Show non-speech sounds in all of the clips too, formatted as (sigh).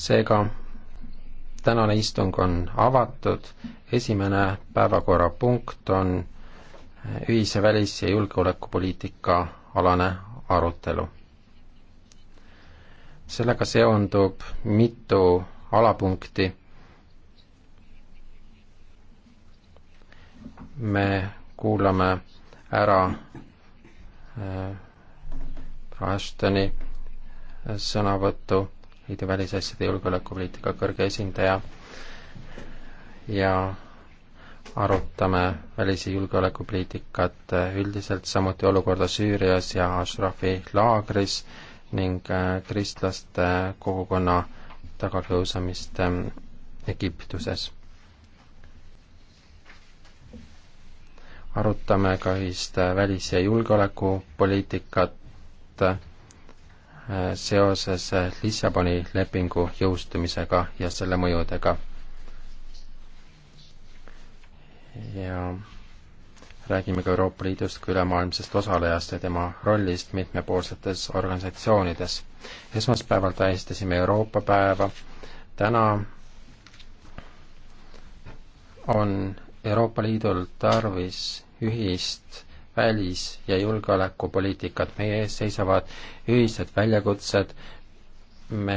seega tänane istung on avatud, esimene päevakorrapunkt on ühise välis- ja julgeolekupoliitika alane arutelu. sellega seondub mitu alapunkti. me kuulame ära äh, Ashtoni sõnavõttu Liidu välisasjade julgeolekupoliitika kõrge esindaja ja arutame välis- ja julgeolekupoliitikat äh, üldiselt, samuti olukorda Süürias ja Ashrafi laagris ning äh, kristlaste kogukonna tagakiusamist ähm, Egiptuses. arutame ka ühist äh, välis- ja julgeolekupoliitikat Äh, seoses äh, Lissaboni lepingu jõustumisega ja selle mõjudega. ja räägime ka Euroopa Liidust kui ülemaailmsest osalejast ja tema rollist mitmepoolsetes organisatsioonides. esmaspäeval tähistasime Euroopa päeva, täna on Euroopa Liidul tarvis ühist välis- ja julgeolekupoliitikat, meie ees seisavad ühised väljakutsed, me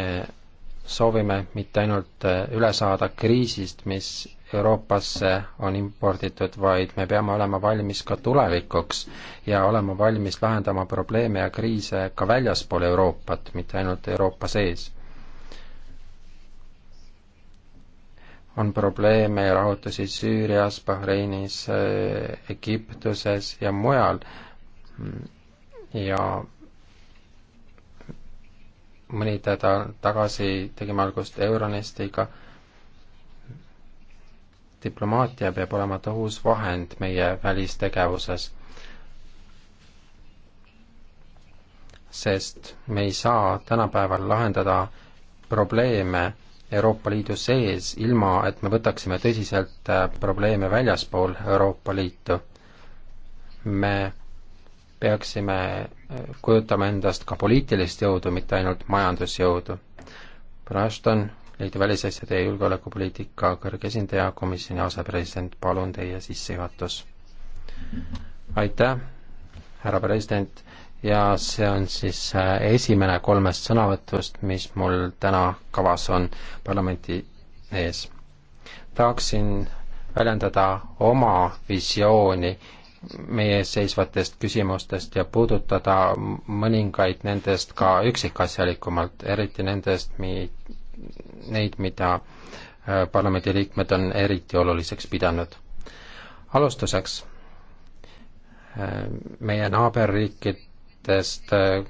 soovime mitte ainult äh, üle saada kriisist, mis Euroopasse on imporditud, vaid me peame olema valmis ka tulevikuks ja olema valmis lahendama probleeme ja kriise ka väljaspool Euroopat, mitte ainult Euroopa sees on probleeme ja rahutusi Süürias, Bahreinis, eh, Egiptuses ja mujal ja mõni nädal tagasi tegime algust Euronistiga. diplomaatia peab olema tõhus vahend meie välistegevuses. sest me ei saa tänapäeval lahendada probleeme Euroopa Liidu sees, ilma et me võtaksime tõsiselt äh, probleeme väljaspool Euroopa Liitu. me peaksime äh, kujutama endast ka poliitilist jõudu, mitte ainult majandusjõudu. Brashton, Liidu välisasjade ja julgeolekupoliitika kõrge esindaja, komisjoni asepresident, palun teie sissejuhatus. aitäh, härra president ja see on siis äh, esimene kolmest sõnavõtust, mis mul täna kavas on parlamenti ees. tahaksin väljendada oma visiooni meie ees seisvatest küsimustest ja puudutada mõningaid nendest ka üksikasjalikumalt, eriti nendest, mi-, neid, mida äh, parlamendiliikmed on eriti oluliseks pidanud. alustuseks, äh, meie naaberriikid mõttest äh,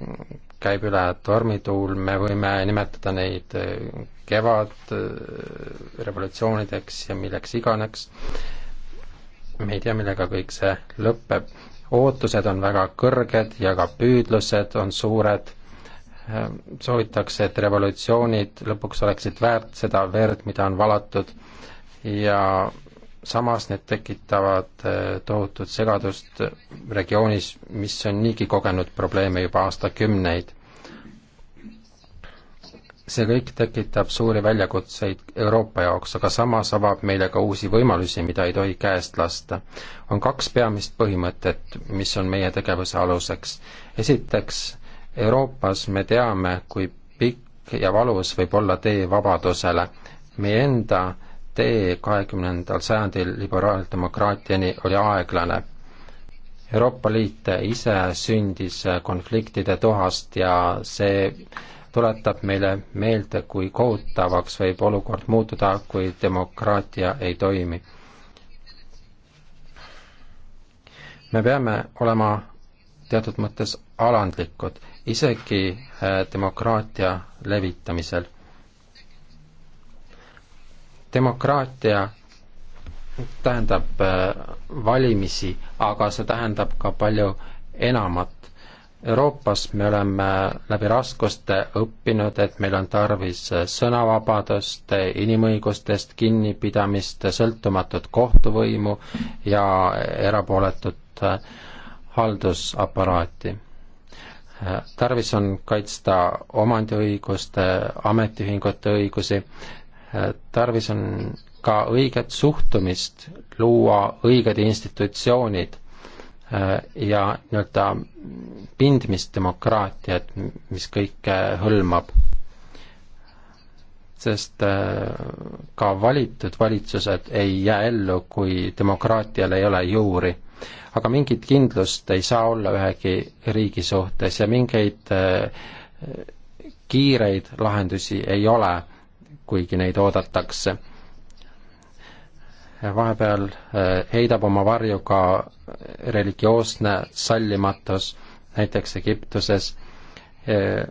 käib üle tormituul, me võime nimetada neid äh, kevadrevolutsioonideks äh, ja milleks iganeks. me ei tea, millega kõik see lõpeb. ootused on väga kõrged ja ka püüdlused on suured. soovitakse, et revolutsioonid lõpuks oleksid väärt seda verd, mida on valatud ja samas need tekitavad eh, tohutut segadust regioonis, mis on niigi kogenud probleeme juba aastakümneid. see kõik tekitab suuri väljakutseid Euroopa jaoks, aga samas avab meile ka uusi võimalusi, mida ei tohi käest lasta. on kaks peamist põhimõtet, mis on meie tegevuse aluseks. esiteks, Euroopas me teame, kui pikk ja valus võib olla tee vabadusele. meie enda tee kahekümnendal sajandil liberaaldemokraatiani oli aeglane. Euroopa Liit ise sündis konfliktide tuhast ja see tuletab meile meelde, kui kohutavaks võib olukord muutuda, kui demokraatia ei toimi. me peame olema teatud mõttes alandlikud, isegi eh, demokraatia levitamisel demokraatia tähendab äh, valimisi, aga see tähendab ka palju enamat. Euroopas me oleme läbi raskuste õppinud, et meil on tarvis äh, sõnavabadust, inimõigustest kinnipidamist, sõltumatut kohtuvõimu ja erapooletut äh, haldusaparaati. tarvis on kaitsta omandiõiguste, ametiühingute õigusi Äh, tarvis on ka õiget suhtumist, luua õiged institutsioonid äh, ja nii-öelda pindmisdemokraatiat, mis kõike hõlmab. sest äh, ka valitud valitsused ei jää ellu, kui demokraatial ei ole juuri. aga mingit kindlust ei saa olla ühegi riigi suhtes ja mingeid kiireid lahendusi ei ole kuigi neid oodatakse. vahepeal eh, heidab oma varju ka religioosne sallimatus, näiteks Egiptuses eh,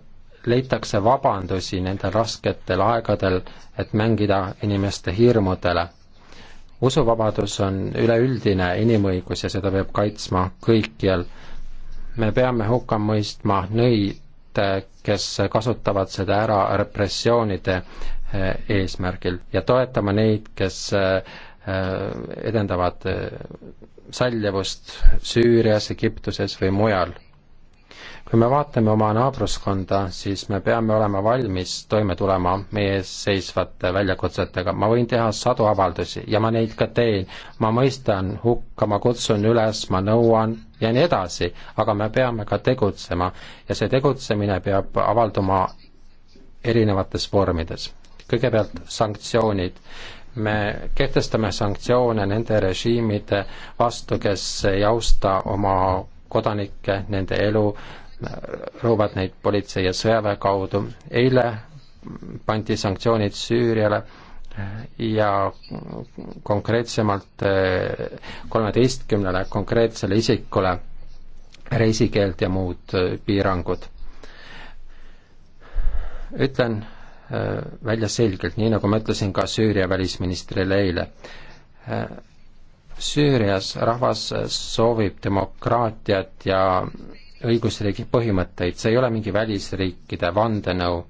leitakse vabandusi nendel rasketel aegadel, et mängida inimeste hirmudele. usuvabadus on üleüldine inimõigus ja seda peab kaitsma kõikjal. me peame hukka mõistma nõid, eh, kes kasutavad seda ära repressioonide Eh, eesmärgil ja toetama neid, kes eh, edendavad eh, sallivust Süürias, Egiptuses või mujal. kui me vaatame oma naabruskonda, siis me peame olema valmis toime tulema meie ees seisvate väljakutsetega. ma võin teha sadu avaldusi ja ma neid ka teen. ma mõistan hukka, ma kutsun üles, ma nõuan ja nii edasi, aga me peame ka tegutsema ja see tegutsemine peab avalduma erinevates vormides kõigepealt sanktsioonid. me kehtestame sanktsioone nende režiimide vastu, kes ei austa oma kodanikke, nende elu, rõhuvad neid politsei ja sõjaväe kaudu. eile pandi sanktsioonid Süüriale ja konkreetsemalt eh, kolmeteistkümnele konkreetsele isikule reisikeeld ja muud eh, piirangud. ütlen Äh, välja selgelt, nii nagu ma ütlesin ka Süüria välisministrile eile. Äh, Süürias rahvas soovib demokraatiat ja õigusriigi põhimõtteid, see ei ole mingi välisriikide vandenõu.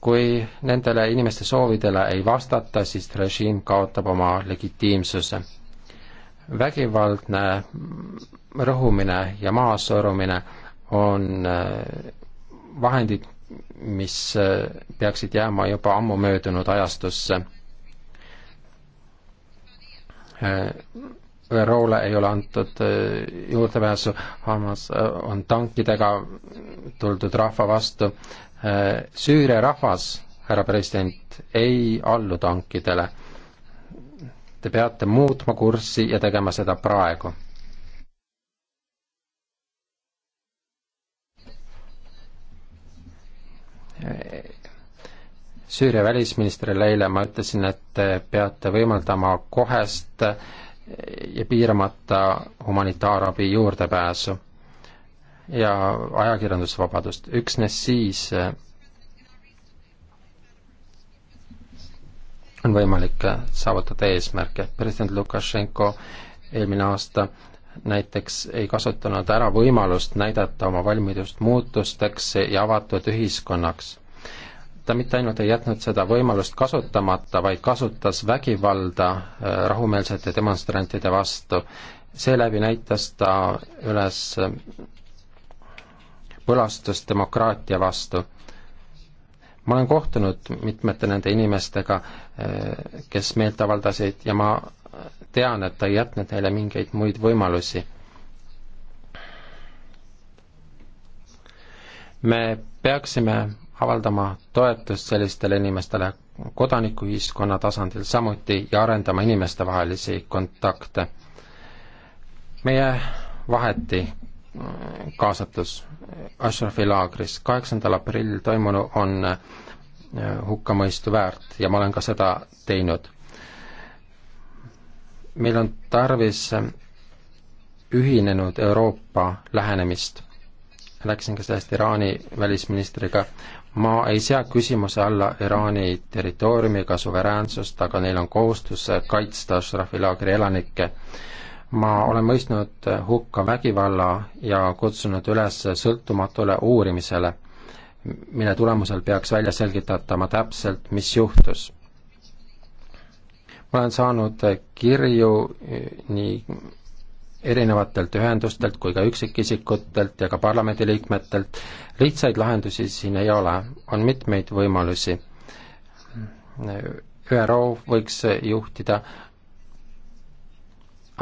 kui nendele inimeste soovidele ei vastata, siis režiim kaotab oma legitiimsuse. vägivaldne rõhumine ja maasurumine on äh, vahendid, mis eh, peaksid jääma juba ammu möödunud ajastusse. Eh, ÜRO-le ei ole antud eh, juurdepääsu, Hamas on tankidega tuldud rahva vastu. Süüria rahvas, härra president, ei allu tankidele. Te peate muutma kurssi ja tegema seda praegu Süüria välisministrile eile ma ütlesin, et peate võimaldama kohest ja piiramata humanitaarabi juurdepääsu ja ajakirjandusvabadust, üksnes siis on võimalik saavutada eesmärke. president Lukašenko eelmine aasta näiteks ei kasutanud ära võimalust näidata oma valmidust muutusteks ja avatud ühiskonnaks. ta mitte ainult ei jätnud seda võimalust kasutamata, vaid kasutas vägivalda äh, rahumeelsete demonstrantide vastu. seeläbi näitas ta üles põlastust äh, demokraatia vastu ma olen kohtunud mitmete nende inimestega, äh, kes meelt avaldasid ja ma tean, et ta ei jätnud neile mingeid muid võimalusi. me peaksime avaldama toetust sellistele inimestele kodanikuühiskonna tasandil samuti ja arendama inimestevahelisi kontakte. meie vaheti mm, kaasatus Ashrafi laagris kaheksandal aprillil toimunu on mm, hukkamõistu väärt ja ma olen ka seda teinud meil on tarvis ühinenud Euroopa lähenemist. Läksin ka sellest Iraani välisministriga. ma ei sea küsimuse alla Iraani territooriumi ega suveräänsust, aga neil on kohustus kaitsta Ashrafi laagri elanikke. ma olen mõistnud hukka vägivalla ja kutsunud üles sõltumatule uurimisele, mille tulemusel peaks välja selgitatama täpselt, mis juhtus ma olen saanud kirju eh, nii erinevatelt ühendustelt kui ka üksikisikutelt ja ka parlamendiliikmetelt, lihtsaid lahendusi siin ei ole, on mitmeid võimalusi. ÜRO võiks juhtida,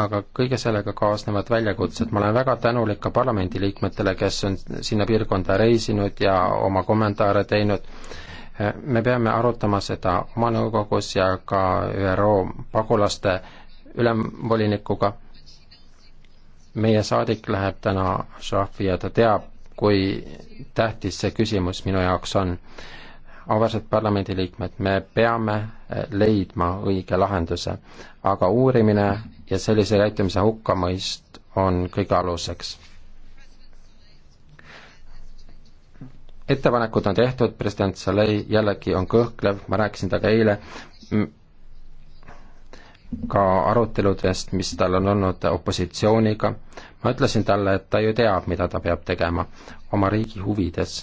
aga kõige sellega kaasnevad väljakutsed, ma olen väga tänulik ka parlamendiliikmetele, kes on sinna piirkonda reisinud ja oma kommentaare teinud, me peame arutama seda oma nõukogus ja ka ÜRO pagulaste ülemvolinikuga. meie saadik läheb täna Šahvi ja ta teab, kui tähtis see küsimus minu jaoks on. auväärsed parlamendiliikmed, me peame leidma õige lahenduse, aga uurimine ja sellise käitumise hukkamõist on kõige aluseks ettepanekud on tehtud, president Salei jällegi on kõhklev, ma rääkisin temaga eile ka aruteludest, mis tal on olnud opositsiooniga, ma ütlesin talle, et ta ju teab, mida ta peab tegema oma riigi huvides.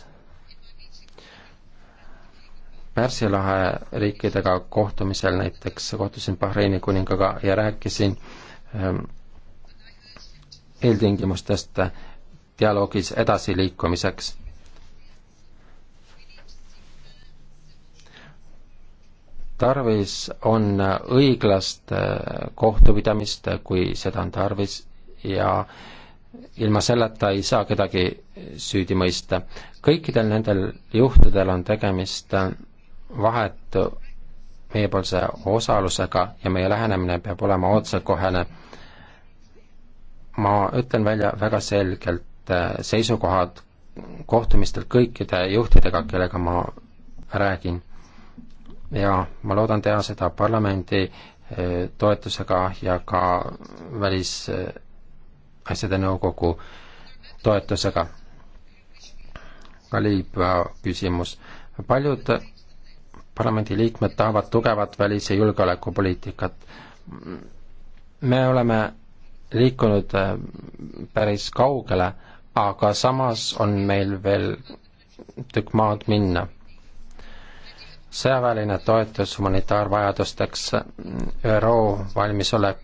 Pärsia lahe riikidega kohtumisel näiteks kohtusin Bahreini kuningaga ja rääkisin ehm, eeltingimustest dialoogis edasiliikumiseks tarvis, on õiglast äh, kohtupidamist, äh, kui seda on tarvis ja ilma selleta ei saa kedagi süüdi mõista. kõikidel nendel juhtudel on tegemist äh, vahetu meiepoolse osalusega ja meie lähenemine peab olema otsekohene. ma ütlen välja väga selgelt seisukohad kohtumistel kõikide juhtidega, kellega ma räägin ja ma loodan teha seda parlamendi eh, toetusega ja ka välisasjade eh, nõukogu toetusega. ka Liibüa äh, küsimus. paljud parlamendiliikmed tahavad tugevat välis- ja julgeolekupoliitikat. me oleme liikunud äh, päris kaugele, aga samas on meil veel tükk maad minna sõjaväeline toetus humanitaarvajadusteks, ÜRO valmisolek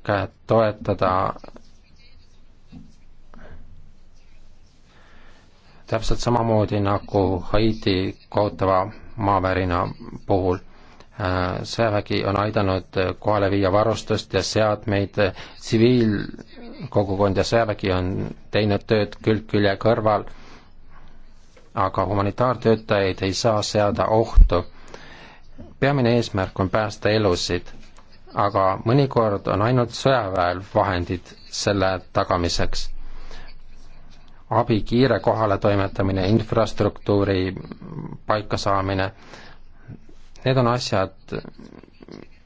toetada täpselt samamoodi nagu Haiti kohutava maavärina puhul sõjavägi on aidanud kohale viia varustust ja seadmeid, tsiviilkogukond ja sõjavägi on teinud tööd külg külje kõrval, aga humanitaartöötajaid ei saa seada ohtu peamine eesmärk on päästa elusid, aga mõnikord on ainult sõjaväel vahendid selle tagamiseks. abi kiire kohaletoimetamine, infrastruktuuri paikasaamine, need on asjad,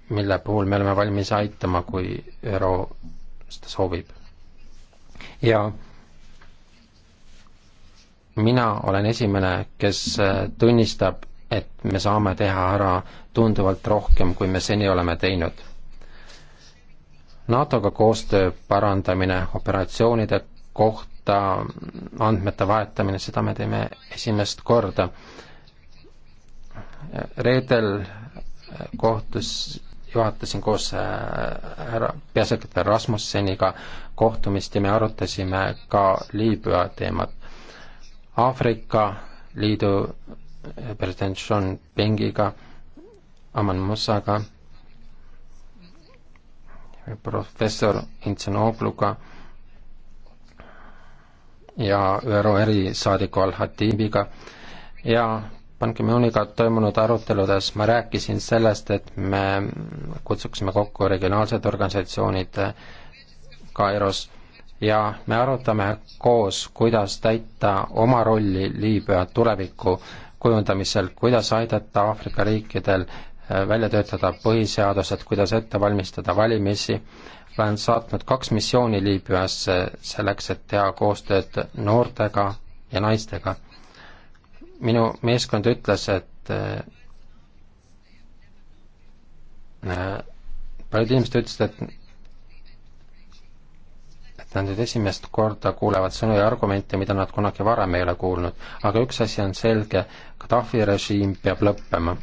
mille puhul me oleme valmis aitama, kui ÜRO seda soovib. ja mina olen esimene, kes tunnistab et me saame teha ära tunduvalt rohkem, kui me seni oleme teinud. NATO-ga koostöö parandamine operatsioonide kohta, andmete vahetamine, seda me teeme esimest korda. reedel kohtus, juhatasin koos äh, härra peasekretär Rasmusseniga kohtumist ja me arutasime ka Liibüa teemat. Aafrika Liidu president Sean Pengiga, Aman Mussaga, professor Intsenogluga ja ÜRO erisaadiku Al-Hatibiga ja Ban Ki-mooniga toimunud aruteludes ma rääkisin sellest, et me kutsuksime kokku regionaalsed organisatsioonid eh, Kairos ja me arutame koos, kuidas täita oma rolli Liibüa tuleviku kujundamisel, kuidas aidata Aafrika riikidel äh, välja töötada põhiseadused, kuidas ette valmistada valimisi. olen saatnud kaks missiooni Liibüasse selleks, et teha koostööd noortega ja naistega. minu meeskond ütles, et äh, äh, paljud inimesed ütlesid, et Nad nüüd esimest korda kuulevad sõnu ja argumente, mida nad kunagi varem ei ole kuulnud. aga üks asi on selge, Gaddafi režiim peab lõppema.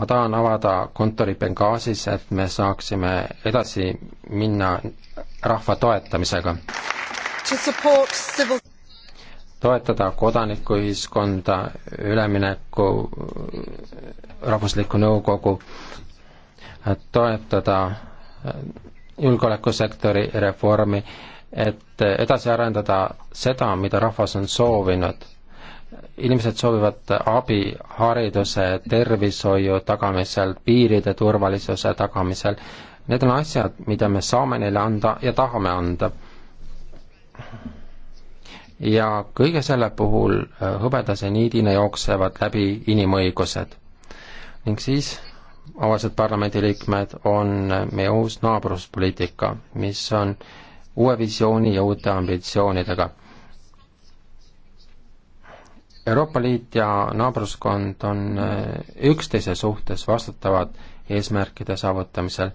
ma tahan avada kontori Benghazis, et me saaksime edasi minna rahva toetamisega. Civil toetada kodanikuühiskonda, ülemineku äh, rahvuslikku nõukogu, äh, toetada äh, julgeolekusektori reformi, et edasi arendada seda, mida rahvas on soovinud. inimesed soovivad abi hariduse, tervishoiu tagamisel, piiride turvalisuse tagamisel. Need on asjad, mida me saame neile anda ja tahame anda ja kõige selle puhul äh, hõbedase niidina jooksevad läbi inimõigused. ning siis avased parlamendiliikmed on äh, meie uus naabruspoliitika, mis on uue visiooni ja uute ambitsioonidega. Euroopa Liit ja naabruskond on äh, üksteise suhtes vastutavad eesmärkide saavutamisel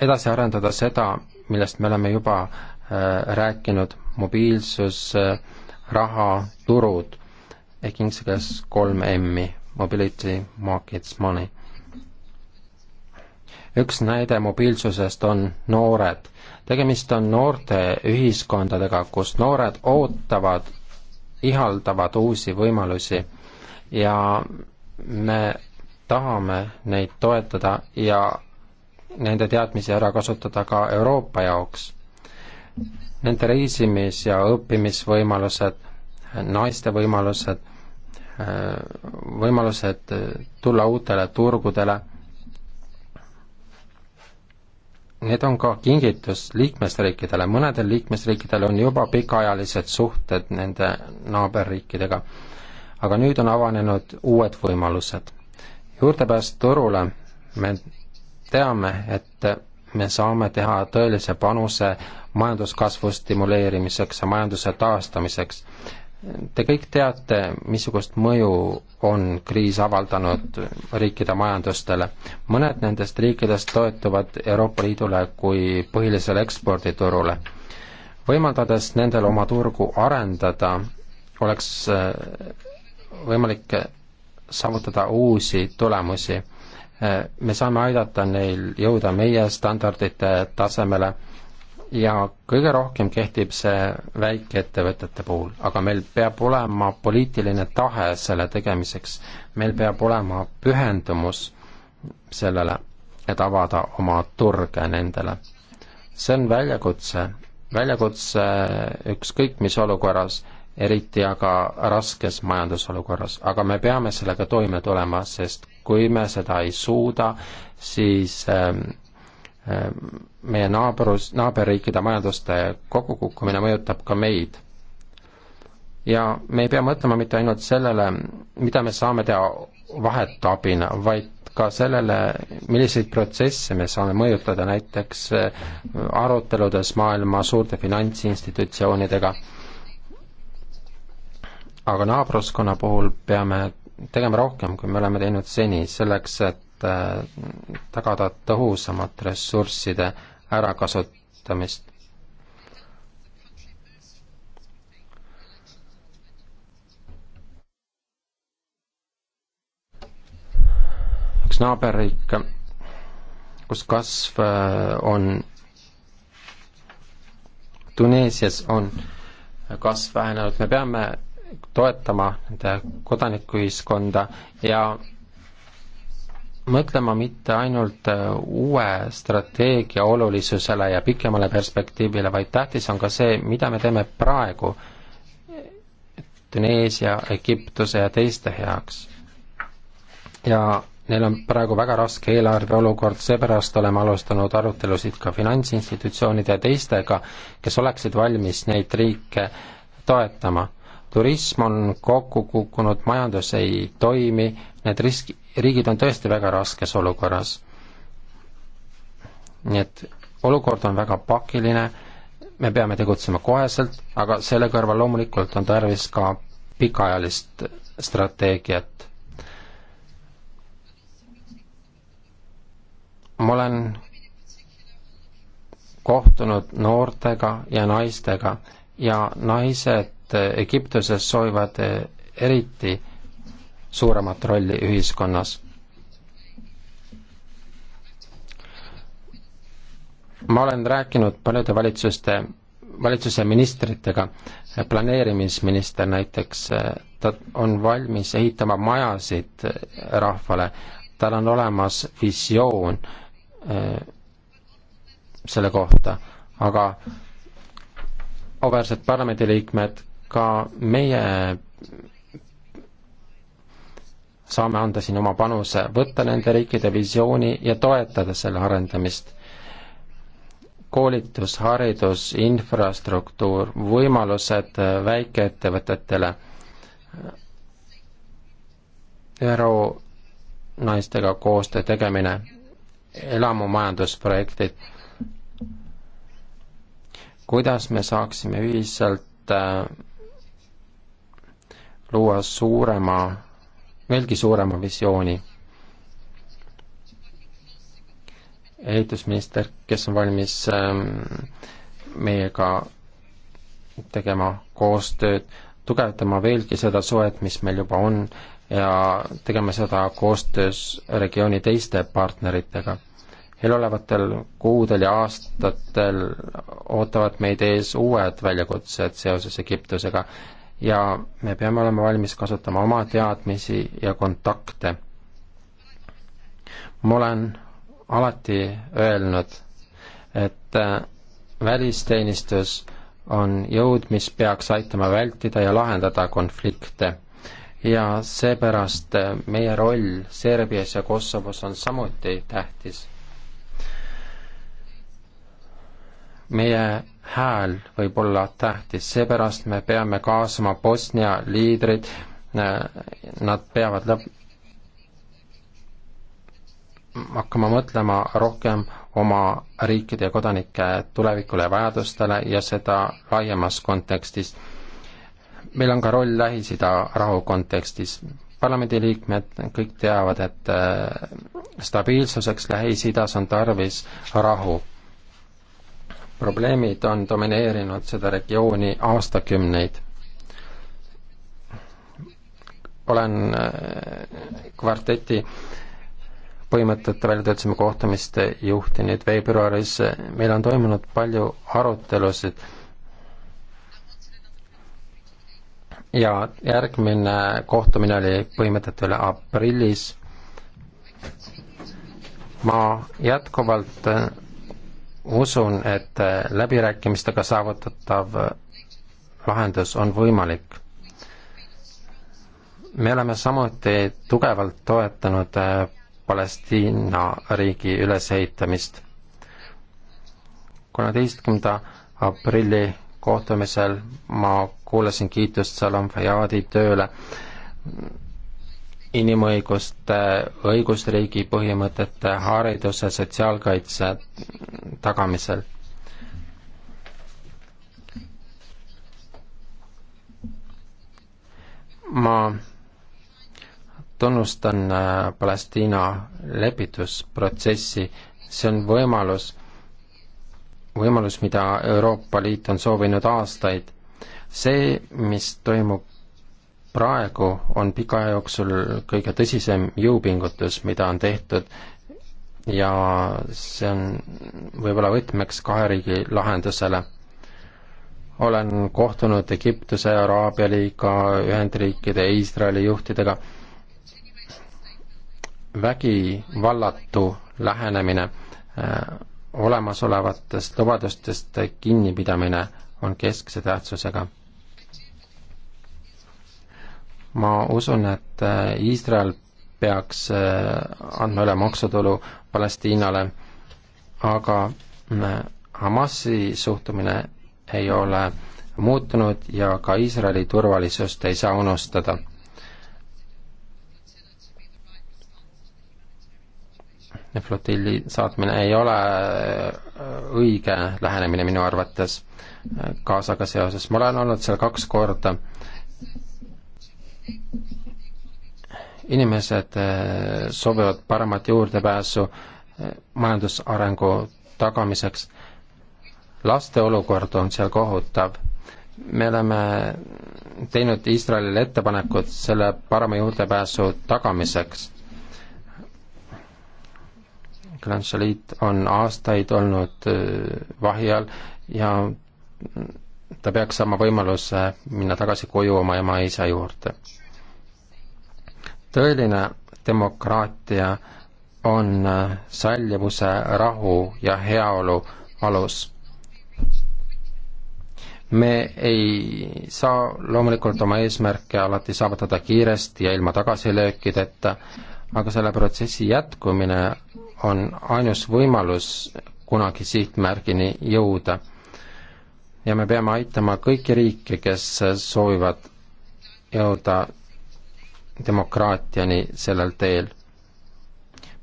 edasi arendada seda, millest me oleme juba äh, rääkinud, mobiilsus, äh, raha, turud ehk inglise keeles kolm M-i, mobility, markets, money. üks näide mobiilsusest on noored. tegemist on noorte ühiskondadega, kus noored ootavad, ihaldavad uusi võimalusi ja me tahame neid toetada ja nende teadmisi ära kasutada ka Euroopa jaoks. Nende reisimis- ja õppimisvõimalused, naiste võimalused, võimalused tulla uutele turgudele, need on ka kingitus liikmesriikidele, mõnedel liikmesriikidel on juba pikaajalised suhted nende naaberriikidega. aga nüüd on avanenud uued võimalused. juurdepääs turule me teame, et me saame teha tõelise panuse majanduskasvu stimuleerimiseks ja majanduse taastamiseks. Te kõik teate, missugust mõju on kriis avaldanud riikide majandustele. mõned nendest riikidest toetuvad Euroopa Liidule kui põhilisele eksporditurule. võimaldades nendel oma turgu arendada, oleks äh, võimalik saavutada uusi tulemusi me saame aidata neil jõuda meie standardite tasemele ja kõige rohkem kehtib see väikeettevõtete puhul, aga meil peab olema poliitiline tahe selle tegemiseks, meil peab olema pühendumus sellele, et avada oma turge nendele. see on väljakutse, väljakutse ükskõik mis olukorras eriti aga raskes majandusolukorras, aga me peame sellega toime tulema, sest kui me seda ei suuda, siis ähm, ähm, meie naabrus, naaberriikide majanduste kokkukukkumine mõjutab ka meid. ja me ei pea mõtlema mitte ainult sellele, mida me saame teha vahetu abina, vaid ka sellele, milliseid protsesse me saame mõjutada näiteks äh, aruteludes maailma suurte finantsinstitutsioonidega aga naabruskonna puhul peame tegema rohkem, kui me oleme teinud seni, selleks et äh, tagada tõhusamat ressursside ärakasutamist. üks naaberriik, kus kasv äh, on, Tuneesias on kasv vähenenud, me peame toetama nende kodanikuühiskonda ja mõtlema mitte ainult äh, uue strateegia olulisusele ja pikemale perspektiivile, vaid tähtis on ka see, mida me teeme praegu Tuneesia, Egiptuse ja teiste heaks. ja neil on praegu väga raske eelarve olukord, seepärast oleme alustanud arutelusid ka finantsinstitutsioonide ja teistega, kes oleksid valmis neid riike toetama turism on kokku kukkunud, majandus ei toimi, need risk, riigid on tõesti väga raskes olukorras. nii et olukord on väga pakiline, me peame tegutsema koheselt, aga selle kõrval loomulikult on tarvis ka pikaajalist strateegiat. ma olen kohtunud noortega ja naistega ja naised Egiptuses soovivad eriti suuremat rolli ühiskonnas. ma olen rääkinud paljude valitsuste, valitsuse ministritega, planeerimisminister näiteks, ta on valmis ehitama majasid rahvale, tal on olemas visioon eh, selle kohta, aga auväärsed parlamendiliikmed, ka meie saame anda siin oma panuse, võtta nende riikide visiooni ja toetada selle arendamist. koolitus, haridus, infrastruktuur, võimalused äh, väikeettevõtetele, ÜRO naistega koostöö tegemine, elamumajandusprojektid kuidas me saaksime ühiselt äh, luua suurema, veelgi suurema visiooni. ehitusminister, kes on valmis ähm, meiega tegema koostööd, tugevdama veelgi seda suhet, mis meil juba on ja tegema seda koostöös regiooni teiste partneritega eelolevatel kuudel ja aastatel ootavad meid ees uued väljakutsed seoses Egiptusega ja me peame olema valmis kasutama oma teadmisi ja kontakte. ma olen alati öelnud, et äh, välisteenistus on jõud, mis peaks aitama vältida ja lahendada konflikte ja seepärast äh, meie roll Serbias ja Kosovos on samuti tähtis. meie hääl võib olla tähtis, seepärast me peame kaasama Bosnia liidrid, äh, nad peavad lõpp, hakkama mõtlema rohkem oma riikide ja kodanike tulevikule ja vajadustele ja seda laiemas kontekstis. meil on ka roll Lähis-Ida rahu kontekstis. parlamendiliikmed kõik teavad, et äh, stabiilsuseks Lähis-Idas on tarvis rahu probleemid on domineerinud seda regiooni aastakümneid. olen äh, kvarteti põhimõtete väljatöötamise kohtumist juhti nüüd veebruaris, meil on toimunud palju arutelusid ja järgmine kohtumine oli põhimõtete üle aprillis. ma jätkuvalt äh, usun, et äh, läbirääkimistega saavutatav äh, lahendus on võimalik. me oleme samuti tugevalt toetanud äh, Palestiina riigi ülesehitamist. kolmeteistkümnenda aprilli kohtumisel ma kuulasin kiitust Salam Fayadi tööle inimõiguste, õigusriigi põhimõtete, hariduse, sotsiaalkaitse tagamisel. ma tunnustan äh, Palestiina lepitusprotsessi, see on võimalus, võimalus, mida Euroopa Liit on soovinud aastaid. see, mis toimub praegu on pika aja jooksul kõige tõsisem jõupingutus, mida on tehtud ja see on võib-olla võtmeks kahe riigi lahendusele. olen kohtunud Egiptuse, Araabia liiga, Ühendriikide, Iisraeli juhtidega. vägivallatu lähenemine, äh, olemasolevatest lubadustest kinnipidamine on keskse tähtsusega ma usun, et äh, Iisrael peaks äh, andma üle maksutulu Palestiinale, aga mm, Hamasi suhtumine ei ole muutunud ja ka Iisraeli turvalisust ei saa unustada flotilli saatmine ei ole äh, õige lähenemine minu arvates Gazaga seoses. ma olen olnud seal kaks korda inimesed eh, soovivad paremat juurdepääsu eh, majandusarengu tagamiseks. laste olukord on seal kohutav. me oleme teinud Iisraelile ettepanekud selle parema juurdepääsu tagamiseks. Glanšaliit on aastaid olnud eh, vahi all ja ta peaks saama võimaluse minna tagasi koju oma ema-isa juurde. tõeline demokraatia on sallivuse, rahu ja heaolu alus. me ei saa loomulikult oma eesmärke alati saavutada kiiresti ja ilma tagasilöökideta, aga selle protsessi jätkumine on ainus võimalus kunagi sihtmärgini jõuda ja me peame aitama kõiki riike, kes soovivad jõuda demokraatiani sellel teel.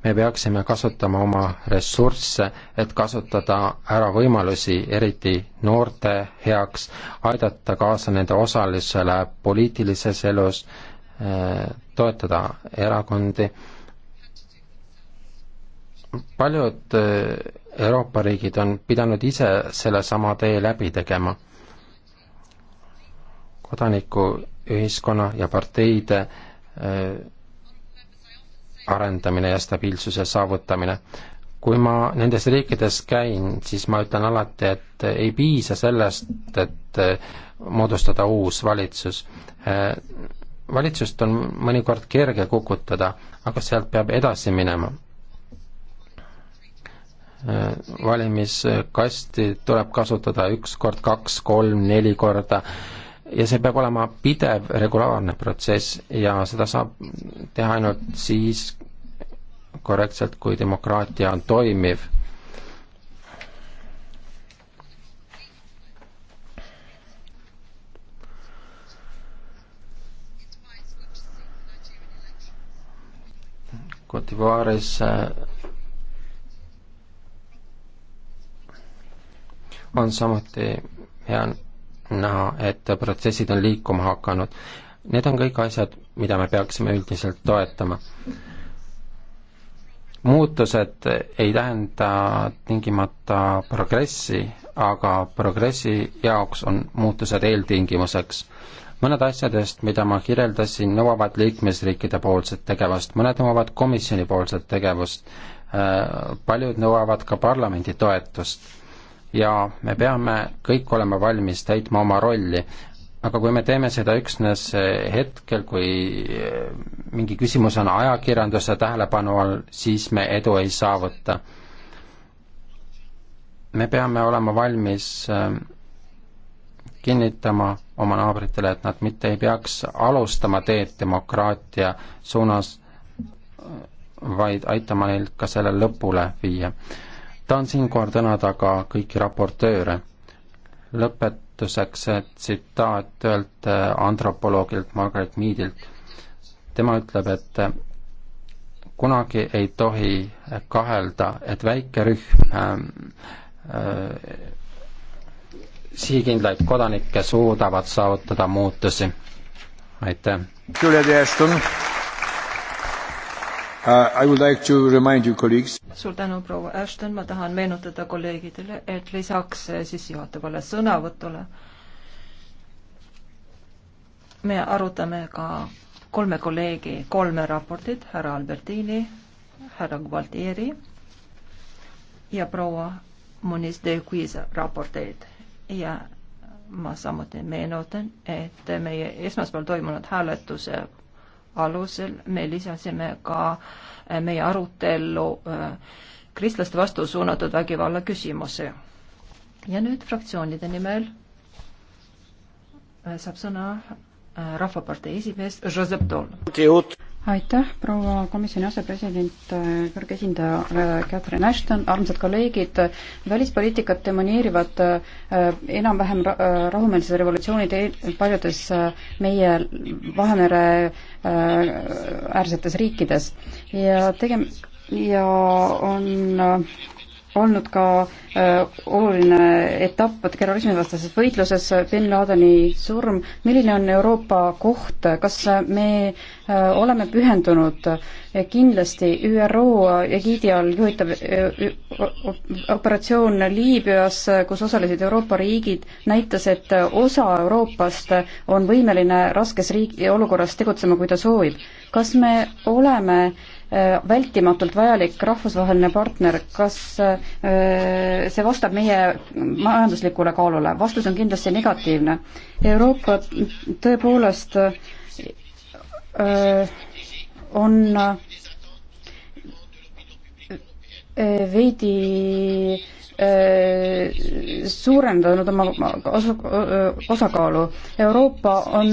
me peaksime kasutama oma ressursse, et kasutada ära võimalusi, eriti noorte heaks, aidata kaasa nende osalisele poliitilises elus, eh, toetada erakondi, paljud eh, Euroopa riigid on pidanud ise sellesama tee läbi tegema. kodanikuühiskonna ja parteide äh, arendamine ja stabiilsuse saavutamine. kui ma nendes riikides käin, siis ma ütlen alati, et ei piisa sellest, et äh, moodustada uus valitsus äh, valitsust on mõnikord kerge kukutada, aga sealt peab edasi minema valimiskasti tuleb kasutada üks kord, kaks, kolm, neli korda ja see peab olema pidev regulaarne protsess ja seda saab teha ainult siis korrektselt, kui demokraatia on toimiv. Cote d'Ivoire'is on samuti hea näha, et protsessid on liikuma hakanud. Need on kõik asjad, mida me peaksime üldiselt toetama. muutused ei tähenda tingimata progressi, aga progressi jaoks on muutused eeltingimuseks. mõned asjadest, mida ma kirjeldasin, nõuavad liikmesriikide poolset tegevust, mõned nõuavad komisjoni poolset tegevust, äh, paljud nõuavad ka parlamendi toetust ja me peame kõik olema valmis täitma oma rolli. aga kui me teeme seda üksnes eh, hetkel, kui eh, mingi küsimus on ajakirjanduse tähelepanu all, siis me edu ei saavuta. me peame olema valmis eh, kinnitama oma naabritele, et nad mitte ei peaks alustama teed demokraatia suunas, vaid aitama neil ka selle lõpule viia tahan siinkohal tänada ka kõiki raportööre. lõpetuseks tsitaat ühelt äh, antropoloogilt Margaret Meadilt. tema ütleb, et äh, kunagi ei tohi kahelda, et väike rühm ähm, äh, sihikindlaid kodanikke suudavad saavutada muutusi. aitäh! Julia Deston. Uh, I would like to remind you, colleagues. suur tänu, proua Ashton, ma tahan meenutada kolleegidele, et lisaks eh, sissejuhatavale sõnavõtule me arutame ka kolme kolleegi kolme raportit, härra Albertini, härra Gualtieri ja proua Muniz de Guiza raporteid ja ma samuti meenutan, et meie esmaspäeval toimunud hääletuse alusel me lisasime ka äh, meie arutellu äh, kristlaste vastu suunatud vägivalla küsimuse. ja nüüd fraktsioonide nimel äh, saab sõna Rahvapartei esimees Josep Toll. aitäh, proua komisjoni asepresident, kõrge esindaja Catherine Ashton, armsad kolleegid, välispoliitikat demoneerivad enam-vähem rahumeelse revolutsiooni teel paljudes meie Vahemere äärsetes äh, riikides ja tegem- ja on äh, olnud ka äh, oluline etapp terrorismivastases võitluses, bin Ladeni surm. milline on Euroopa koht, kas me äh, oleme pühendunud kindlasti ÜRO egiidi all juhitav äh, operatsioon Liibüas, kus osalesid Euroopa riigid, näitas, et osa Euroopast on võimeline raskes riigi olukorras tegutsema, kui ta soovib. kas me oleme äh, vältimatult vajalik rahvusvaheline partner, kas äh, see vastab meie majanduslikule kaalule? vastus on kindlasti negatiivne. Euroopa tõepoolest äh, on äh, veidi suurendanud oma osa, osakaalu. Euroopa on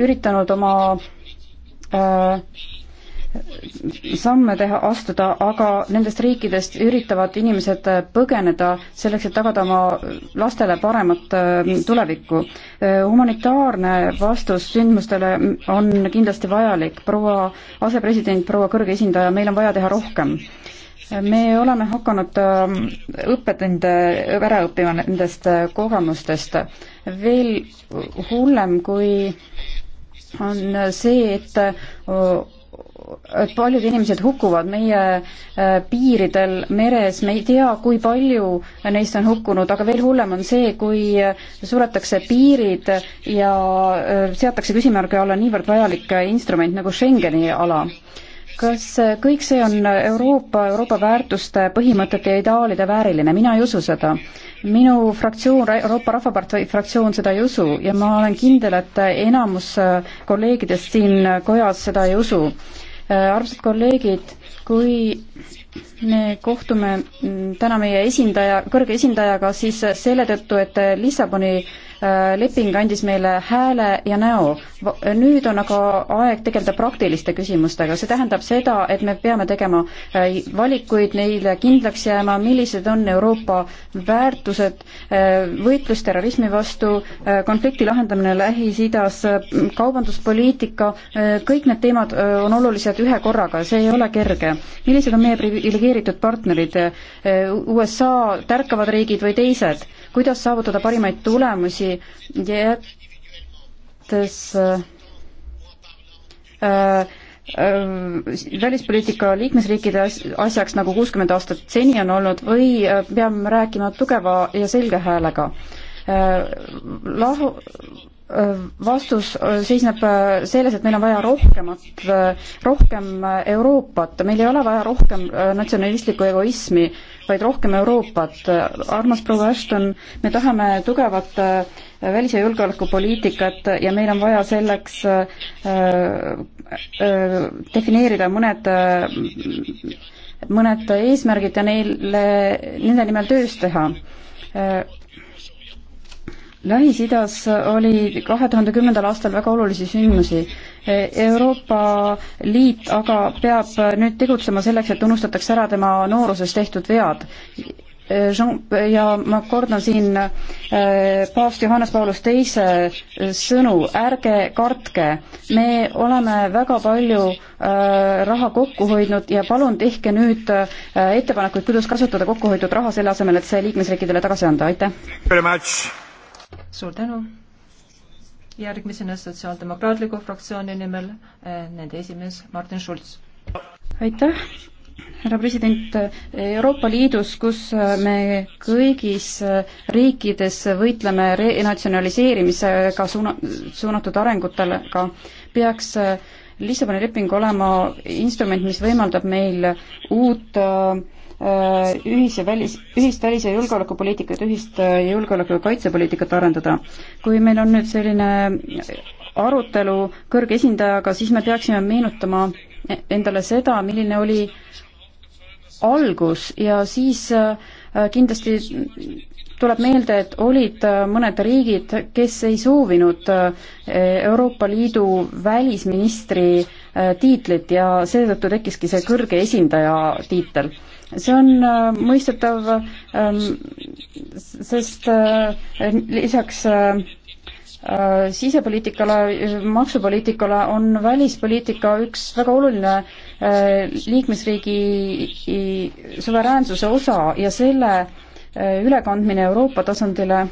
üritanud oma äh, samme teha, astuda, aga nendest riikidest üritavad inimesed põgeneda selleks, et tagada oma lastele paremat äh, tulevikku. Äh, humanitaarne vastus sündmustele on kindlasti vajalik, proua asepresident, proua kõrge esindaja, meil on vaja teha rohkem me oleme hakanud äh, õppetunde ära õppima nendest kogemustest. veel hullem, kui on see, et et paljud inimesed hukkuvad meie äh, piiridel meres, me ei tea, kui palju neist on hukkunud, aga veel hullem on see, kui äh, suletakse piirid ja äh, seatakse küsimärgi alla niivõrd vajalik instrument nagu Schengeni ala kas kõik see on Euroopa, Euroopa väärtuste, põhimõtete ja ideaalide vääriline, mina ei usu seda minu fraktsioon, Euroopa Rahvapartei fraktsioon seda ei usu ja ma olen kindel, et enamus äh, kolleegidest siin kojas seda ei usu. Äh, armsad kolleegid, kui me kohtume täna meie esindaja, kõrge esindajaga siis selle tõttu, et Lissaboni äh, leping andis meile hääle ja näo. nüüd on aga aeg tegeleda praktiliste küsimustega, see tähendab seda, et me peame tegema äh, valikuid, neile kindlaks jääma, millised on Euroopa väärtused, äh, võitlus terrorismi vastu, konflikti lahendamine Lähis-Idas, kaubanduspoliitika, kõik need teemad on olulised ühe korraga, see ei ole kerge. millised on meie privi-, delegeeritud partnerid, eh, USA tärkavad riigid või teised, kuidas saavutada parimaid tulemusi, jättes äh, välispoliitika liikmesriikide asjaks, nagu kuuskümmend aastat seni on olnud, või peame rääkima tugeva ja selge häälega? Lahu-, vastus äh, seisneb äh, selles, et meil on vaja rohkemat, äh, rohkem Euroopat, meil ei ole vaja rohkem natsionalistlikku egoismi, vaid rohkem Euroopat. armas proua Ashton, me tahame tugevat välis- ja julgeolekupoliitikat ja meil on vaja selleks defineerida mõned mõned eesmärgid ja neile, nende nimel töös teha Lähis-Idas oli kahe tuhande kümnendal aastal väga olulisi sündmusi. Euroopa Liit aga peab nüüd tegutsema selleks, et unustataks ära tema nooruses tehtud vead. Jean ja ma kordan siin äh, paavst Johannes Paulus teise sõnu, ärge kartke, me oleme väga palju äh, raha kokku hoidnud ja palun tehke nüüd äh, ettepanekuid, kuidas kasutada kokkuhoitud raha selle asemel, et see liikmesriikidele tagasi anda, aitäh! suur tänu. järgmisena Sotsiaaldemokraatliku fraktsiooni nimel eh, nende esimees Martin Schulz. aitäh härra president, Euroopa Liidus, kus eh, me kõigis eh, riikides võitleme renatsionaliseerimisega suuna-, suunatud arengutega, peaks Lissaboni leping olema instrument, mis võimaldab meil uut äh, Äh, ühise välis, ühist välis- ja julgeolekupoliitikat, ühist äh, julgeoleku- ja kaitsepoliitikat arendada. kui meil on nüüd selline arutelu kõrge esindajaga, siis me peaksime meenutama e-, endale seda, milline oli algus ja siis äh, kindlasti tuleb meelde, et olid mõned riigid, kes ei soovinud Euroopa Liidu välisministri tiitlit ja seetõttu tekkiski see kõrge esindaja tiitel see on äh, mõistetav ähm,, sest äh, lisaks äh, äh sisepoliitikale, maksupoliitikale on välispoliitika üks väga oluline äh, liikmesriigi suveräänsuse osa ja selle äh, ülekandmine Euroopa tasandile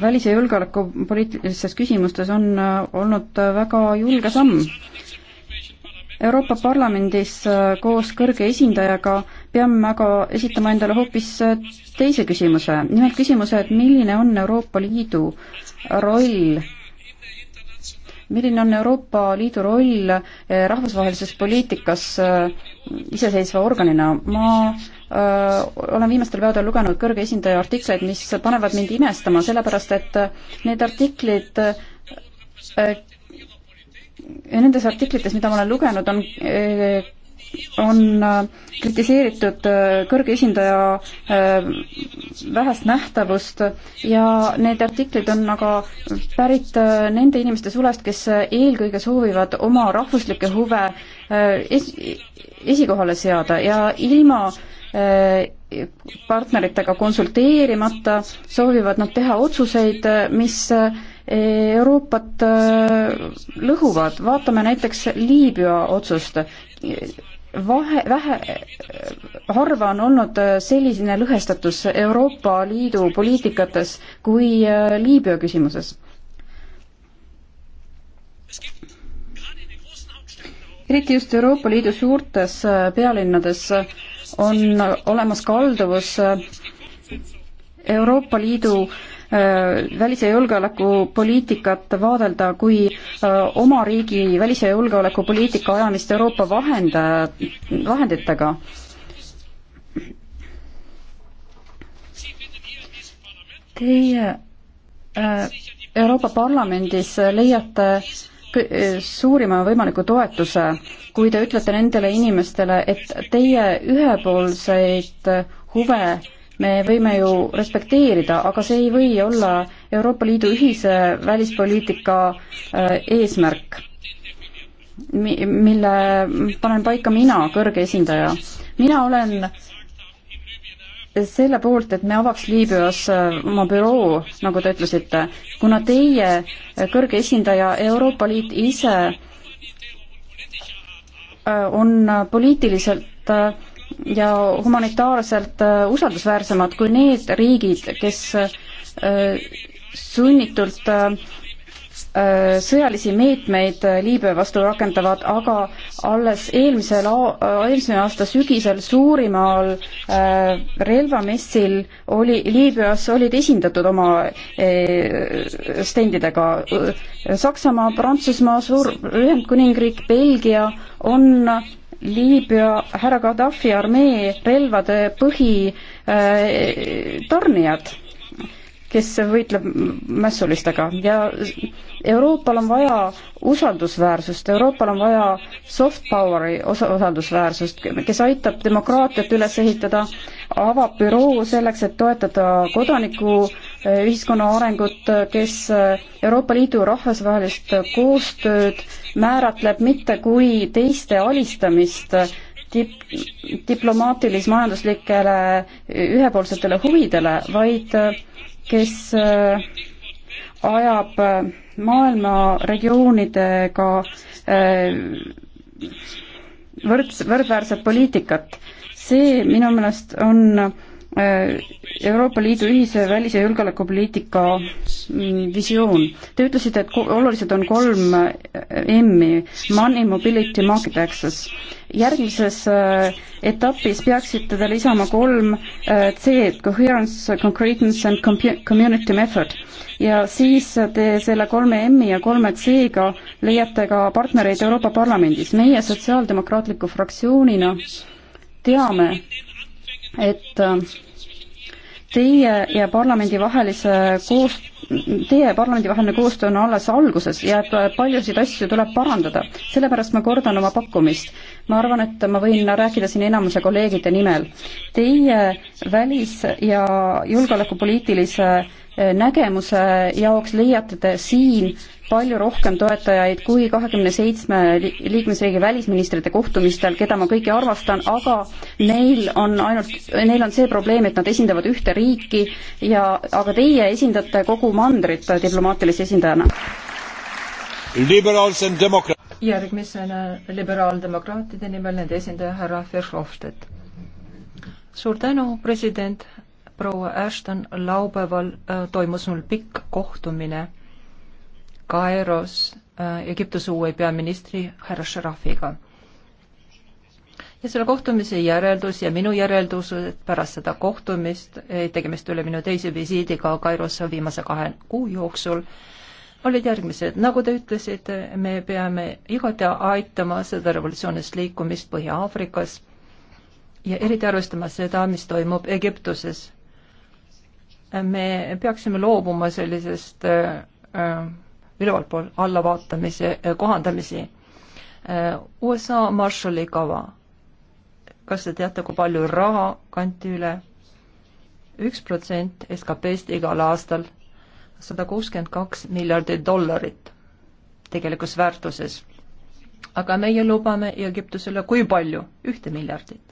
välis- ja julgeolekupoliitilistes küsimustes on olnud väga julge samm Euroopa Parlamendis äh, koos kõrge esindajaga peame aga esitama endale hoopis äh, teise küsimuse, nimelt küsimuse, et milline on Euroopa Liidu roll, milline on Euroopa Liidu roll äh, rahvusvahelises poliitikas iseseisva organina. ma öö, olen viimastel päevadel lugenud kõrge esindaja artikleid, mis panevad mind imestama, sellepärast et need artiklid öö, nendes artiklites, mida ma olen lugenud, on eh, on eh, kritiseeritud eh, kõrge esindaja vähest nähtavust ja need artiklid on aga pärit nende inimeste sulest, kes eelkõige soovivad oma rahvuslikke huve es esikohale seada ja ilma partneritega konsulteerimata soovivad nad teha otsuseid, mis Euroopat äh, lõhuvad, vaatame näiteks Liibüa otsust. vahe, vähe, äh, harva on olnud äh, selline lõhestatus Euroopa Liidu poliitikates kui Liibüa küsimuses. eriti just Euroopa Liidu suurtes pealinnades on olemas kalduvus Euroopa Liidu äh, Äh, välis- ja julgeolekupoliitikat vaadelda kui äh, oma riigi välis- ja julgeolekupoliitika ajamist Euroopa vahenda, vahenditega. Teie äh, Euroopa Parlamendis leiate suurima võimaliku toetuse, kui te ütlete nendele inimestele, et teie ühepoolseid huve me võime ju respekteerida, aga see ei või olla Euroopa Liidu ühise välispoliitika äh, eesmärk, mille panen paika mina, kõrge esindaja. mina olen selle poolt, et me avaks Liibüas äh, oma büroo, nagu te ütlesite, kuna teie, äh, kõrge esindaja, Euroopa Liit ise on poliitiliselt äh, ja humanitaarselt äh, usaldusväärsemad kui need riigid, kes äh, sunnitult äh, sõjalisi meetmeid Liibüa vastu rakendavad, aga alles eelmisel, eelmise aasta sügisel suurimal relvamessil oli, Liibüas olid esindatud oma stendidega Saksamaa, Prantsusmaa, Suur-, Ühendkuningriik, Belgia on Liibüa härra Gaddafi armee relvade põhitarnijad äh, kes võitleb mässulistega ja Euroopal on vaja usaldusväärsust, Euroopal on vaja soft power'i osa, usaldusväärsust, kes aitab demokraatiat üles ehitada, avab büroo selleks, et toetada kodanikuühiskonna eh, arengut, kes eh, Euroopa Liidu rahvusvahelist koostööd määratleb mitte kui teiste alistamist, eh, dip-, diplomaatilis-majanduslikele ühepoolsetele huvidele, vaid kes äh, ajab äh, maailma regioonidega äh, võrds-, võrdväärset poliitikat. see minu meelest on Euroopa Liidu ühise välis- ja julgeolekupoliitika visioon. Te ütlesite, et olulised on kolm M-i, money, mobility, market access. järgmises äh, etapis peaksite te lisama kolm äh, C-d, coherence, concreteness and community method. ja siis te selle kolme M-i ja kolme C-ga leiate ka partnereid Euroopa Parlamendis. meie sotsiaaldemokraatliku fraktsioonina teame, et äh, teie ja parlamendi vahelise koos, teie ja parlamendi vaheline koostöö on alles alguses ja et äh, paljusid asju tuleb parandada. sellepärast ma kordan oma pakkumist. ma arvan, et ma võin rääkida siin enamuse kolleegide nimel. Teie välis- ja julgeolekupoliitilise äh, nägemuse jaoks leiate te siin palju rohkem toetajaid kui kahekümne seitsme liikmesriigi välisministrite kohtumistel, keda ma kõiki armastan, aga neil on ainult, neil on see probleem, et nad esindavad ühte riiki ja, aga teie esindate kogu mandrit diplomaatilise esindajana. järgmisena liberaaldemokraatide nimel nende esindaja härra Verhofstadt. suur tänu, president, proua Ashton, laupäeval äh, toimus mul pikk kohtumine Kairos äh, Egiptuse uue peaministri härra Sharafiga. ja selle kohtumise järeldus ja minu järeldus pärast seda kohtumist, tegemist oli minu teise visiidiga Kairosse viimase kahe kuu jooksul, olid järgmised, nagu te ütlesite, me peame igati aitama seda revolutsioonist liikumist Põhja-Aafrikas ja eriti arvestama seda, mis toimub Egiptuses. me peaksime loobuma sellisest äh, äh ülevaltpool allavaatamise, eh, kohandamisi. Eh, USA Marshalli kava, kas te teate, kui palju raha kanti üle? üks protsent SKP-st igal aastal, sada kuuskümmend kaks miljardit dollarit tegelikus väärtuses. aga meie lubame Egiptusele kui palju? ühte miljardit.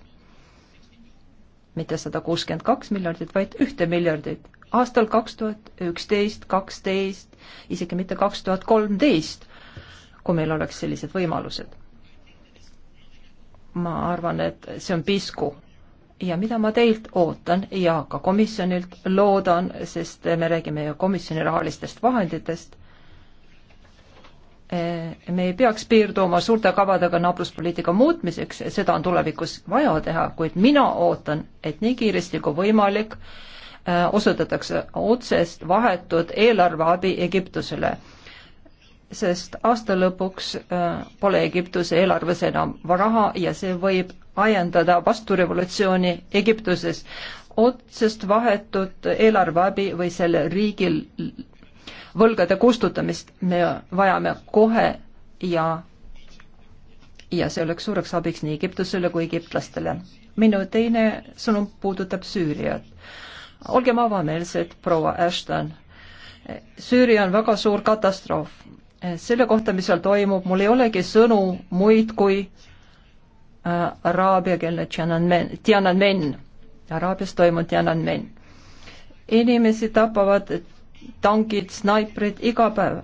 mitte sada kuuskümmend kaks miljardit, vaid ühte miljardit aastal kaks tuhat üksteist, kaksteist, isegi mitte kaks tuhat kolmteist, kui meil oleks sellised võimalused. ma arvan, et see on pisku ja mida ma teilt ootan ja ka komisjonilt loodan, sest me räägime ju komisjoni rahalistest vahenditest, eh, me ei peaks piirduma suurte kavadega naabruspoliitika muutmiseks, seda on tulevikus vaja teha, kuid mina ootan, et nii kiiresti kui võimalik äh, Äh, osutatakse otsest vahetut eelarveabi Egiptusele, sest aasta lõpuks äh, pole Egiptuse eelarves enam raha ja see võib ajendada vasturevolutsiooni Egiptuses. otsest vahetut eelarveabi või selle riigil võlgade kustutamist me vajame kohe ja ja see oleks suureks abiks nii Egiptusele kui egiptlastele. minu teine sõnum puudutab Süüriat olgem avameelsed, proua Ashton. Süüria on väga suur katastroof. selle kohta, mis seal toimub, mul ei olegi sõnu muid kui äh, araabiakeelne Tiananmen, Tiananmen, Araabias toimunud Tiananmen. inimesi tapavad tankid, snaiprid iga päev.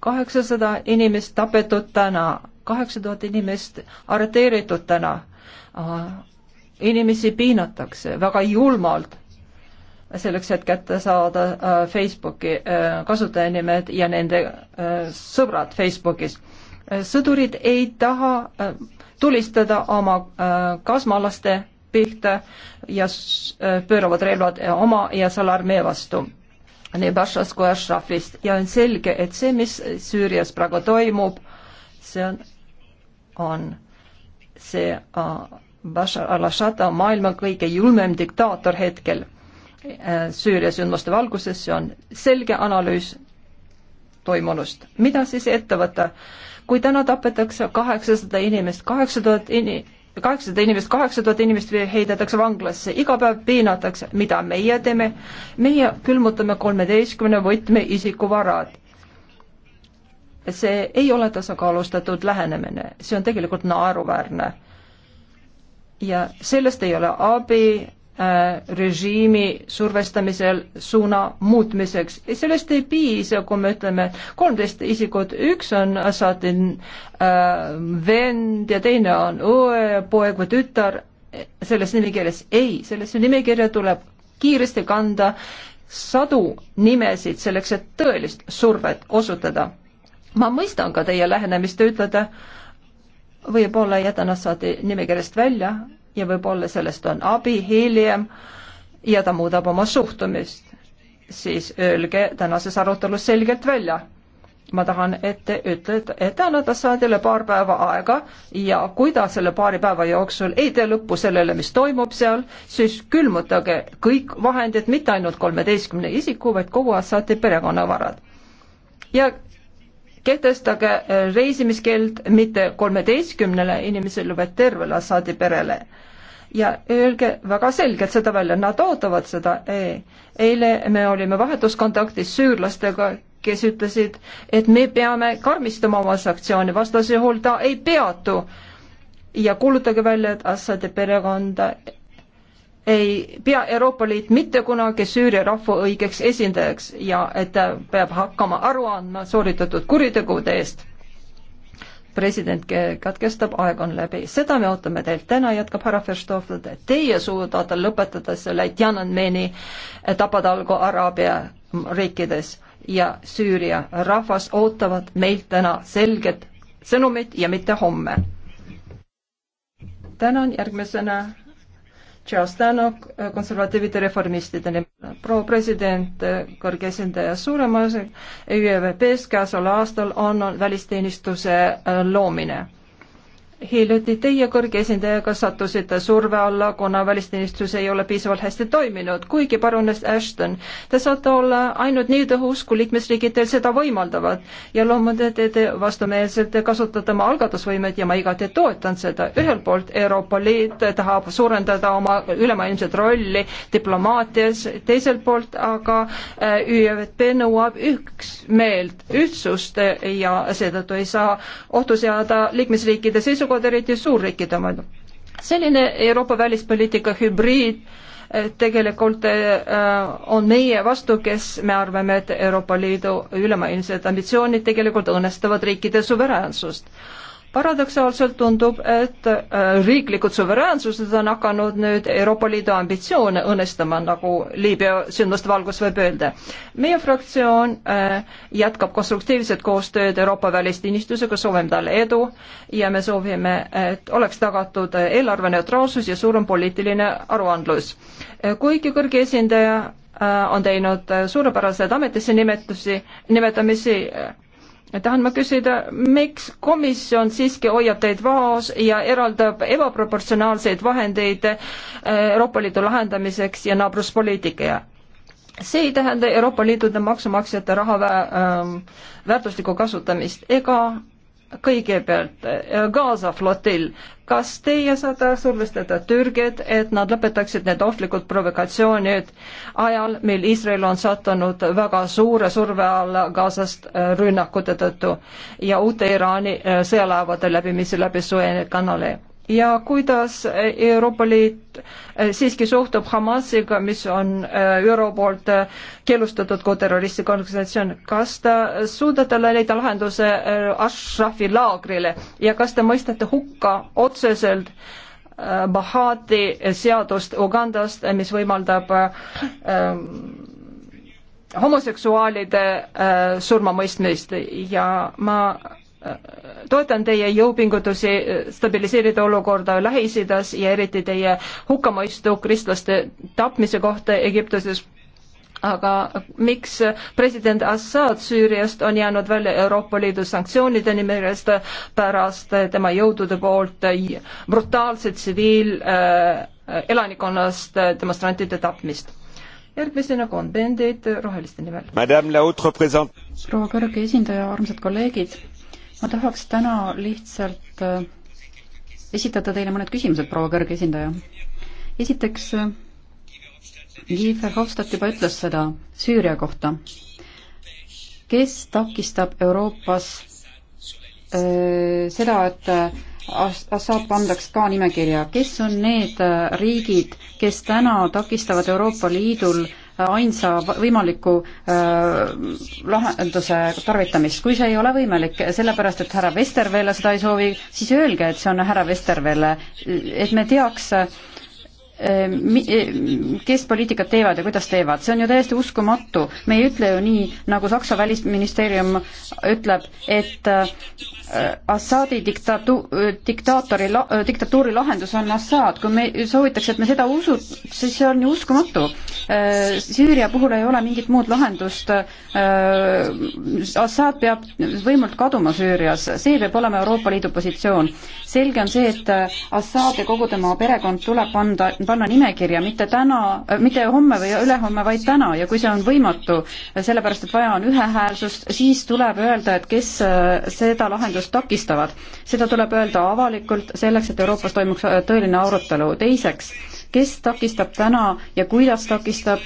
kaheksasada inimest tapetud täna, kaheksa tuhat inimest arreteeritud täna. Äh, inimesi piinatakse väga julmalt selleks, et kätte saada äh, Facebooki äh, kasutajanimed ja nende äh, sõbrad Facebookis. sõdurid ei taha tulistada oma kasmalaste pihta ja pööravad relvad oma ja Salarmee vastu nii Bashas kui Ashrafist ja on selge, et see, mis Süürias praegu toimub, see on, on see uh, Bashar al-Assad on maailma kõige julmem diktaator hetkel Äh, Süüria sündmuste valguses, see on selge analüüs toimunust. mida siis ette võtta? kui täna tapetakse kaheksasada inimest, kaheksa tuhat ini-, kaheksasada inimest, kaheksa tuhat inimest heidetakse vanglasse, iga päev piinatakse, mida meie teeme? meie külmutame kolmeteistkümne võtmeisiku varad. see ei ole tasakaalustatud lähenemine, see on tegelikult naeruväärne. ja sellest ei ole abi Äh, režiimi survestamisel suuna muutmiseks. sellest ei piisa, kui me ütleme, kolmteist isikut, üks on Assadi äh, vend ja teine on õe, poeg või tütar, selles nimekirjas ei, sellesse nimekirja tuleb kiiresti kanda sadu nimesid selleks, et tõelist survet osutada. ma mõistan ka teie lähenemist, te ütlete, võib-olla jätan Assadi nimekirjast välja, ja võib-olla sellest on abi hiljem ja ta muudab oma suhtumist, siis öelge tänases arutelus selgelt välja. ma tahan, et te ütlete, et annate saadile paar päeva aega ja kui ta selle paari päeva jooksul ei tee lõppu sellele, mis toimub seal, siis külmutage kõik vahendid, mitte ainult kolmeteistkümne isiku, vaid kogu Assaati perekonnavarad. ja kehtestage eh, reisimiskeeld mitte kolmeteistkümnele inimesele, vaid tervele Assadi perele ja öelge väga selgelt seda välja, nad ootavad seda e.. eile me olime vahetuskontaktis süürlastega, kes ütlesid, et me peame karmistama oma sanktsioone, vastasel juhul ta ei peatu ja kuulutage välja, et Assadi perekonda ei pea Euroopa Liit mitte kunagi Süüria rahva õigeks esindajaks ja et ta peab hakkama aru andma sooritatud kuritegude eest. president katkestab, aeg on läbi. seda me ootame teilt täna, jätkab härra Verstoffel, et teie suudate lõpetada selle Tiananmeni tapatalgu Araabia riikides ja Süüria rahvas ootavad meilt täna selget sõnumit ja mitte homme. tänan järgmisena Charles Tannock konservatiivide reformistideni. proua president, kõrge esindaja suurema ÜVP-s käesoleval aastal on välisteenistuse loomine hiljuti teie kõrge esindajaga sattusite surve alla, kuna välisteenistus ei ole piisavalt hästi toiminud, kuigi parunes Ashton, te saate olla ainult nii tõhus, kui liikmesriigid teil seda võimaldavad ja loomulikult te, te vastumeelselt kasutate oma algatusvõimet ja ma igati toetan seda. ühelt poolt Euroopa Liit tahab suurendada oma ülemaailmset rolli diplomaatias, teiselt poolt aga äh, ÜVP nõuab üksmeelt, ühtsust ja seetõttu ei saa ohtu seada liikmesriikide seisukohti, teevad eriti suurriikide omad. selline Euroopa välispoliitika hübriid eh, tegelikult eh, on meie vastu, kes me arvame, et Euroopa Liidu ülemaailmsed ambitsioonid tegelikult õõnestavad riikide suveräänsust paradoksaalselt tundub, et äh, riiklikud suveräänsused on hakanud nüüd Euroopa Liidu ambitsioone õnnestama, nagu Liibüa sündmuste valgus võib öelda. meie fraktsioon äh, jätkab konstruktiivset koostööd Euroopa välisteenistusega, soovime talle edu ja me soovime, et oleks tagatud eelarveneutraalsus ja suurem poliitiline aruandlus. Äh, kuigi kõrge esindaja on teinud suurepäraseid ametisse nimetusi, nimetamisi tahan ma küsida, miks komisjon siiski hoiab teid vaos ja eraldab ebaproportsionaalseid vahendeid eh, Euroopa Liidu lahendamiseks ja naabruspoliitika? see ei tähenda Euroopa Liidu maksumaksjate raha vä-, ähm, väärtuslikku kasutamist ega kõigepealt äh, Gaza flotill, kas teie saate survestada Türgit, et nad lõpetaksid need ohtlikud provokatsioonid ajal, mil Iisrael on sattunud väga suure surve alla Gazast äh, rünnakute tõttu ja uute Iraani äh, sõjalaevade läbimise läbi Suene kanali? ja kuidas Euroopa Liit eh, siiski suhtub Hamasiga, mis on eh, ÜRO poolt eh, keelustatud kui terroristlik organisatsioon. kas te suudate leida lahenduse Ashrafi laagrile ja kas te mõistate hukka otseselt Bahati seadust Ugandast, mis võimaldab ähm, homoseksuaalide äh, surmamõistmist ja ma toetan teie jõupingutusi eh, stabiliseerida olukorda Lähis-Idas ja eriti teie hukkamõistu kristlaste tapmise kohta Egiptuses. aga miks president Assad Süüriast on jäänud välja Euroopa Liidu sanktsioonide nimekirjast pärast tema jõudude poolt brutaalset tsiviilelanikkonnast eh, äh, eh, demonstrantide tapmist? järgmisena konvendid roheliste nimel. proua kõrge esindaja, armsad kolleegid ma tahaks täna lihtsalt äh, esitada teile mõned küsimused, proua kõrge esindaja. esiteks, äh, Guy Verhofstadt juba ütles seda Süüria kohta. kes takistab Euroopas öö, äh, seda, et Assad pandaks ka nimekirja, kes on need riigid, kes täna takistavad Euroopa Liidul öö, ainsa võimaliku äh, lahenduse tarvitamist. kui see ei ole võimalik, sellepärast et härra Vesterveele seda ei soovi, siis öelge, et see on härra Vesterveele, et me teaks, Äh, äh, kes poliitikat teevad ja kuidas teevad, see on ju täiesti uskumatu. me ei ütle ju nii, nagu Saksa välisministeerium ütleb, et äh, Assaadi diktatu-, diktaatori la-, diktatuuri lahendus on Assad, kui me soovitakse, et me seda usu-, siis see on ju uskumatu. Süüria puhul ei ole mingit muud lahendust. Assad peab võimult kaduma Süürias, see peab olema Euroopa Liidu positsioon. selge on see, et Assad ja kogu tema perekond tuleb anda, panna nimekirja mitte täna, mitte homme või ülehomme, vaid täna ja kui see on võimatu, sellepärast et vaja on ühehäälsust, siis tuleb öelda, et kes äh, seda lahendust takistavad. seda tuleb öelda avalikult, selleks et Euroopas toimuks äh, tõeline arutelu. teiseks, kes takistab täna ja kuidas takistab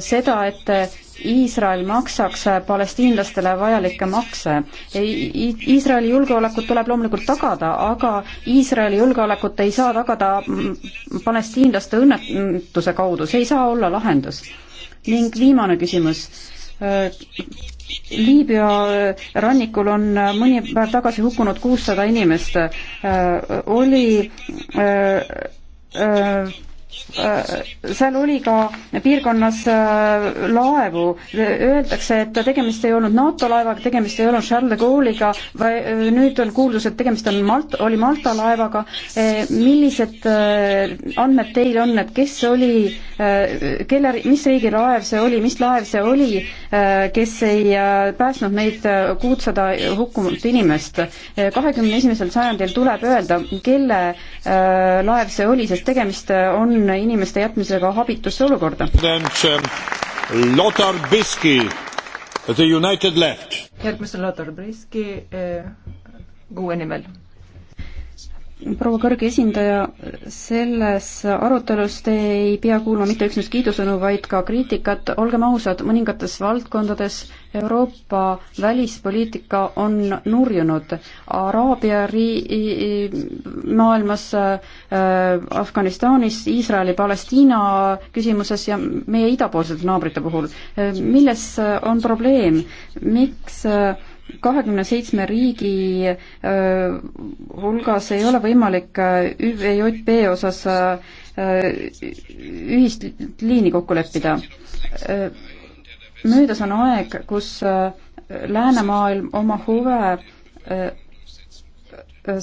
seda, et Iisrael maksaks palestiinlastele vajalikke makse. Iisraeli julgeolekut tuleb loomulikult tagada, aga Iisraeli julgeolekut ei saa tagada mm, palestiinlaste õnnetuse kaudu, see ei saa olla lahendus. ning viimane küsimus. Liibüa rannikul on mõni päev tagasi hukkunud kuussada inimest. oli öö, äh, öö, äh, Äh, seal oli ka piirkonnas äh, laevu, öeldakse, et tegemist ei olnud NATO laevaga, tegemist ei olnud Charles de Gaulle'iga, äh, nüüd on kuuldus, et tegemist on Malt-, oli Malta laevaga, millised andmed teil on, et kes oli, kelle, mis riigi laev see oli, mis laev see oli, kes ei päästnud neid kuutsada hukkunud inimest? kahekümne esimesel sajandil tuleb öelda, kelle laev see oli, sest tegemist on on inimeste jätmisega habitusse olukorda. Um, Lothar Biski, The United Left. järgmisel Lothar Biski eh, kuue nimel proua kõrge esindaja, selles arutelus te ei pea kuulma mitte üksnes kiidusõnu, vaid ka kriitikat, olgem ausad, mõningates valdkondades Euroopa välispoliitika on nurjunud. Araabia rii-, maailmas äh,, Afganistanis, Iisraeli, Palestiina küsimuses ja meie idapoolsete naabrite puhul. milles on probleem, miks äh, kahekümne seitsme riigi hulgas ei ole võimalik ÜVJP osas ühist liini kokku leppida. möödas on aeg, kus läänemaailm oma huve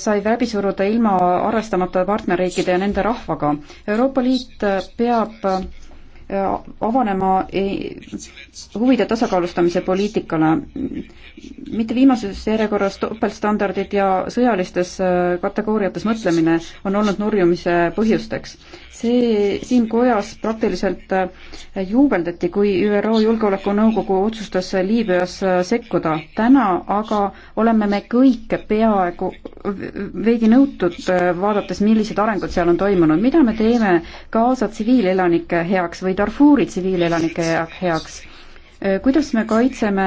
sai läbi suruda ilma arvestamata partnerriikide ja nende rahvaga. Euroopa Liit peab avanema e, huvide tasakaalustamise poliitikale. mitte viimases järjekorras topeltstandardid ja sõjalistes äh, kategooriates mõtlemine on olnud nurjumise põhjusteks see siin kojas praktiliselt äh, juubeldati, kui ÜRO Julgeolekunõukogu otsustas Liibüas äh, sekkuda. täna aga oleme me kõik peaaegu veidi nõutud, äh, vaadates, millised arengud seal on toimunud. mida me teeme Gaza tsiviilelanike heaks või Darfuri tsiviilelanike heaks? kuidas me kaitseme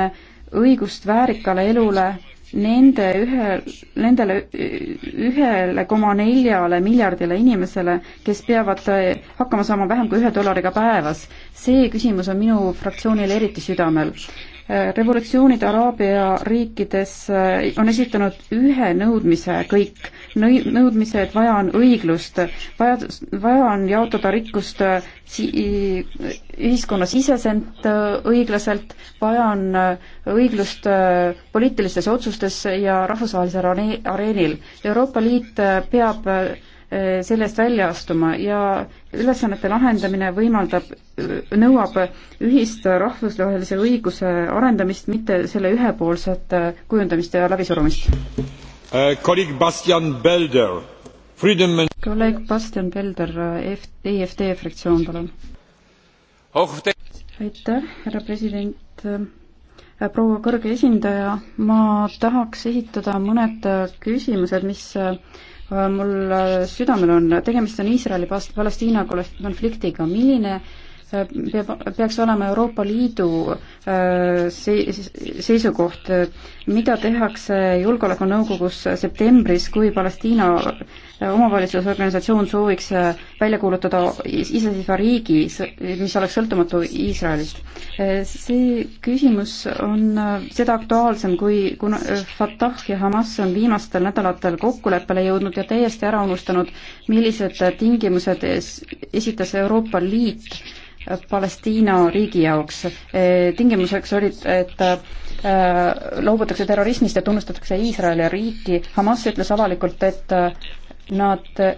õigust väärikale elule nende ühe, nendele ühele koma neljale miljardile inimesele, kes peavad äh, hakkama saama vähem kui ühe dollariga päevas. see küsimus on minu fraktsioonile eriti südamel. Äh, revolutsioonid Araabia riikides äh, on esitanud ühe nõudmise kõik nõudmise, et vaja on õiglust, vaja, vaja on jaotada rikkust äh, ühiskonnasiseselt äh, õiglaselt, vaja on äh, õiglust poliitilistes otsustes ja rahvusvahelisel areenil. Euroopa Liit peab sellest välja astuma ja ülesannete lahendamine võimaldab, nõuab ühist rahvusvahelise õiguse arendamist, mitte selle ühepoolset kujundamist ja läbisurumist kolleeg uh, Bastian Belder, Freedom and kolleeg Bastian Belder, EFD fraktsioon, palun. aitäh, härra president, äh, proua kõrge esindaja, ma tahaks esitada mõned äh, küsimused, mis äh, mul südamel on, tegemist on Iisraeli-Palestiina konfliktiga, milline äh, peab, peaks olema Euroopa Liidu äh, seisukoht, mida tehakse Julgeolekunõukogus septembris, kui Palestiina äh, omavalitsusorganisatsioon sooviks äh, välja kuulutada iseseisva riigi, mis oleks sõltumatu Iisraelist. see küsimus on seda aktuaalsem, kui kuna Fatah ja Hamas on viimastel nädalatel kokkuleppele jõudnud ja täiesti ära unustanud, millised tingimused esitas Euroopa Liit Palestiina riigi jaoks. E, tingimuseks olid, et äh, loobutakse terrorismist ja tunnustatakse Iisraeli riiki. Hamas ütles avalikult, et äh, nad äh,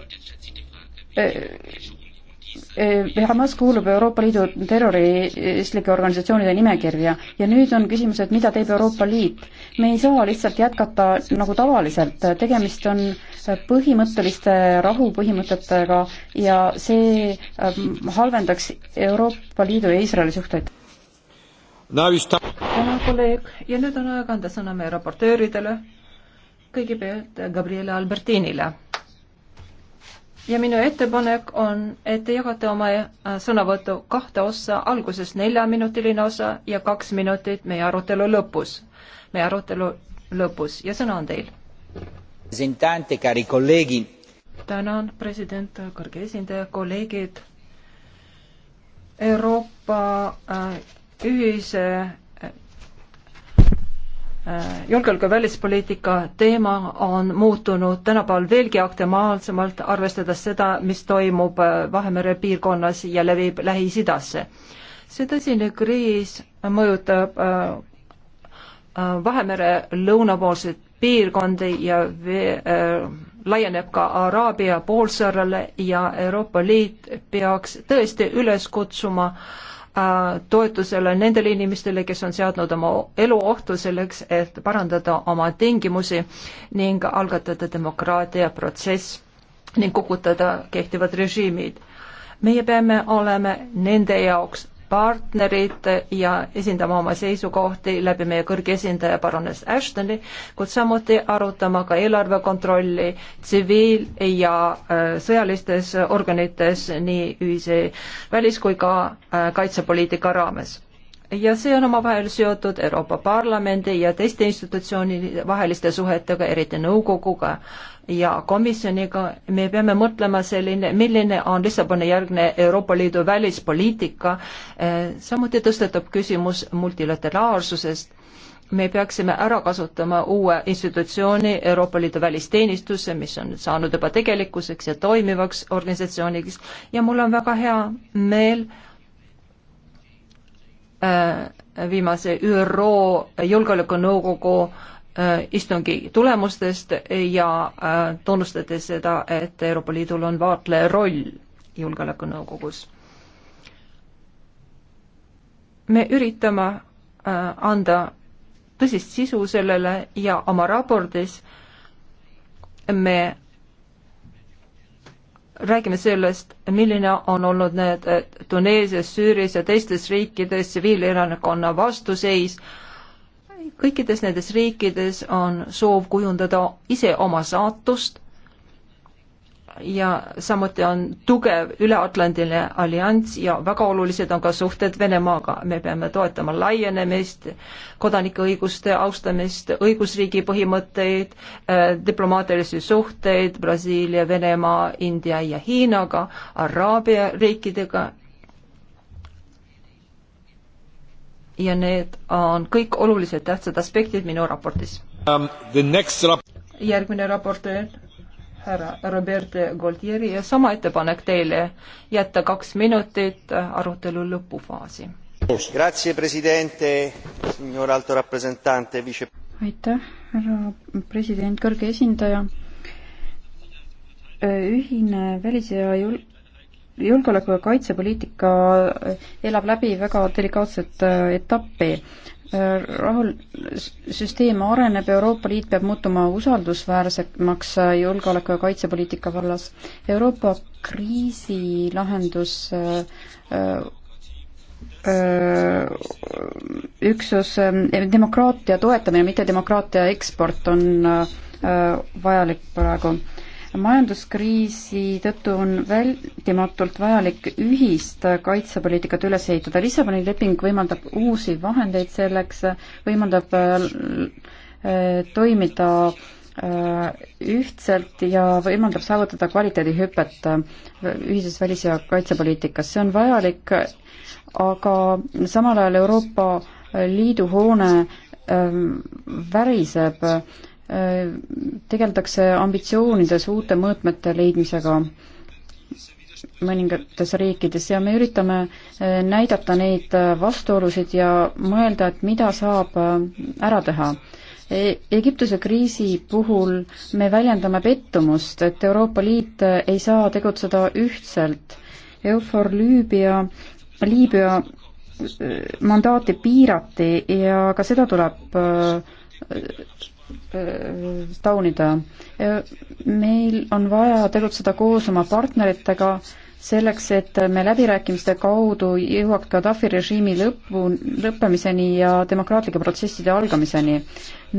Äh, Hamas kuulub Euroopa Liidu terroristlike organisatsioonide nimekirja ja nüüd on küsimus, et mida teeb Euroopa Liit. me ei saa lihtsalt jätkata nagu tavaliselt, tegemist on põhimõtteliste rahupõhimõtetega ja see ähm, halvendaks Euroopa Liidu ja Iisraeli suhteid. tänan, kolleeg, ja nüüd on aeg anda sõna meie raportööridele, kõigepealt Gabriele Albertinile ja minu ettepanek on, et te jagate oma äh, sõnavõttu kahte ossa, alguses neljaminutiline osa ja kaks minutit meie arutelu lõpus, meie arutelu lõpus ja sõna on teil. tänan, president, kõrge esindaja, kolleegid. Euroopa äh, ühise Äh, julgeoleku ja välispoliitika teema on muutunud tänapäeval veelgi aktuaalsemalt, arvestades seda, mis toimub äh, Vahemere piirkonnas ja levib Lähis-Idasse. see tõsine kriis mõjutab äh, Vahemere lõunapoolseid piirkondi ja vee, äh, laieneb ka Araabia poolsaarele ja Euroopa Liit peaks tõesti üles kutsuma äh, Äh, toetusele nendele inimestele, kes on seadnud oma elu ohtu selleks, et parandada oma tingimusi ning algatada demokraatia protsess ning kukutada kehtivad režiimid. meie peame olema nende jaoks partnerid ja esindama oma seisukohti läbi meie kõrge esindaja baroness Ashtoni, kuid samuti arutama ka eelarvekontrolli tsiviil- ja äh, sõjalistes organites nii ühise välis- kui ka äh, kaitsepoliitika raames ja see on omavahel seotud Euroopa Parlamendi ja teiste institutsioonide vaheliste suhetega, eriti nõukoguga, ja komisjoniga me peame mõtlema selline, milline on Lissaboni järgne Euroopa Liidu välispoliitika, samuti tõstetab küsimus multilateraalsusest, me peaksime ära kasutama uue institutsiooni, Euroopa Liidu välisteenistuse, mis on saanud juba tegelikkuseks ja toimivaks organisatsiooniks ja mul on väga hea meel äh, viimase ÜRO Julgeolekunõukogu äh, Äh, istungi tulemustest ja äh, tunnustades seda, et Euroopa Liidul on vaatleja roll Julgeolekunõukogus. me üritame äh, anda tõsist sisu sellele ja oma raportis me räägime sellest, milline on olnud need Tuneesias, Süürias ja teistes riikides tsiviilelanikkonna vastuseis äh, kõikides nendes riikides on soov kujundada ise oma saatust ja samuti on tugev üleatlandiline allianss ja väga olulised on ka suhted Venemaaga. me peame toetama laienemist, kodanikeõiguste austamist, õigusriigi põhimõtteid eh,, diplomaatilisi suhteid Brasiilia, Venemaa, India ja Hiinaga, Araabia riikidega ja need on kõik olulised tähtsad aspektid minu raportis um,. Rap järgmine raportöör, härra Robert Goldieri ja sama ettepanek teile, jätta kaks minutit arutelu lõpufaasi. aitäh, härra president, kõrge esindaja ühine välis- ja jul-, julgeoleku- ja kaitsepoliitika äh, elab läbi väga delikaatset äh, etappi. Äh, rahul, süsteem areneb, Euroopa Liit peab muutuma usaldusväärsemaks julgeoleku- ja kaitsepoliitika vallas. Euroopa kriisilahendus üksus, demokraatia toetamine, mitte demokraatia eksport on vajalik praegu majanduskriisi tõttu on vältimatult vajalik ühist kaitsepoliitikat üles ehitada. Lissaboni leping võimaldab uusi vahendeid selleks, võimaldab äh, toimida äh, ühtselt ja võimaldab saavutada kvaliteedihüpet äh, ühises välis- ja kaitsepoliitikas. see on vajalik, aga samal ajal Euroopa Liidu hoone ähm, väriseb äh, tegeldakse ambitsioonides uute mõõtmete leidmisega mõningates riikides ja me üritame eh, näidata neid vastuolusid ja mõelda, et mida saab eh, ära teha e. Egiptuse kriisi puhul me väljendame pettumust, et Euroopa Liit eh, ei saa tegutseda ühtselt. EUFOR Lüübia, Liibüa mandaati piirati ja ka seda tuleb Äh, taunida. Äh, meil on vaja tegutseda koos oma partneritega selleks, et me läbirääkimiste kaudu jõuaks Gaddafi režiimi lõpu, lõppemiseni ja demokraatlike protsesside algamiseni.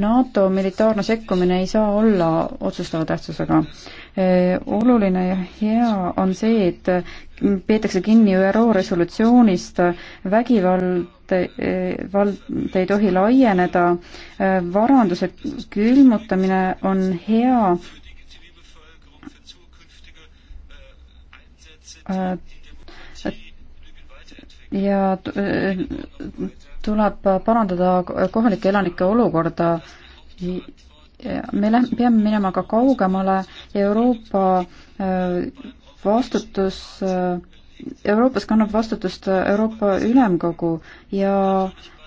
NATO militaarne sekkumine ei saa olla otsustava tähtsusega. Äh, oluline ja hea on see, et peetakse kinni ÜRO resolutsioonist vägivald et e, vald ei tohi laieneda. E, varanduse külmutamine on hea e, ja tuleb parandada kohalike elanike olukorda. me lähe-, peame minema ka kaugemale Euroopa vastutus äh, Euroopas kannab vastutust Euroopa Ülemkogu ja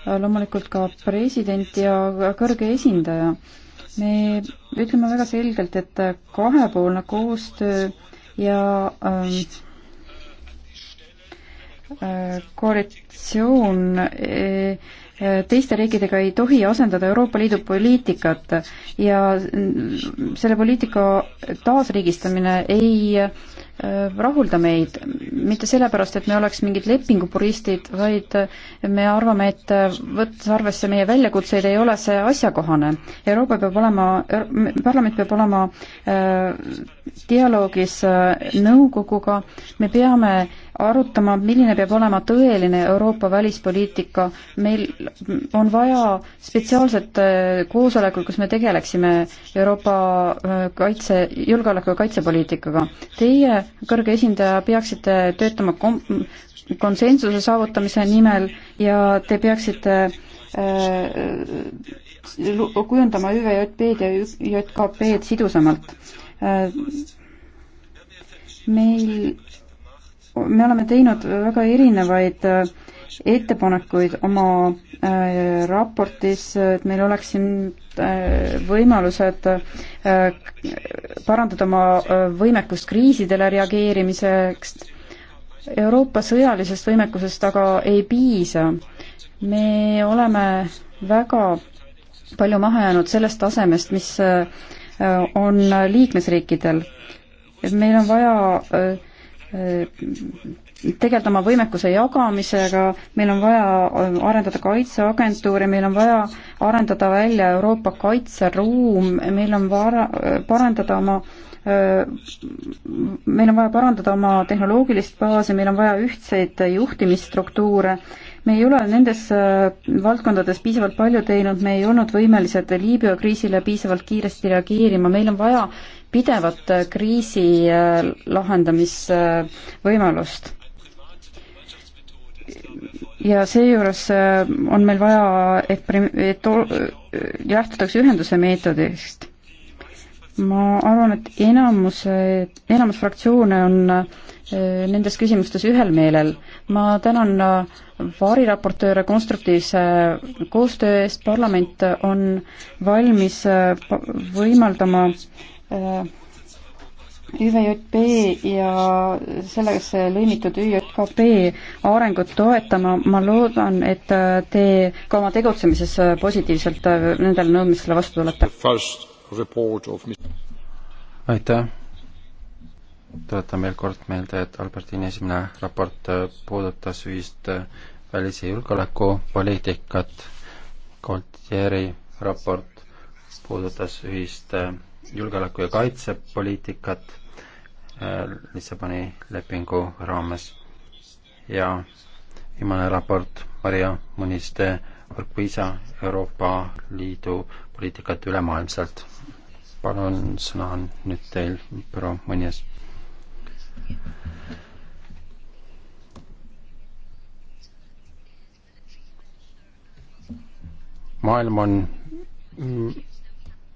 loomulikult ka president ja kõrge esindaja. me ütleme väga selgelt, et kahepoolne koostöö ja ähm, äh, koalitsioon äh, äh, teiste riikidega ei tohi asendada Euroopa Liidu poliitikat ja äh, selle poliitika taasriigistamine ei äh, rahulda meid, mitte sellepärast, et me oleks mingid lepingupuristid, vaid me arvame, et võttes arvesse meie väljakutseid, ei ole see asjakohane. Euroopa peab olema, parlament peab olema äh, dialoogis äh, nõukoguga, me peame arutama, milline peab olema tõeline Euroopa välispoliitika. meil on vaja spetsiaalset äh, koosolekut, kus me tegeleksime Euroopa äh, kaitse, julgeoleku ja kaitsepoliitikaga. Teie, kõrge esindaja, peaksite töötama kom-, konsensuse saavutamise nimel ja te peaksite äh, kujundama ÜVJP-d ja JKP-d sidusamalt äh,. meil me oleme teinud väga erinevaid äh, ettepanekuid oma äh, raportis, et meil oleks siin äh, võimalused parandada oma võimekust kriisidele reageerimiseks. Euroopa sõjalisest võimekusest aga ei piisa. me oleme väga palju maha jäänud sellest tasemest, mis on liikmesriikidel. meil on vaja äh, tegeleda oma võimekuse jagamisega, meil on vaja äh, arendada kaitseagentuuri, meil on vaja arendada välja Euroopa kaitseruum, meil on vara, parandada oma äh, meil on vaja parandada oma tehnoloogilist baasi, meil on vaja ühtseid juhtimisstruktuure, me ei ole nendes äh, valdkondades piisavalt palju teinud, me ei olnud võimelised Liibüa kriisile piisavalt kiiresti reageerima, meil on vaja pidevat kriisi äh, lahendamisvõimalust. ja seejuures äh, on meil vaja, et, et lähtutakse ühenduse meetodist. ma arvan, et enamus, enamus fraktsioone on äh, nendes küsimustes ühel meelel. ma tänan variraportööre konstruktiivse koostöö eest, parlament on valmis võimaldama Äh, ÜVJP ja sellesse lõimitud ÜJKP arengut toetama, ma loodan, et äh, te ka oma tegutsemises äh, positiivselt nendele nõudmistele vastu tulete. aitäh! tuletan veel kord meelde, et Albertini esimene raport puudutas ühist välis- ja julgeolekupoliitikat, Koltieri raport puudutas ühist julgeoleku- ja kaitsepoliitikat äh, Lissaboni lepingu raames ja viimane raport Maria Muniste Urquiza Euroopa Liidu poliitikat ülemaailmselt. palun, sõna on nüüd teil, proua Munis. maailm on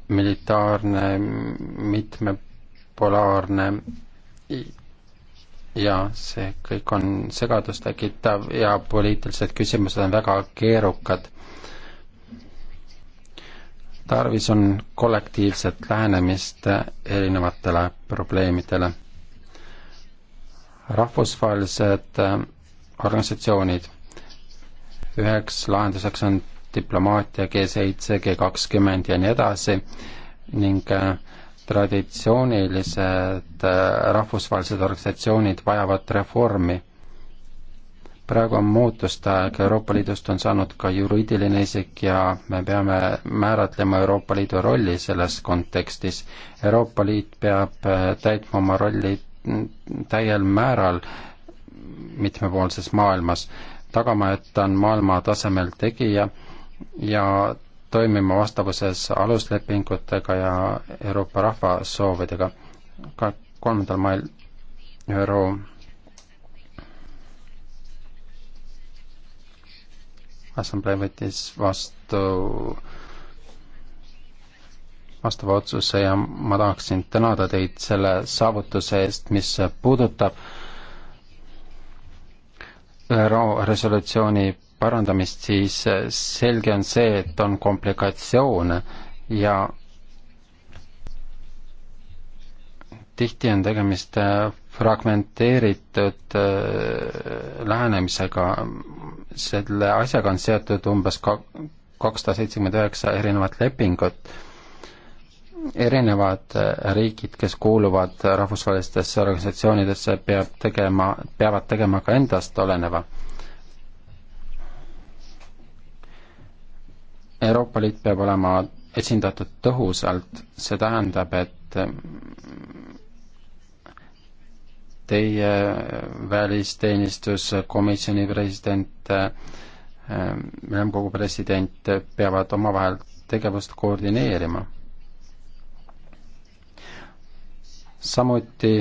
militaarne, mitmepolaarne ja see kõik on segadust tekitav ja poliitilised küsimused on väga keerukad. tarvis on kollektiivset lähenemist erinevatele probleemidele. rahvusvahelised äh, organisatsioonid, üheks lahenduseks on diplomaatia, G7, G20 ja nii edasi ning äh, traditsioonilised äh, rahvusvahelised organisatsioonid vajavad reformi. praegu on muutuste aeg, Euroopa Liidust on saanud ka juriidiline isik ja me peame määratlema Euroopa Liidu rolli selles kontekstis. Euroopa Liit peab äh, täitma oma rolli mm, täiel määral mitmepoolses maailmas, tagama, et ta on maailma tasemel tegija ja toimima vastavuses aluslepingutega ja Euroopa rahva soovidega. ka kolmandal mail ÜRO assamblee võttis vastu vastava otsuse ja ma tahaksin tänada teid selle saavutuse eest, mis puudutab ÜRO resolutsiooni parandamist, siis selge on see, et on komplikatsioone ja tihti on tegemist äh, fragmenteeritud äh, lähenemisega. selle asjaga on seotud umbes kakssada seitsekümmend üheksa erinevat lepingut. erinevad äh, riigid, kes kuuluvad rahvusvahelistesse organisatsioonidesse, peab tegema, peavad tegema ka endast oleneva Euroopa Liit peab olema esindatud tõhusalt, see tähendab, et teie välisteenistus, komisjoni president, ülemkogu president peavad omavahel tegevust koordineerima. samuti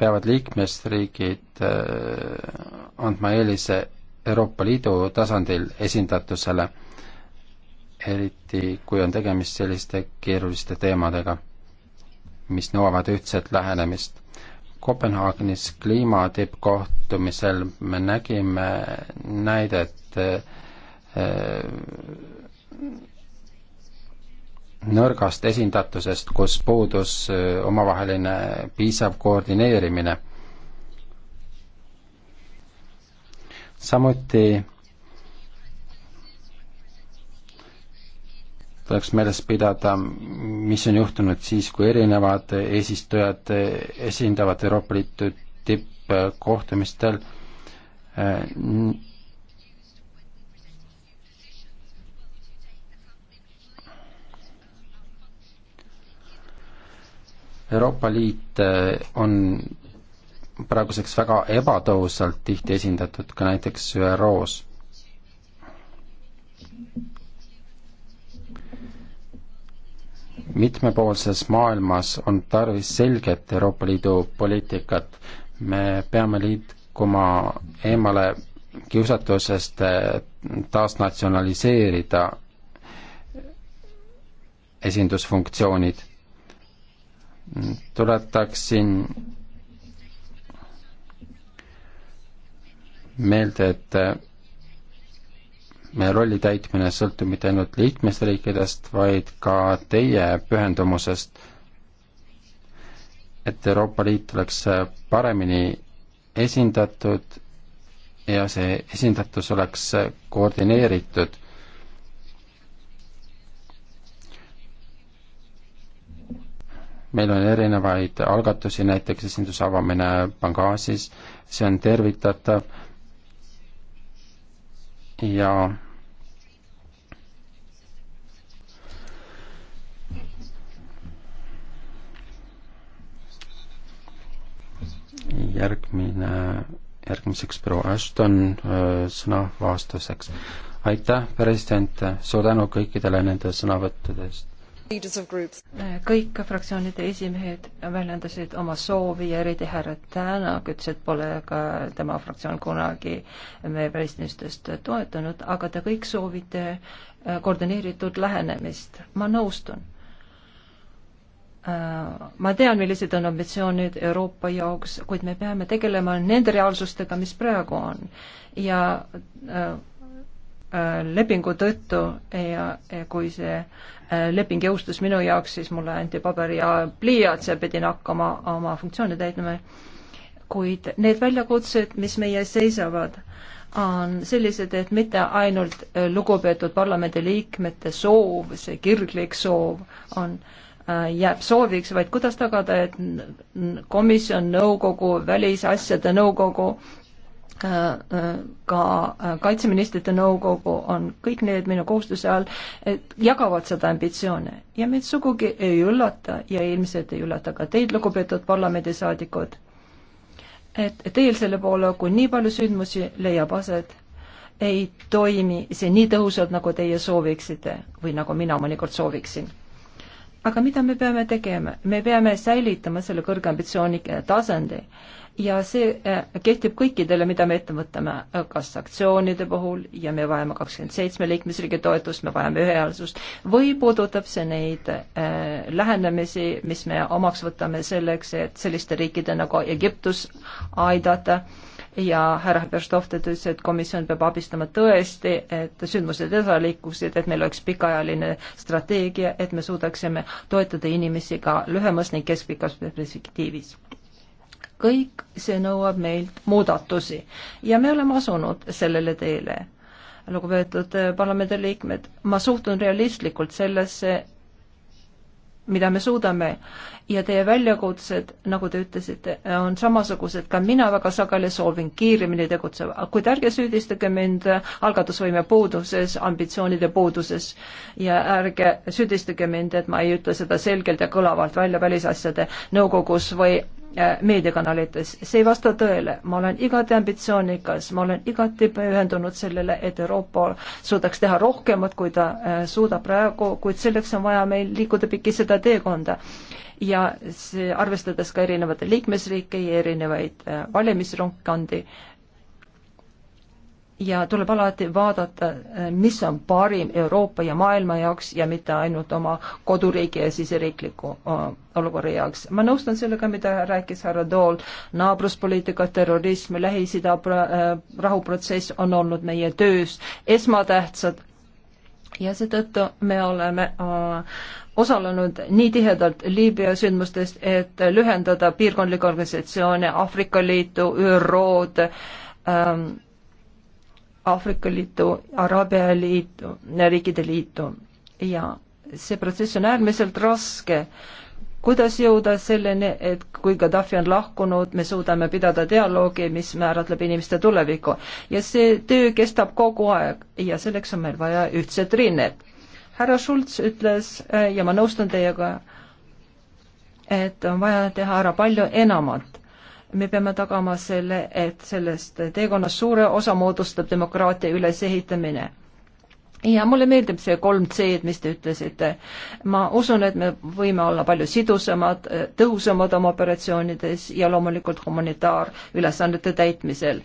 peavad liikmesriigid eh, andma eelise Euroopa Liidu tasandil esindatusele, eriti kui on tegemist selliste keeruliste teemadega, mis nõuavad ühtset lähenemist. Kopenhaagenis kliimatippkohtumisel me nägime näidet eh, nõrgast esindatusest, kus puudus eh, omavaheline piisav koordineerimine samuti tuleks meeles pidada, mis on juhtunud siis, kui erinevad eesistujad esindavad Euroopa Liitu tippkohtumistel Euroopa Liit on praeguseks väga ebatõhusalt tihti esindatud ka näiteks ÜRO-s. mitmepoolses maailmas on tarvis selget Euroopa Liidu poliitikat. me peame liikuma eemale kiusatusest taasnatsionaliseerida esindusfunktsioonid. tuletaksin meelde, et äh, meie rolli täitmine sõltub mitte ainult liikmesriikidest, vaid ka teie pühendumusest, et Euroopa Liit oleks äh, paremini esindatud ja see esindatus oleks äh, koordineeritud. meil on erinevaid algatusi, näiteks esinduse avamine Bengaasis, see on tervitatav ja järgmine, järgmiseks proua Ashton äh, sõna vastuseks. aitäh, president, suur tänu kõikidele nende sõnavõttudest kõik fraktsioonide esimehed väljendasid oma soovi ja eriti härra Tänak ütles, et pole ka tema fraktsioon kunagi meie välisteenistust toetanud, aga te kõik soovite äh, koordineeritud lähenemist. ma nõustun. Äh, ma tean, millised on ambitsioonid Euroopa jaoks, kuid me peame tegelema nende reaalsustega, mis praegu on ja äh, Äh, lepingu tõttu ja, ja kui see äh, leping jõustus minu jaoks, siis mulle anti paber ja pliiats ja pidin hakkama oma funktsioone täitma. kuid need väljakutsed, mis meie ees seisavad, on sellised, et mitte ainult äh, lugupeetud parlamendiliikmete soov, see kirglik soov on jääb sooviks, vaid kuidas tagada, et komisjon, nõukogu, välisasjade nõukogu Äh, ka äh, kaitseministrite nõukogu on kõik need minu kohustuse all, et jagavad seda ambitsioone ja meid sugugi ei üllata ja ilmselt ei üllata ka teid, lugupeetud parlamendisaadikud, et teel selle poole, kui nii palju sündmusi leiab aset, ei toimi see nii tõhusalt, nagu teie sooviksite või nagu mina mõnikord sooviksin aga mida me peame tegema? me peame säilitama selle kõrge ambitsioonike tasandi ja see äh, kehtib kõikidele, mida me ette võtame, äh, kas sanktsioonide puhul ja me vajame kakskümmend seitsme liikmesriigi toetust, me vajame ühehäälsust, või puudutab see neid äh, lähenemisi, mis me omaks võtame selleks, et selliste riikide nagu Egiptus aidata äh, ja härra Berstov ütles, et komisjon peab abistama tõesti, et sündmused edasi liikuksid, et meil oleks pikaajaline strateegia, et me suudaksime toetada inimesi ka lühemas ning keskpikas perspektiivis kõik see nõuab meilt muudatusi ja me oleme asunud sellele teele lugupeetud parlamendiliikmed, ma suhtun realistlikult sellesse, mida me suudame ja teie väljakutsed, nagu te ütlesite, on samasugused, ka mina väga sageli soovin kiiremini tegutseda, kuid ärge süüdistage mind algatusvõime puuduses, ambitsioonide puuduses ja ärge süüdistage mind, et ma ei ütle seda selgelt ja kõlavalt välja välisasjade nõukogus või Äh, meediakanalites, see ei vasta tõele. ma olen igati ambitsioonikas, ma olen igati pühendunud sellele, et Euroopa suudaks teha rohkemat, kui ta äh, suudab praegu, kuid selleks on vaja meil liikuda pikki seda teekonda. ja see, arvestades ka erinevate liikmesriike ja erinevaid valimisringkondi äh,, ja tuleb alati vaadata, mis on parim Euroopa ja maailma jaoks ja mitte ainult oma koduriigi ja siseriikliku olukorra jaoks. ma nõustun sellega, mida rääkis härra Tool, naabruspoliitika, terrorism, Lähis-Ida rahuprotsess on olnud meie töös esmatähtsad ja seetõttu me oleme osalenud nii tihedalt Liibüa sündmustes, et lühendada piirkondlikke organisatsioone, Aafrika Liitu, ÜRO-d ähm,, Aafrika Liitu, Araabia Liitu, riikide liitu ja see protsess on äärmiselt raske. kuidas jõuda selleni, et kui Gaddafi on lahkunud, me suudame pidada dialoogi, mis määratleb inimeste tulevikku ja see töö kestab kogu aeg ja selleks on meil vaja ühtset rinnet. härra Schulz ütles äh, ja ma nõustun teiega, et on vaja teha ära palju enamat me peame tagama selle, et sellest teekonnast suure osa moodustab demokraatia ülesehitamine ja mulle meeldib see kolm C-d, mis te ütlesite. ma usun, et me võime olla palju sidusamad, tõhusamad oma operatsioonides ja loomulikult humanitaarülesannete täitmisel.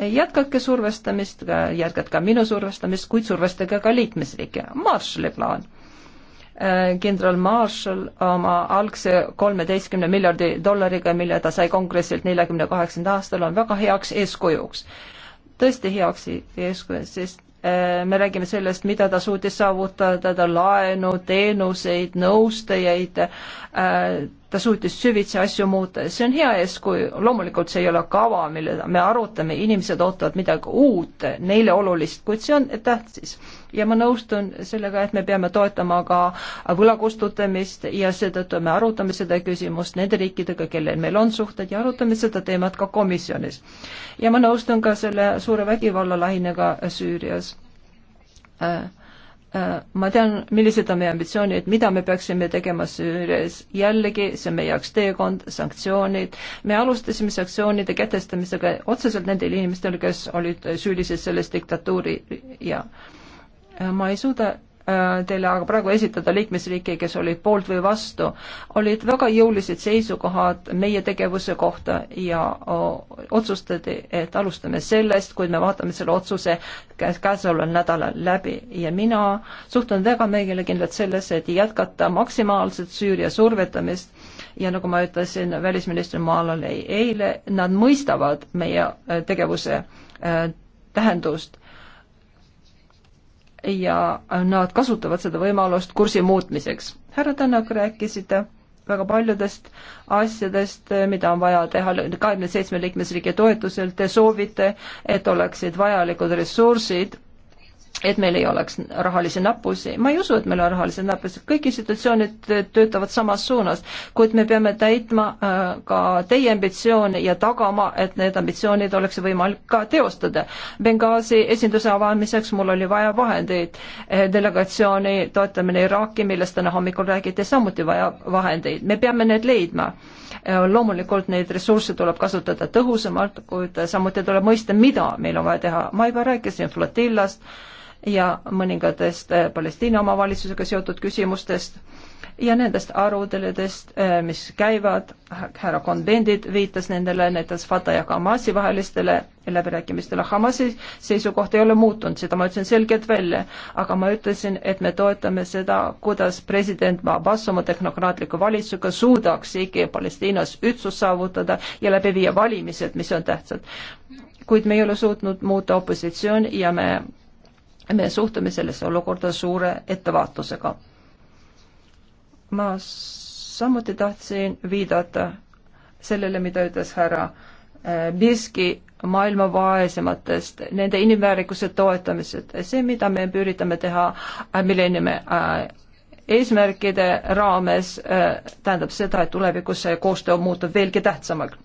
jätkake survestamist, jätkake ka minu survestamist, kuid survestage ka liikmesriike. Marshalli plaan Äh, kindralmarshal oma algse kolmeteistkümne miljardi dollariga, mille ta sai kongressilt neljakümne kaheksandal aastal, on väga heaks eeskujuks. tõesti heaks eeskujuks, sest äh, me räägime sellest, mida ta suutis saavutada, laenu, teenuseid, nõustajaid, äh, ta suutis süvitsi asju muuta ja see on hea eeskuju, loomulikult see ei ole kava, mille me arutame, inimesed ootavad midagi uut, neile olulist, kuid see on tähtis. ja ma nõustun sellega, et me peame toetama ka võla kustutamist ja seetõttu me arutame seda küsimust nende riikidega, kellel meil on suhted ja arutame seda teemat ka komisjonis. ja ma nõustun ka selle suure vägivallalainega Süürias äh Äh, ma tean, millised on meie ambitsioonid, mida me peaksime tegema Süürias, jällegi see on meie jaoks teekond, sanktsioonid, me alustasime sanktsioonide kehtestamisega otseselt nendel inimestel, kes olid süülised selles diktatuuri ja äh, ma ei suuda Äh, teile aga praegu esitada liikmesriike, kes olid poolt või vastu, olid väga jõulised seisukohad meie tegevuse kohta ja äh, otsustati, et alustame sellest, kuid me vaatame selle otsuse käes, käesoleval nädalal läbi ja mina suhtun väga meelekindlalt sellesse, et jätkata maksimaalselt Süüria survetamist ja nagu ma ütlesin välisministri Maalale eile, nad mõistavad meie äh, tegevuse tähendust ja nad kasutavad seda võimalust kursi muutmiseks. härra Tänak, rääkisite väga paljudest asjadest, mida on vaja teha kahekümne seitsme liikmesriigi toetusel, te soovite, et oleksid vajalikud ressursid et meil ei oleks rahalisi nappusi. ma ei usu, et meil on rahalisi nappusi, kõik institutsioonid töötavad samas suunas, kuid me peame täitma äh, ka teie ambitsioone ja tagama, et need ambitsioonid oleks võimalik ka teostada. Benghazi esinduse avamiseks mul oli vaja vahendeid, äh, delegatsiooni toetamine Iraaki, millest täna hommikul räägiti, samuti vaja vahendeid, me peame need leidma. Äh, loomulikult neid ressursse tuleb kasutada tõhusamalt, kuid samuti tuleb mõista, mida meil on vaja teha, ma juba rääkisin flotillast, ja mõningatest eh, Palestiina omavalitsusega seotud küsimustest ja nendest aruteludest, eh, mis käivad, härra konvendid viitas nendele, näiteks Fatah ja Hamasi vahelistele läbirääkimistele, Hamasi seisukoht ei ole muutunud, seda ma ütlesin selgelt välja, aga ma ütlesin, et me toetame seda, kuidas president Abbas oma tehnokraatliku valitsusega suudaks ikkagi Palestiinas ühtsust saavutada ja läbi viia valimised, mis on tähtsad. kuid me ei ole suutnud muuta opositsiooni ja me me suhtume sellesse olukorda suure ettevaatusega. ma samuti tahtsin viidata sellele, mida ütles härra äh, Biski maailma vaesematest, nende inimväärikuse toetamised, see, mida me üritame teha äh, millenniumi äh, eesmärkide raames, tähendab seda, et tulevikus see koostöö muutub veelgi tähtsamaks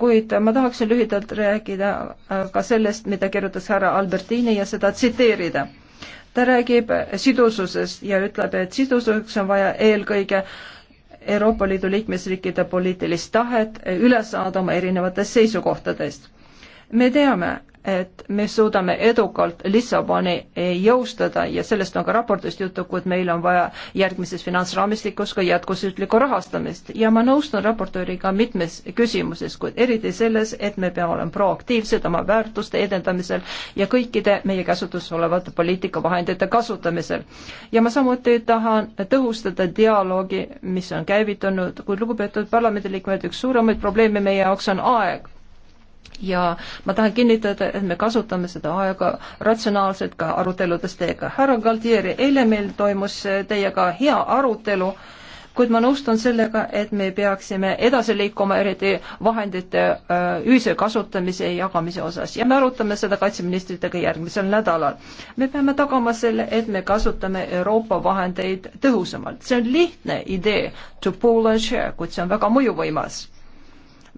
kuid ma tahaksin lühidalt rääkida äh, ka sellest, mida kirjutas härra Albertini ja seda tsiteerida. ta räägib sidususest ja ütleb, et sidususeks on vaja eelkõige Euroopa Liidu liikmesriikide poliitilist tahet üle saada oma erinevatest seisukohtadest. me teame, et me suudame edukalt Lissaboni jõustada ja sellest on ka raportist juttu, kuid meil on vaja järgmises finantsraamistikus ka jätkusüütlikku rahastamist ja ma nõustun raportööriga mitmes küsimuses, kuid eriti selles, et me peame olema proaktiivsed oma väärtuste edendamisel ja kõikide meie käsutuses olevate poliitikavahendite kasutamisel. ja ma samuti tahan tõhustada dialoogi, mis on käivitunud, kuid lugupeetud parlamendiliikmed, üks suuremaid probleeme meie jaoks on aeg ja ma tahan kinnitada, et me kasutame seda aega ratsionaalselt ka aruteludes teiega. härra Galtieri, eile meil toimus teiega hea arutelu, kuid ma nõustun sellega, et me peaksime edasi liikuma, eriti vahendite äh, ühise kasutamise ja jagamise osas ja me arutame seda kaitseministritega järgmisel nädalal. me peame tagama selle, et me kasutame Euroopa vahendeid tõhusamalt. see on lihtne idee, to pool and share, kuid see on väga mõjuvõimas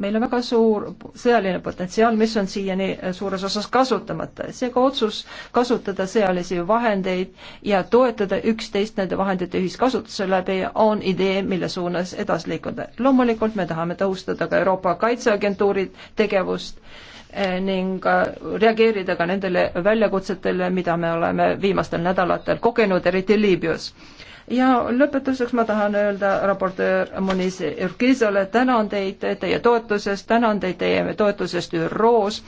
meil on väga suur sõjaline potentsiaal, mis on siiani äh, suures osas kasutamata. seega otsus kasutada sõjalisi vahendeid ja toetada üksteist nende vahendite ühiskasutuse läbi on idee, mille suunas edasi liikuda. loomulikult me tahame tõhustada ka Euroopa Kaitseagentuuri tegevust äh, ning äh, reageerida ka nendele väljakutsetele, mida me oleme viimastel nädalatel kogenud, eriti Liibüas ja lõpetuseks ma tahan öelda raportöör Moniz Urkizole, tänan teid teie toetusest, tänan teid teie toetusest ÜRO-s.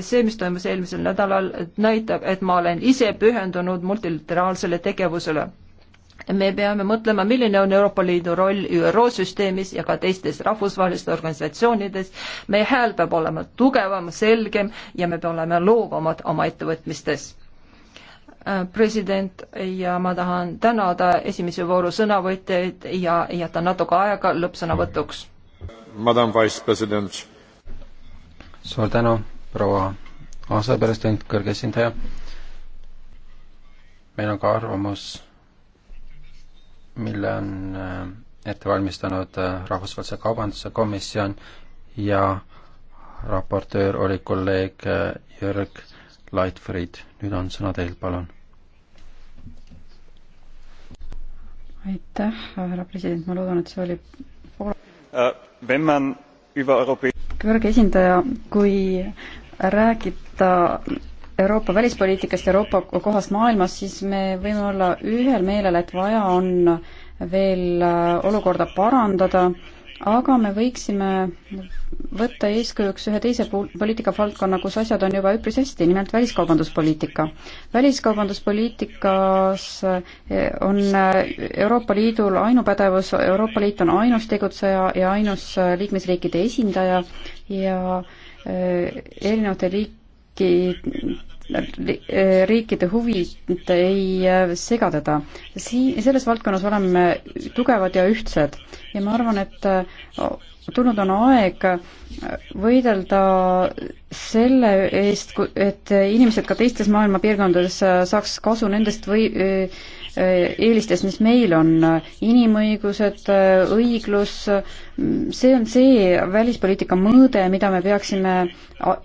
see, mis toimus eelmisel nädalal, näitab, et ma olen ise pühendunud multilateraalsele tegevusele me peame mõtlema, milline on Euroopa Liidu roll ÜRO süsteemis ja ka teistes rahvusvahelistes organisatsioonides. meie hääl peab olema tugevam, selgem ja me peame olema loovamad oma ettevõtmistes Äh, president ja ma tahan tänada esimese vooru sõnavõtjaid ja jätan natuke aega lõppsõnavõtuks. Madam Vice President. suur tänu, proua asepresident, kõrge esindaja. meil on ka arvamus, mille on äh, ette valmistanud äh, Rahvusvahelise Kaubanduse Komisjon ja raportöör oli kolleeg Jörg Lightfried, nüüd on sõna teil, palun. aitäh, härra president, ma loodan, et see oli pool- äh, kõrge esindaja, kui rääkida Euroopa välispoliitikast, Euroopa kohast maailmas, siis me võime olla ühel meelel, et vaja on veel olukorda parandada, aga me võiksime võtta eeskujuks ühe teise poliitikavaldkonna, kus asjad on juba üpris hästi, nimelt väliskaubanduspoliitika. väliskaubanduspoliitikas eh, on eh, Euroopa Liidul ainupädevus, Euroopa Liit on ainus tegutseja ja ainus eh, liikmesriikide esindaja ja erinevate riiki riikide huvid ei sega teda. Siin, selles valdkonnas oleme tugevad ja ühtsed ja ma arvan, et tulnud on aeg võidelda selle eest, et inimesed ka teistes maailma piirkondades saaks kasu nendest või eelistest, mis meil on, inimõigused, õiglus, see on see välispoliitika mõõde, mida me peaksime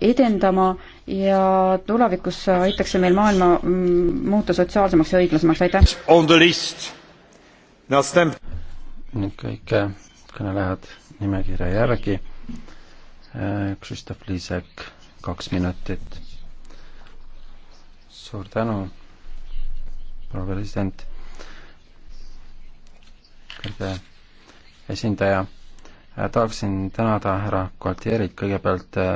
edendama ja tulevikus aitaks see meil maailma mm, muuta sotsiaalsemaks ja õiglasemaks, aitäh! nüüd kõik äh, kõnelejad nimekirja järgi. Äh, Kristof Liisek, kaks minutit. suur tänu, proua president, kõrge esindaja. Äh, tahaksin tänada härra Gualtierit kõigepealt äh,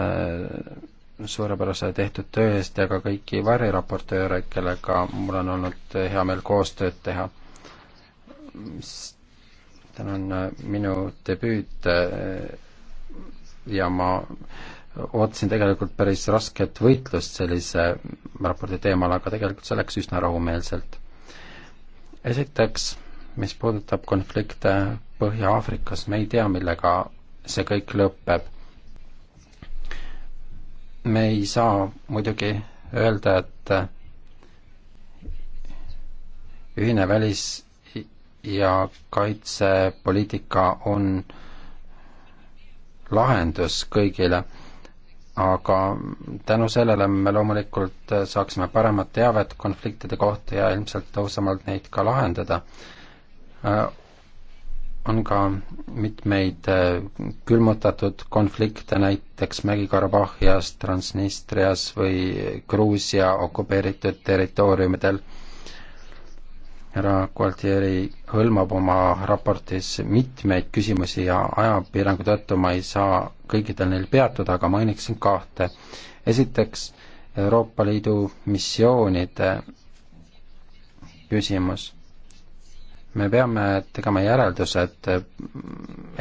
suurepärase tehtud töö eest ja ka kõiki variraportööre, kellega mul on olnud hea meel koostööd teha mis tänan, äh, minu debüüt äh, ja ma ootasin tegelikult päris rasket võitlust sellise raporti teemal, aga tegelikult see läks üsna rahumeelselt. esiteks, mis puudutab konflikte Põhja-Aafrikas, me ei tea, millega see kõik lõpeb. me ei saa muidugi öelda, et ühine välis- ja kaitsepoliitika on lahendus kõigile, aga tänu sellele me loomulikult saaksime paremat teavet konfliktide kohta ja ilmselt tõhusamalt neid ka lahendada. Äh, on ka mitmeid äh, külmutatud konflikte, näiteks Mägi-Karabahhias, Transnistrias või Gruusia okupeeritud territooriumidel härra Gualtieri hõlmab oma raportis mitmeid küsimusi ja ajapiirangu tõttu ma ei saa kõikidel neil peatuda, aga mainiksin kahte. esiteks Euroopa Liidu missioonide küsimus. me peame tegema järeldused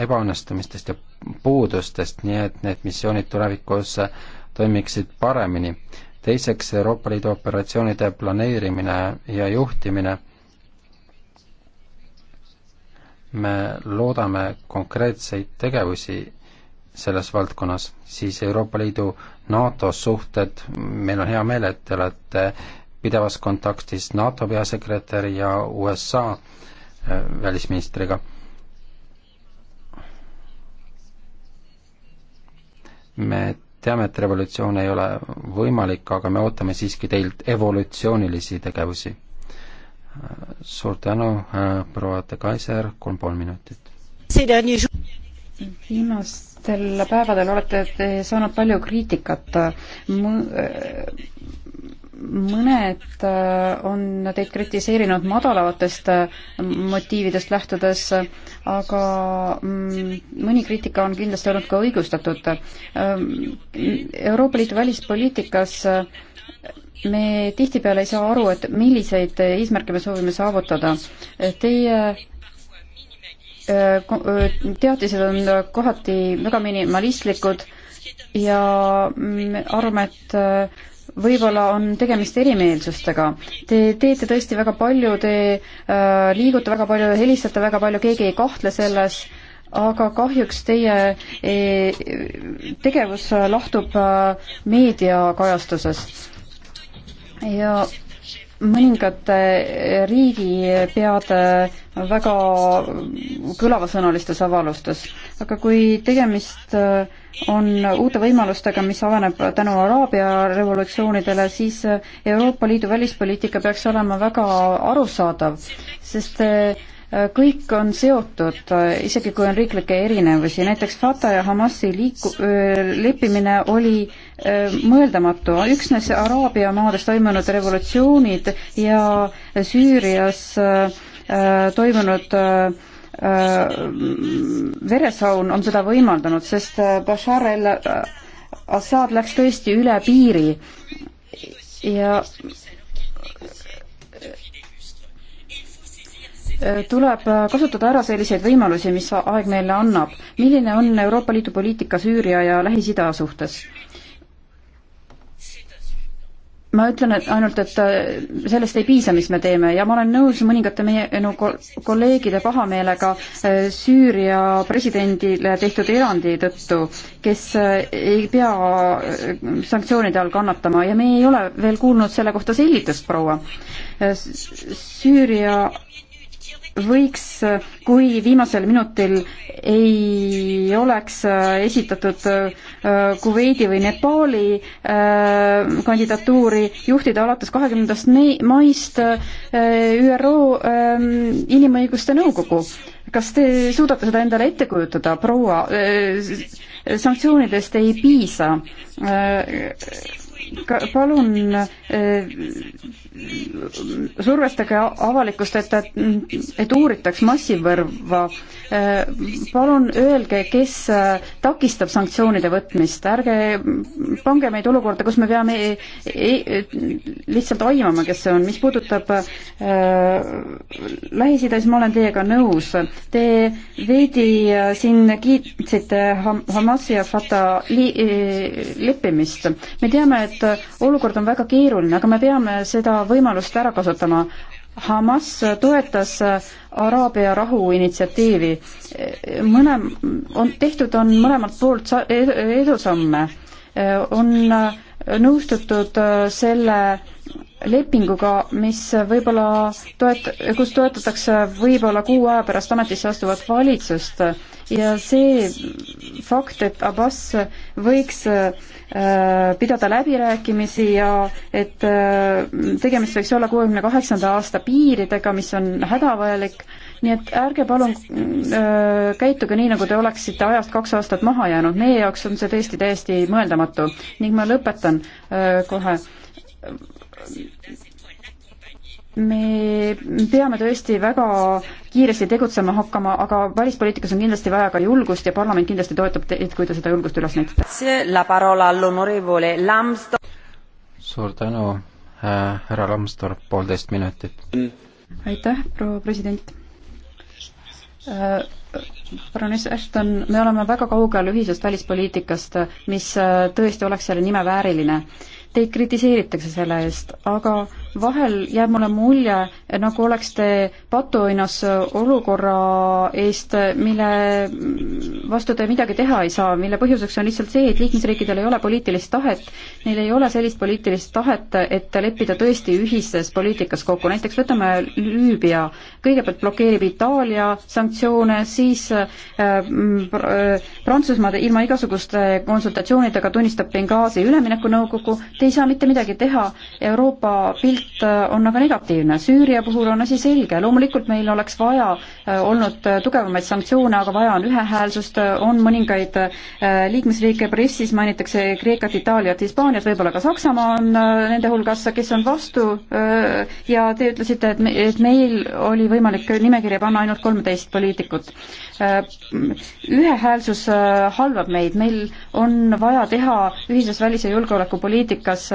ebaõnnestumistest ja puudustest, nii et need missioonid tulevikus toimiksid paremini. teiseks, Euroopa Liidu operatsioonide planeerimine ja juhtimine me loodame konkreetseid tegevusi selles valdkonnas, siis Euroopa Liidu NATO suhted, meil on hea meel, et te olete pidevas kontaktis NATO peasekretäri ja USA äh, välisministriga me teame, et revolutsioon ei ole võimalik, aga me ootame siiski teilt evolutsioonilisi tegevusi suur tänu, äh, proua De Kaiser, kolm-pool minutit. viimastel päevadel olete te saanud palju kriitikat äh, mõned äh, on teid kritiseerinud madalamatest motiividest lähtudes, aga mm, mõni kriitika on kindlasti olnud ka õigustatud. Mm, Euroopa Liidu välispoliitikas me tihtipeale ei saa aru, et milliseid eesmärke me soovime saavutada. Teie äh, äh, teatised on kohati väga minimalistlikud ja arvame, et äh, võib-olla on tegemist erimeelsustega. Te teete tõesti väga palju, te äh, liigute väga palju, helistate väga palju, keegi ei kahtle selles, aga kahjuks teie e, tegevus lahtub äh, meediakajastusest ja mõningate riigipeade väga kõlavasõnalistes avalustes. aga kui tegemist äh, on uute võimalustega, mis avaneb tänu Araabia revolutsioonidele, siis äh, Euroopa Liidu välispoliitika peaks olema väga arusaadav, sest äh, kõik on seotud, isegi kui on riiklikke erinevusi, näiteks Fatah ja Hamasi liiku-, leppimine oli mõeldamatu, üksnes Araabia maades toimunud revolutsioonid ja Süürias toimunud veresaun on seda võimaldanud, sest Bashar el-Assad läks tõesti üle piiri ja Äh, tuleb äh, kasutada ära selliseid võimalusi, mis aeg meile annab. milline on Euroopa Liidu poliitika Süüria ja Lähis-Ida suhtes? ma ütlen et ainult, et äh, sellest ei piisa, mis me teeme ja ma olen nõus mõningate meie no, kolleegide pahameelega Süüria presidendile tehtud erandi tõttu, kes ei pea sanktsioonide all kannatama ja me ei ole veel kuulnud selle kohta selgitust, proua. Süüria võiks, kui viimasel minutil ei oleks äh, esitatud äh, Kuveidi või Nepaali äh, kandidatuuri, juhtida alates kahekümnendast maist ÜRO ähm, Inimõiguste Nõukogu. kas te suudate seda endale ette kujutada, proua? sanktsioonidest ei piisa. palun survestage avalikkust, et, et, et uuritaks massivõrva. palun öelge, kes takistab sanktsioonide võtmist, ärge pange meid olukorda, kus me peame e e lihtsalt aimama, kes see on. mis puudutab äh, Lähis-Ida, siis ma olen teiega nõus. Te veidi äh, siin kiitsite Hamasi ja Fatah li e, leppimist. me teame, et olukord on väga keeruline, aga me peame seda võimalust ära kasutama. Hamas toetas Araabia rahuinitsiatiivi. mõne, on tehtud, on mõlemalt poolt edusamme. on nõustutud selle lepinguga, mis võib-olla toet-, kus toetatakse võib-olla kuu aja pärast ametisse astuvat valitsust ja see fakt, et Abbas võiks äh, Äh, pidada läbirääkimisi ja et äh, tegemist võiks olla kuuekümne kaheksanda aasta piiridega, mis on hädavajalik, nii et ärge palun äh, käituge nii, nagu te oleksite ajast kaks aastat maha jäänud, meie jaoks on see tõesti täiesti mõeldamatu ning ma lõpetan kohe me peame tõesti väga kiiresti tegutsema hakkama, aga välispoliitikas on kindlasti vaja ka julgust ja parlament kindlasti toetab teid, kui te seda julgust üles näitate. suur tänu, härra Lambsdorff, poolteist minutit. aitäh, proua president äh, Baroness Ashton, me oleme väga kaugel ühisest välispoliitikast, mis äh, tõesti oleks selle nime vääriline. Teid kritiseeritakse selle eest, aga vahel jääb mulle mulje, nagu oleks te patuoinas olukorra eest, mille vastu te midagi teha ei saa, mille põhjuseks on lihtsalt see, et liikmesriikidel ei ole poliitilist tahet, neil ei ole sellist poliitilist tahet, et leppida tõesti ühises poliitikas kokku, näiteks võtame Lüübia, kõigepealt blokeerib Itaalia sanktsioone, siis äh, äh, Prantsusmaa ilma igasuguste konsultatsioonidega tunnistab Benghazi üleminekunõukogu, te ei saa mitte midagi teha, Euroopa pilt poolt äh, on aga negatiivne. Süüria puhul on asi selge, loomulikult meil oleks vaja äh, olnud äh, tugevamaid sanktsioone, aga vaja on ühehäälsust, on mõningaid liikmesriike, pressis mainitakse Kreekat, Itaaliat, Hispaaniat, võib-olla ka Saksamaa on nende hulgas, kes on vastu ja te ütlesite, et me, et meil oli võimalik nimekirja panna ainult kolmteist poliitikut. ühehäälsus halvab meid, meil on vaja teha ühises välis- ja julgeolekupoliitikas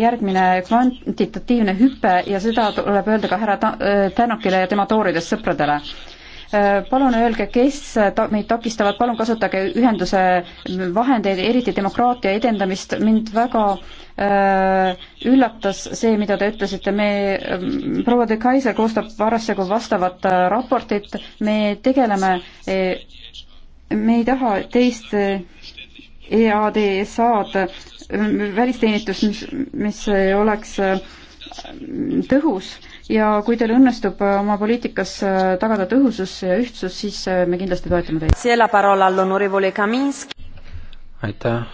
järgmine kvanti-, kvantitatiivne hüpe ja seda tuleb öelda ka härra äh, Tänakile ja tema tooridest sõpradele äh, palun öelge, kes ta-, meid takistavad, palun kasutage ühenduse vahendeid, eriti demokraatia edendamist, mind väga äh, üllatas see, mida te ütlesite, me äh,, proua de Kaiser koostab parasjagu vastavat äh, raportit, me tegeleme äh,, me ei taha teist äh, EADSA-d, välisteenistust, mis, mis oleks äh, tõhus ja kui teil õnnestub äh, oma poliitikas äh, tagada tõhusus ja ühtsus, siis me kindlasti toetame teid. aitäh,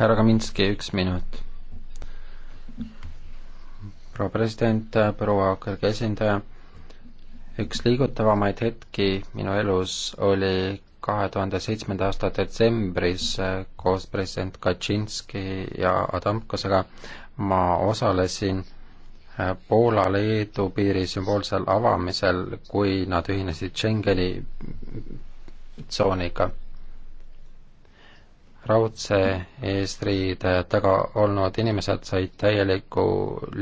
härra Kaminski, üks minut. proua president, proua kõrge esindaja, üks liigutavamaid hetki minu elus oli kahe tuhande seitsmenda aasta detsembris äh, koos president Kaczynski ja Adamkosega ma osalesin äh, Poola-Leedu piiri sümboolsel avamisel, kui nad ühinesid Schengeni tsooniga. raudse eesriide taga olnud inimesed said täieliku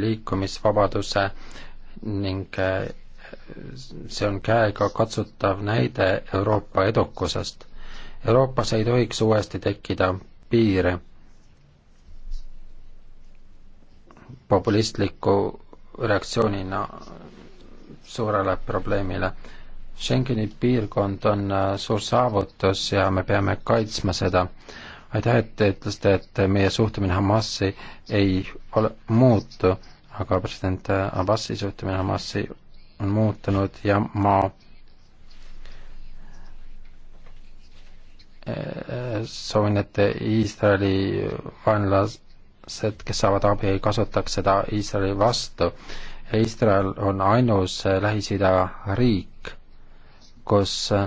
liikumisvabaduse ning äh, see on käega katsutav näide Euroopa edukusest. Euroopas ei tohiks uuesti tekkida piire populistliku reaktsioonina suurele probleemile. Schengeni piirkond on äh, suur saavutus ja me peame kaitsma seda. aitäh, et te ütlesite, et meie suhtumine Hamasi ei ole, muutu, aga president äh, Abbasi suhtumine Hamasi on muutunud ja ma äh, soovin, et Iisraeli vaenlased, kes saavad abi, ei kasutaks seda Iisraeli vastu. Iisrael on ainus äh, Lähis-Ida riik, kus äh,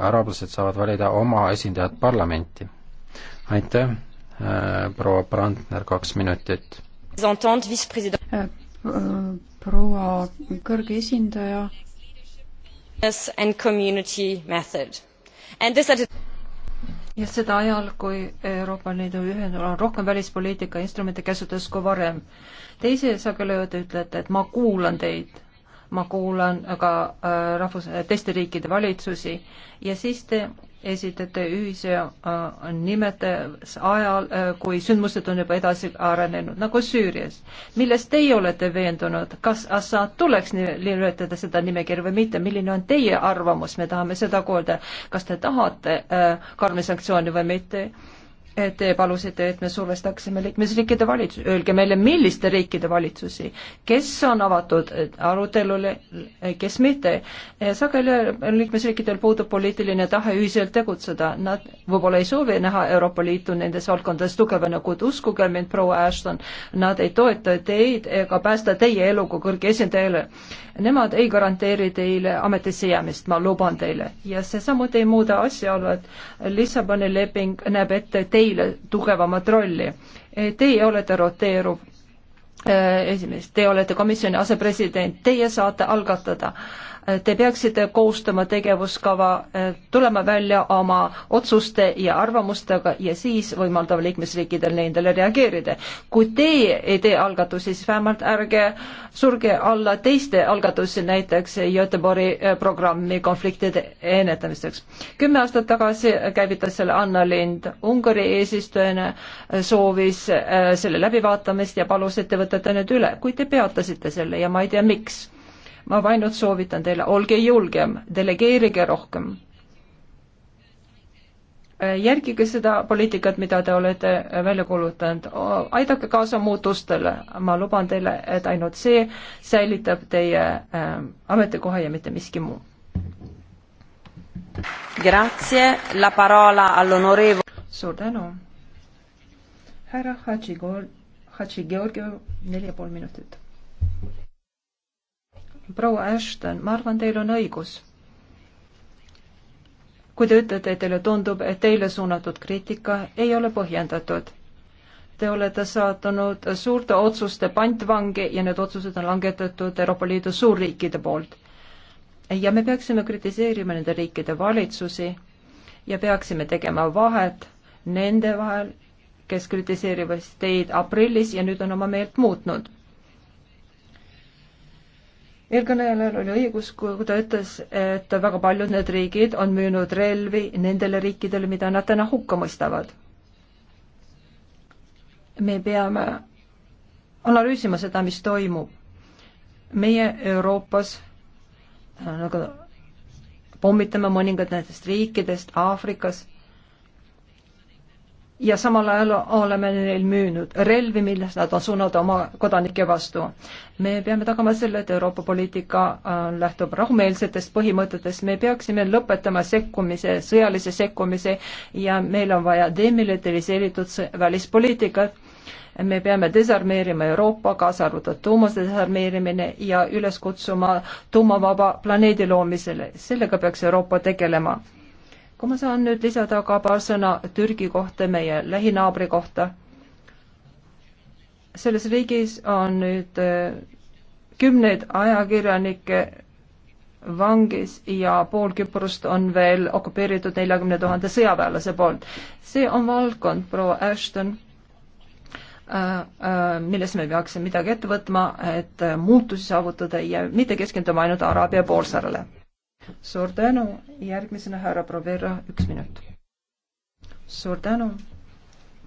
araablased saavad valida oma esindajad parlamenti. aitäh, proua Brandner, kaks minutit. Äh, proua kõrge esindaja. And community method and this at a ja seda ajal, kui Euroopa Liidu ühendul on rohkem välispoliitika instrumente käsutuses kui varem. teise sageli te ütlete, et ma kuulan teid, ma kuulan ka äh, rahvus äh,, teiste riikide valitsusi ja siis te esitate ühise äh, nimetes ajal, äh, kui sündmused on juba edasi arenenud, nagu Süürias. milles teie olete veendunud, kas Assad tuleks nimetada seda nimekirja või mitte, milline on teie arvamus, me tahame seda kuulda, kas te tahate äh, karmi sanktsioone või mitte? Te palusite, et me survestaksime liikmesriikide valitsusi. Öelge meile, milliste riikide valitsusi, kes on avatud arutelule, kes mitte. sageli liikmesriikidel puudub poliitiline tahe ühiselt tegutseda. Nad võib-olla ei soovi näha Euroopa Liitu nendes valdkondades tugevana, kuid uskuge mind, proua Ashton, nad ei toeta teid ega päästa teie elu kui kõrge esindajale. Nemad ei garanteeri teile ametisse jäämist, ma luban teile. ja see samuti ei muuda asjaolu, et Lissaboni leping näeb ette teie teile tugevamat rolli. Teie olete roteeruv äh, esimees, te olete komisjoni asepresident, teie saate algatada äh, Te peaksite koostama tegevuskava, eh, tulema välja oma otsuste ja arvamustega ja siis võimaldama liikmesriikidel nendele reageerida. kui teie ei tee algatusi, siis vähemalt ärge surge alla teiste algatusi, näiteks Göteborgi eh, programmi konfliktide ennetamiseks. kümme aastat tagasi käivitas selle Anna Lind Ungari eesistujana, eh, soovis selle läbivaatamist ja palus ettevõtete nüüd üle, kuid te peatasite selle ja ma ei tea, miks ma ainult soovitan teile, olge julgem, delegeerige rohkem. Äh, järgige seda poliitikat, mida te olete äh, välja kuulutanud, aidake kaasa muutustele, ma luban teile, et ainult see säilitab teie äh, ametikoha ja mitte miski muu. Grazie, la parola all'onorevo-. suur tänu. härra Hadži Georgiev, neli ja pool minutit proua Ashton, ma arvan, teil on õigus. kui te ütlete, et teile tundub, et teile suunatud kriitika ei ole põhjendatud. Te olete saatanud suurte otsuste pantvangi ja need otsused on langetatud Euroopa Liidu suurriikide poolt. ja me peaksime kritiseerima nende riikide valitsusi ja peaksime tegema vahet nende vahel, kes kritiseerivad teid aprillis ja nüüd on oma meelt muutnud eelkõnelejal oli õigus, kui ta ütles, et väga paljud need riigid on müünud relvi nendele riikidele, mida nad täna hukka mõistavad. me peame analüüsima seda, mis toimub. meie Euroopas nagu pommitame mõningad nendest riikidest Aafrikas ja samal ajal oleme neil müünud relvi, milles nad on suunanud oma kodanike vastu. me peame tagama selle, et Euroopa poliitika äh, lähtub rahumeelsetest põhimõtetest, me peaksime lõpetama sekkumise, sõjalise sekkumise ja meil on vaja demilitariseeritud välispoliitikat. me peame desarmeerima Euroopa, kaasa arvatud tuumase desarmeerimine ja üles kutsuma tuumavaba planeedi loomisele, sellega peaks Euroopa tegelema kui ma saan nüüd lisada ka paar sõna Türgi kohta, meie lähinaabri kohta. selles riigis on nüüd äh, kümneid ajakirjanikke vangis ja pool Küprost on veel okupeeritud neljakümne tuhande sõjaväelase poolt. see on valdkond, proua Ashton, äh, äh, milles me peaksime midagi ette võtma, et muutusi saavutada ja mitte keskenduma ainult Araabia poolsaarele suur tänu, järgmisena härra Provera, üks minut. suur tänu,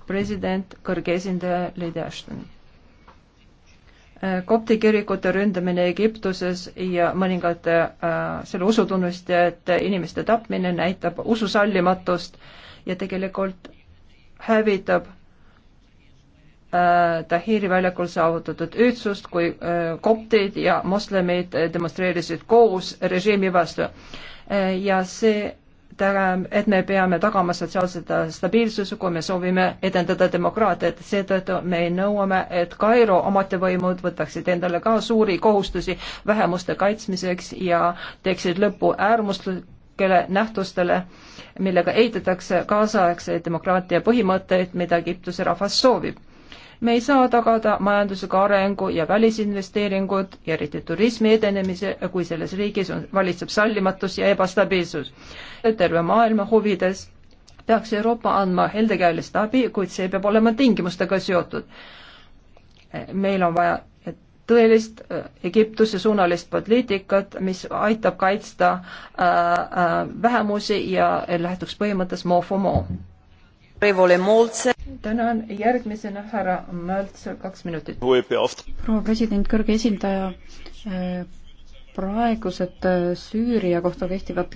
president, kõrge esindaja Lady Ashton äh, kopti kirikute ründamine Egiptuses ja mõningate äh, selle usutunnistajate inimeste tapmine näitab ususallimatust ja tegelikult hävitab Äh, Tahiri väljakul saavutatud ühtsust, kui äh, kopteid ja moslemid demonstreerisid koos režiimi vastu. Äh, ja see tähendab, et me peame tagama sotsiaalse stabiilsuse, kui me soovime edendada demokraatiat, seetõttu me nõuame, et Kairo ametivõimud võtaksid endale ka suuri kohustusi vähemuste kaitsmiseks ja teeksid lõpu äärmuslikele nähtustele, millega eitatakse kaasaegse demokraatia põhimõtteid, mida Egiptuse rahvas soovib me ei saa tagada majandusega arengu ja välisinvesteeringud ja eriti turismi edenemise, kui selles riigis on, valitseb sallimatus ja ebastabiilsus. terve maailma huvides peaks Euroopa andma heldekäelist abi, kuid see peab olema tingimustega seotud. meil on vaja tõelist äh, Egiptuse suunalist poliitikat, mis aitab kaitsta äh, äh, vähemusi ja lähtuks põhimõttest more for more tänan, järgmisena härra Möltsal kaks minutit. proua president, kõrge esindaja, äh, praegused äh, Süüria kohta kehtivad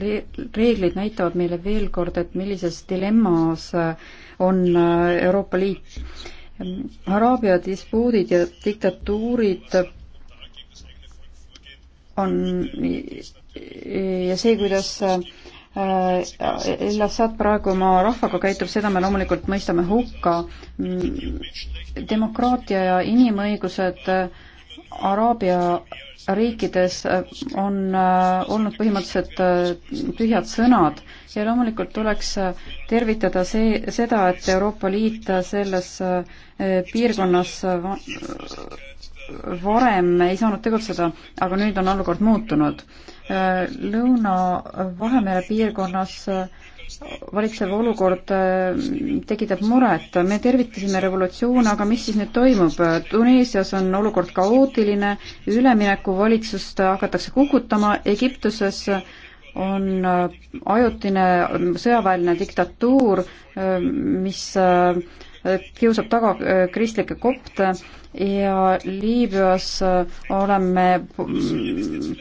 reeglid näitavad meile veel kord, et millises dilemmas äh, on Euroopa Liit. Araabia dispuudid ja diktatuurid on ja see, kuidas Al-Assad äh, praegu oma rahvaga käitub, seda me loomulikult mõistame hukka. Mm, demokraatia ja inimõigused äh, Araabia riikides äh, on olnud põhimõtteliselt tühjad sõnad ja loomulikult tuleks tervitada see, seda, et Euroopa Liit selles piirkonnas varem ei saanud tegutseda, aga nüüd on olukord muutunud Lõuna-Vahemere piirkonnas valitsev olukord äh, tekitab muret. me tervitasime revolutsioone, aga mis siis nüüd toimub? Tuneesias on olukord kaootiline, üleminekuvalitsust hakatakse kukutama, Egiptuses on äh, ajutine sõjaväeline diktatuur, äh, mis kiusab taga kristlikke kopte ja Liibüas äh, oleme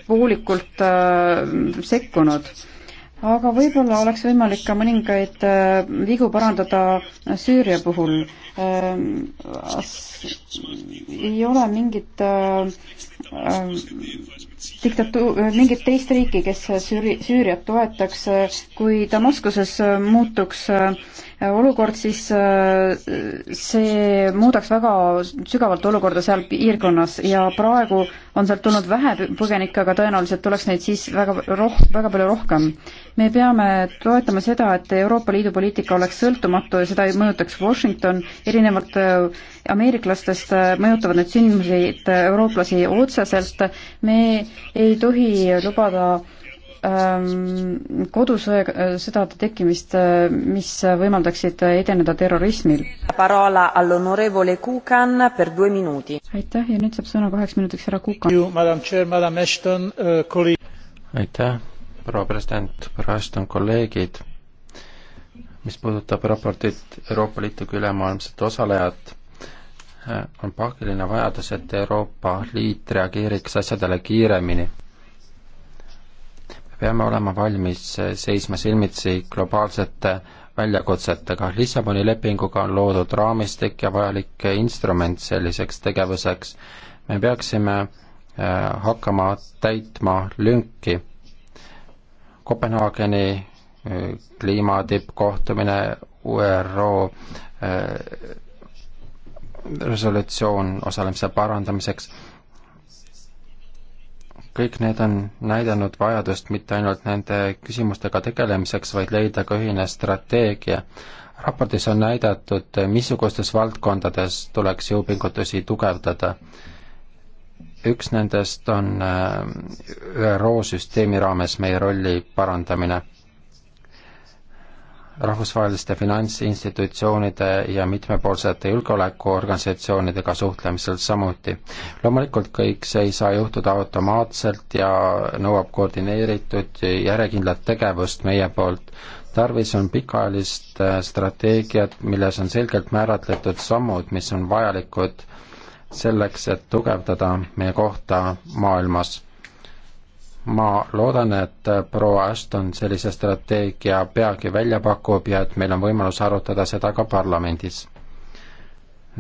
poolikult äh, sekkunud aga võib-olla oleks võimalik ka mõningaid äh, vigu parandada Süüria puhul. ei ole mingit diktatuur, mingit teist riiki, kes Süüri-, Süüriat toetaks, kui Damaskuses muutuks äh, olukord, siis äh, see muudaks väga sügavalt olukorda seal piirkonnas ja praegu on sealt tulnud vähe põgenikke, aga tõenäoliselt tuleks neid siis väga roh-, väga palju rohkem. me peame toetama seda, et Euroopa Liidu poliitika oleks sõltumatu ja seda ei mõjutaks Washington, erinevalt äh, ameeriklastest äh, mõjutavad need sündmused eurooplasi otseselt. me ei tohi lubada ähm, kodusõdade äh, tekkimist, äh, mis võimaldaksid edeneda terrorismil. aitäh ja nüüd saab sõna kaheks minutiks härra Kukan. aitäh, proua president, proua Ashton, kolleegid. mis puudutab raportit Euroopa Liidu kui ülemaailmset osalejat on pakiline vajadus, et Euroopa Liit reageeriks asjadele kiiremini. me peame olema valmis seisma silmitsi globaalsete väljakutsetega. Lissaboni lepinguga on loodud raamistik ja vajalik instrument selliseks tegevuseks. me peaksime äh, hakkama täitma lünki. Kopenhaageni äh, kliimatippkohtumine, ÜRO resolutsioon osalemise parandamiseks. kõik need on näidanud vajadust mitte ainult nende küsimustega tegelemiseks, vaid leida ka ühine strateegia. raportis on näidatud, missugustes valdkondades tuleks jõupingutusi tugevdada. üks nendest on äh, ÜRO süsteemi raames meie rolli parandamine rahvusvaheliste finantsinstitutsioonide ja mitmepoolsete julgeolekuorganisatsioonidega suhtlemisel samuti. loomulikult kõik see ei saa juhtuda automaatselt ja nõuab koordineeritud järjekindlat tegevust meie poolt. tarvis on pikaajalist äh, strateegiat, milles on selgelt määratletud sammud, mis on vajalikud selleks, et tugevdada meie kohta maailmas ma loodan, et proua Ashton sellise strateegia peagi välja pakub ja et meil on võimalus arutada seda ka parlamendis.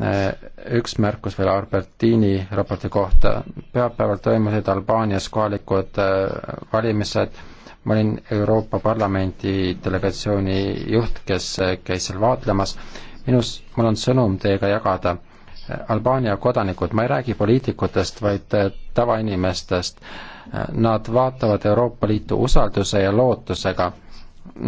Äh, üks märkus veel Albertini raporti kohta, pühapäeval toimusid Albaanias kohalikud äh, valimised, ma olin Euroopa Parlamendi delegatsiooni juht, kes äh, käis seal vaatlemas, minus, mul on sõnum teiega jagada Albaania kodanikud, ma ei räägi poliitikutest, vaid tavainimestest, Nad vaatavad Euroopa Liitu usalduse ja lootusega.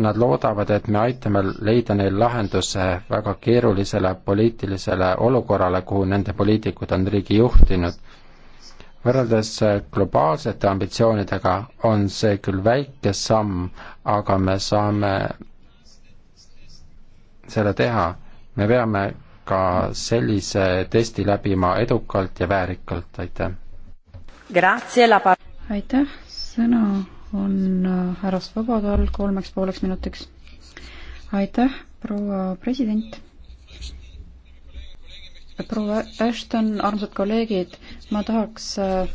Nad loodavad, et me aitame leida neil lahenduse väga keerulisele poliitilisele olukorrale, kuhu nende poliitikud on riigi juhtinud. võrreldes globaalsete ambitsioonidega on see küll väike samm, aga me saame selle teha. me peame ka sellise testi läbima edukalt ja väärikalt, aitäh! aitäh, sõna on äh, härra Svobodal kolmeks pooleks minutiks. aitäh, proua president. proua Ashton, armsad kolleegid, ma tahaks äh,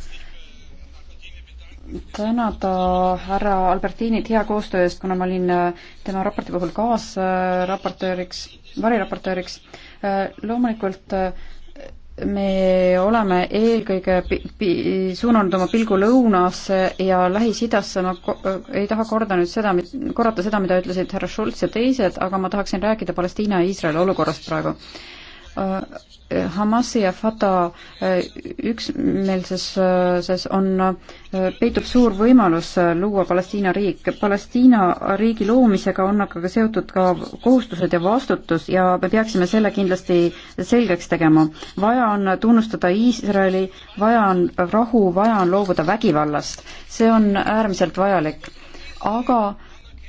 tänada härra Albertinit hea koostöö eest, kuna ma olin äh, tema raporti puhul kaasraportööriks, variraportööriks. loomulikult äh, me oleme eelkõige suunanud oma pilgu lõunasse ja Lähis-Idasse, ma ei taha korda nüüd seda, korrata seda, mida ütlesid härra Schultz ja teised, aga ma tahaksin rääkida Palestiina ja Iisraeli olukorrast praegu. Äh, äh, Hamasi ja Fata äh, üksmeelsuses on, peitub suur võimalus luua Palestiina riik. Palestiina riigi loomisega on aga seotud ka kohustused ja vastutus ja me peaksime selle kindlasti selgeks tegema. vaja on tunnustada Iisraeli, vaja on rahu, vaja on loobuda vägivallast. see on äärmiselt vajalik. aga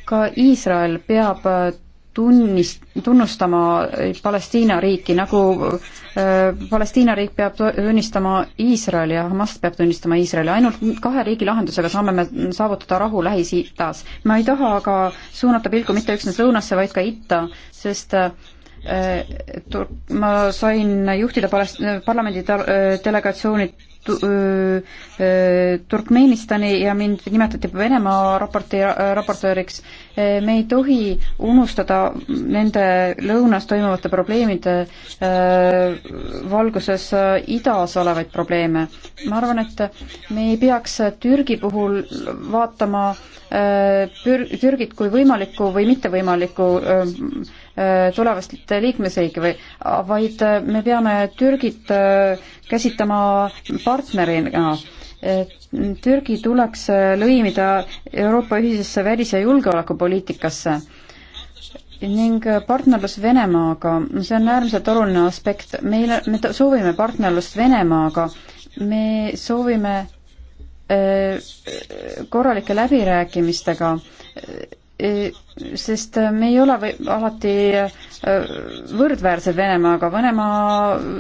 ka Iisrael peab tunnis, tunnustama Palestiina riiki, nagu äh, Palestiina riik peab tunnistama Iisraeli ja Hamas peab tunnistama Iisraeli. ainult kahe riigi lahendusega saame me saavutada rahu Lähis-Idas. ma ei taha aga suunata pilgu mitte üksnes lõunasse, vaid ka itta, sest äh, ma sain juhtida palest-, parlamendi äh, delegatsiooni Turkmenistani ja mind nimetati Venemaa raporti raportööriks. me ei tohi unustada nende lõunas toimuvate probleemide valguses idas olevaid probleeme. ma arvan, et me ei peaks Türgi puhul vaatama Türgit kui võimalikku või mittevõimalikku Äh, tulevast liikmesriiki või, vaid äh, me peame Türgit äh, käsitlema partnerina. Türgi tuleks lõimida Euroopa ühisesse välis- ja julgeolekupoliitikasse ning partnerlus Venemaaga, see on äärmiselt oluline aspekt, meil, me soovime partnerlust Venemaaga, me soovime korralike läbirääkimistega sest me ei ole või, alati äh, võrdväärsed Venemaaga, Venemaa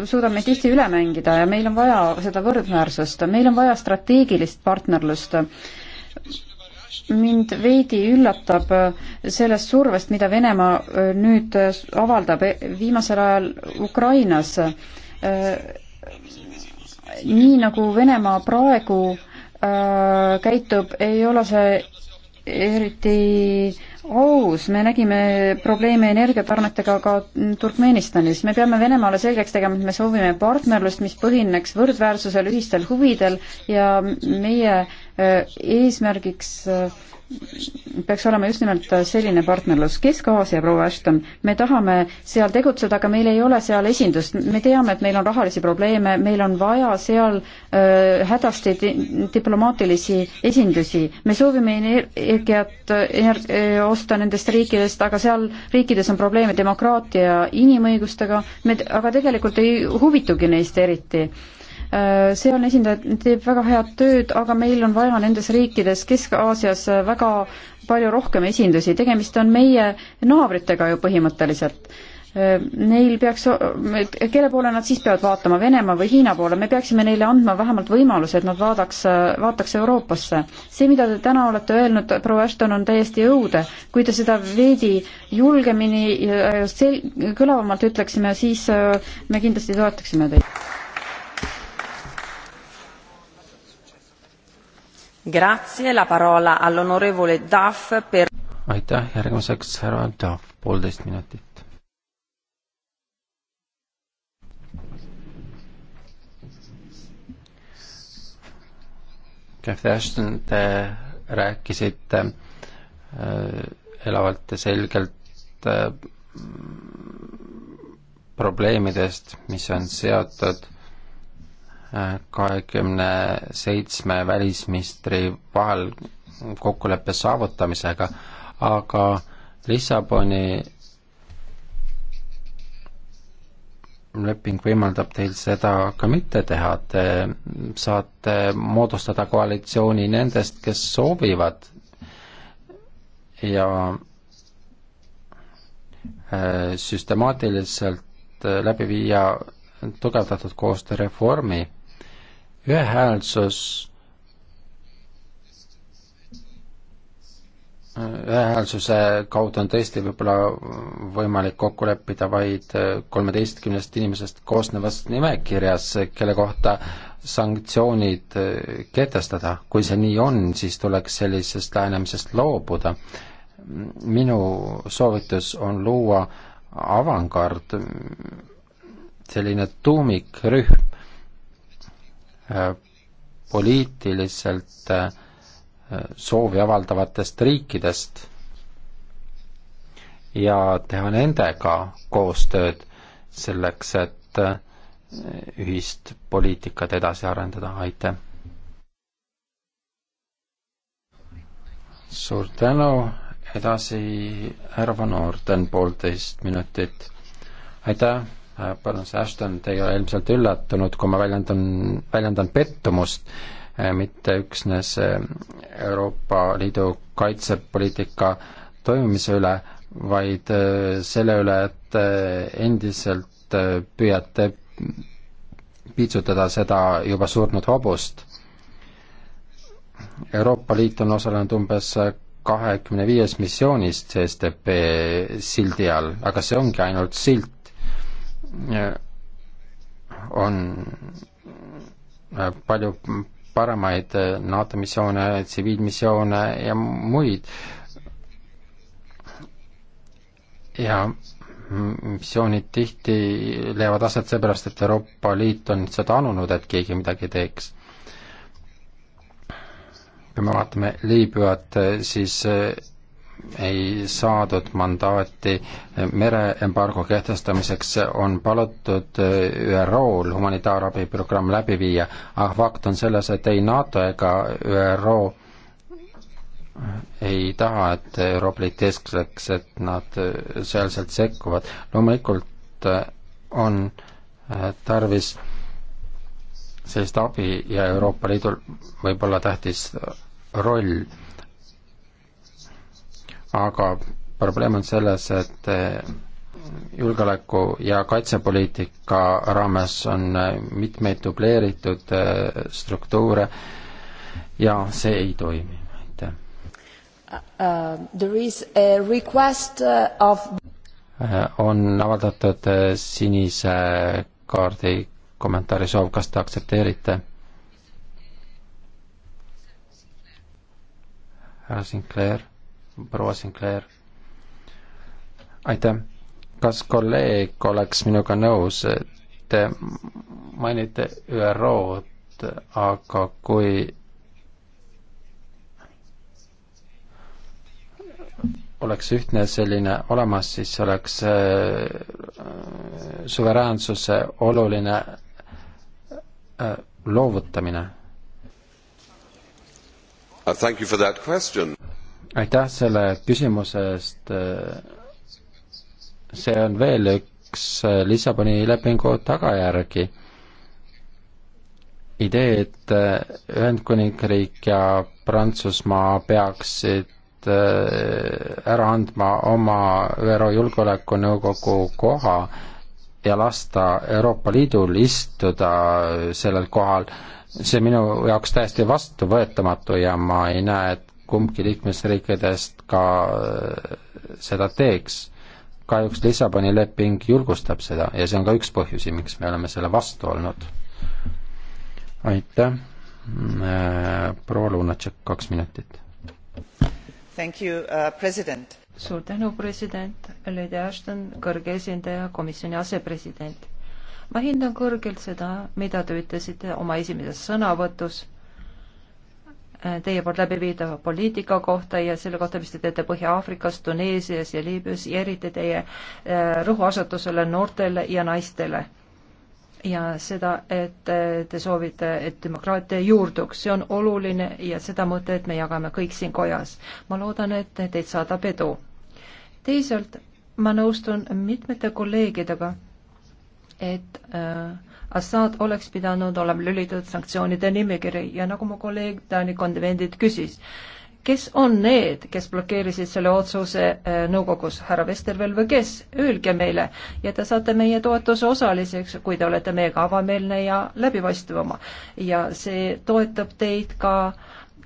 suudab meid tihti üle mängida ja meil on vaja seda võrdväärsust, meil on vaja strateegilist partnerlust. mind veidi üllatab äh, sellest survest, mida Venemaa äh, nüüd avaldab eh, viimasel ajal Ukrainas. nii nagu Venemaa praegu käitub, ei ole see eriti aus, me nägime probleeme energiatarnetega ka Turkmenistanis. me peame Venemaale selgeks tegema, et me soovime partnerlust, mis põhineks võrdväärsusel, ühistel huvidel ja meie äh, Äh, eesmärgiks äh, peaks olema just nimelt äh, selline partnerlus. Kesk-Aasia, proua Ashton, me tahame seal tegutseda, aga meil ei ole seal esindust. me teame, et meil on rahalisi probleeme, meil on vaja seal äh, hädasti diplomaatilisi esindusi. me soovime energiat ener osta nendest riikidest, aga seal riikides on probleeme demokraatia, inimõigustega, me aga tegelikult ei huvitugi neist eriti äh, Äh, seal esindaja teeb väga head tööd, aga meil on vaja nendes riikides Kesk-Aasias äh, väga palju rohkem esindusi, tegemist on meie naabritega ju põhimõtteliselt äh, neil peaks, kelle poole nad siis peavad vaatama, Venemaa või Hiina poole, me peaksime neile andma vähemalt võimaluse, et nad vaadaks, vaataks Euroopasse. see, mida te täna olete öelnud, proua Ashton, on täiesti õude. kui te seda veidi julgemini ja sel-, kõlavamalt ütleksime, siis me kindlasti toetaksime teid. Per... aitäh, järgmiseks härra Duff, poolteist minutit. Cathy Ashton, te rääkisite äh, elavalt ja selgelt äh, probleemidest, mis on seotud kahekümne seitsme välisministri vahel kokkuleppe saavutamisega, aga Lissaboni leping võimaldab teil seda ka mitte teha, te saate moodustada koalitsiooni nendest, kes soovivad ja äh, süstemaatiliselt äh, läbi viia tugevdatud koostööreformi ühehäälsus, ühehäälsuse kaudu on tõesti võib-olla võimalik kokku leppida vaid kolmeteistkümnest inimesest koosnevas nimekirjas, kelle kohta sanktsioonid kehtestada. kui see nii on, siis tuleks sellisest lähenemisest loobuda. minu soovitus on luua avangard, selline tuumikrühm, Äh, poliitiliselt äh, soovi avaldavatest riikidest ja teha nendega koostööd selleks, et äh, ühist poliitikat edasi arendada, aitäh! suur tänu, edasi härra Van Orden, poolteist minutit, aitäh! Barnes äh, Ashton, te ei ole ilmselt üllatunud, kui ma väljendan, väljendan pettumust, äh, mitte üksnes äh, Euroopa Liidu kaitsepoliitika toimimise üle, vaid selle üle, et endiselt püüate piitsutada seda juba surnud hobust. Euroopa Liit on osalenud umbes kahekümne viies missioonist CSTP sildi all, aga see ongi ainult silt, on palju paremaid NATO missioone, tsiviilmissioone ja muid. ja missioonid tihti leiavad aset seepärast, et Euroopa Liit on seda anunud, et keegi midagi teeks. kui me vaatame Liibüat, siis ei saadud mandaati mereembargo kehtestamiseks, on palutud ÜRO-l humanitaarabiprogramm läbi viia, aga fakt on selles, et ei NATO ega ÜRO ei taha, et Euroopa Liit keskseks, et nad sealselt sekkuvad. loomulikult on tarvis sellist abi ja Euroopa Liidul võib olla tähtis roll aga probleem on selles, et eh, julgeoleku- ja kaitsepoliitika raames on eh, mitmeid dubleeritud eh, struktuure ja see ei toimi, aitäh. Uh, uh, uh, on avaldatud sinise kaardi kommentaari soov, kas te aktsepteerite? härra Sinclair proua Sinclair. aitäh. kas kolleeg oleks minuga nõus, te mainite ÜRO-d, aga kui oleks ühtne selline olemas, siis oleks äh, suveräänsuse oluline äh, loovutamine. Uh, thank you for that question aitäh selle küsimuse eest. see on veel üks Lissaboni lepingu tagajärgi. idee, et Ühendkuningriik ja Prantsusmaa peaksid äh, ära andma oma ÜRO Julgeolekunõukogu koha ja lasta Euroopa Liidul istuda sellel kohal see minu jaoks täiesti vastuvõetamatu ja ma ei näe, et kumbki liikmesriikidest ka äh, seda teeks. kahjuks Lissaboni leping julgustab seda ja see on ka üks põhjusi, miks me oleme selle vastu olnud. aitäh, äh, proua Lunatšek, kaks minutit. Thank you uh,, president. suur tänu, president, Lady Ashton, kõrge esindaja, komisjoni asepresident. ma hindan kõrgelt seda, mida te ütlesite oma esimeses sõnavõtus Äh, teie poolt läbiviidava poliitika kohta ja selle kohta, mis te teete Põhja-Aafrikas, Tuneesias ja Liibüas ja eriti teie äh, rõhuasetusele noortele ja naistele. ja seda, et äh, te soovite, et demokraatia juurduks, see on oluline ja seda mõtet me jagame kõik siin kojas. ma loodan, et teid saadab edu. teisalt ma nõustun mitmete kolleegidega, et äh, Assad oleks pidanud olema lülitud sanktsioonide nimekiri ja nagu mu kolleeg Taani Kondivendit küsis, kes on need, kes blokeerisid selle otsuse äh, nõukogus, härra Vestervel või kes, öelge meile ja te saate meie toetuse osaliseks, kui te olete meiega avameelne ja läbipaistvama. ja see toetab teid ka,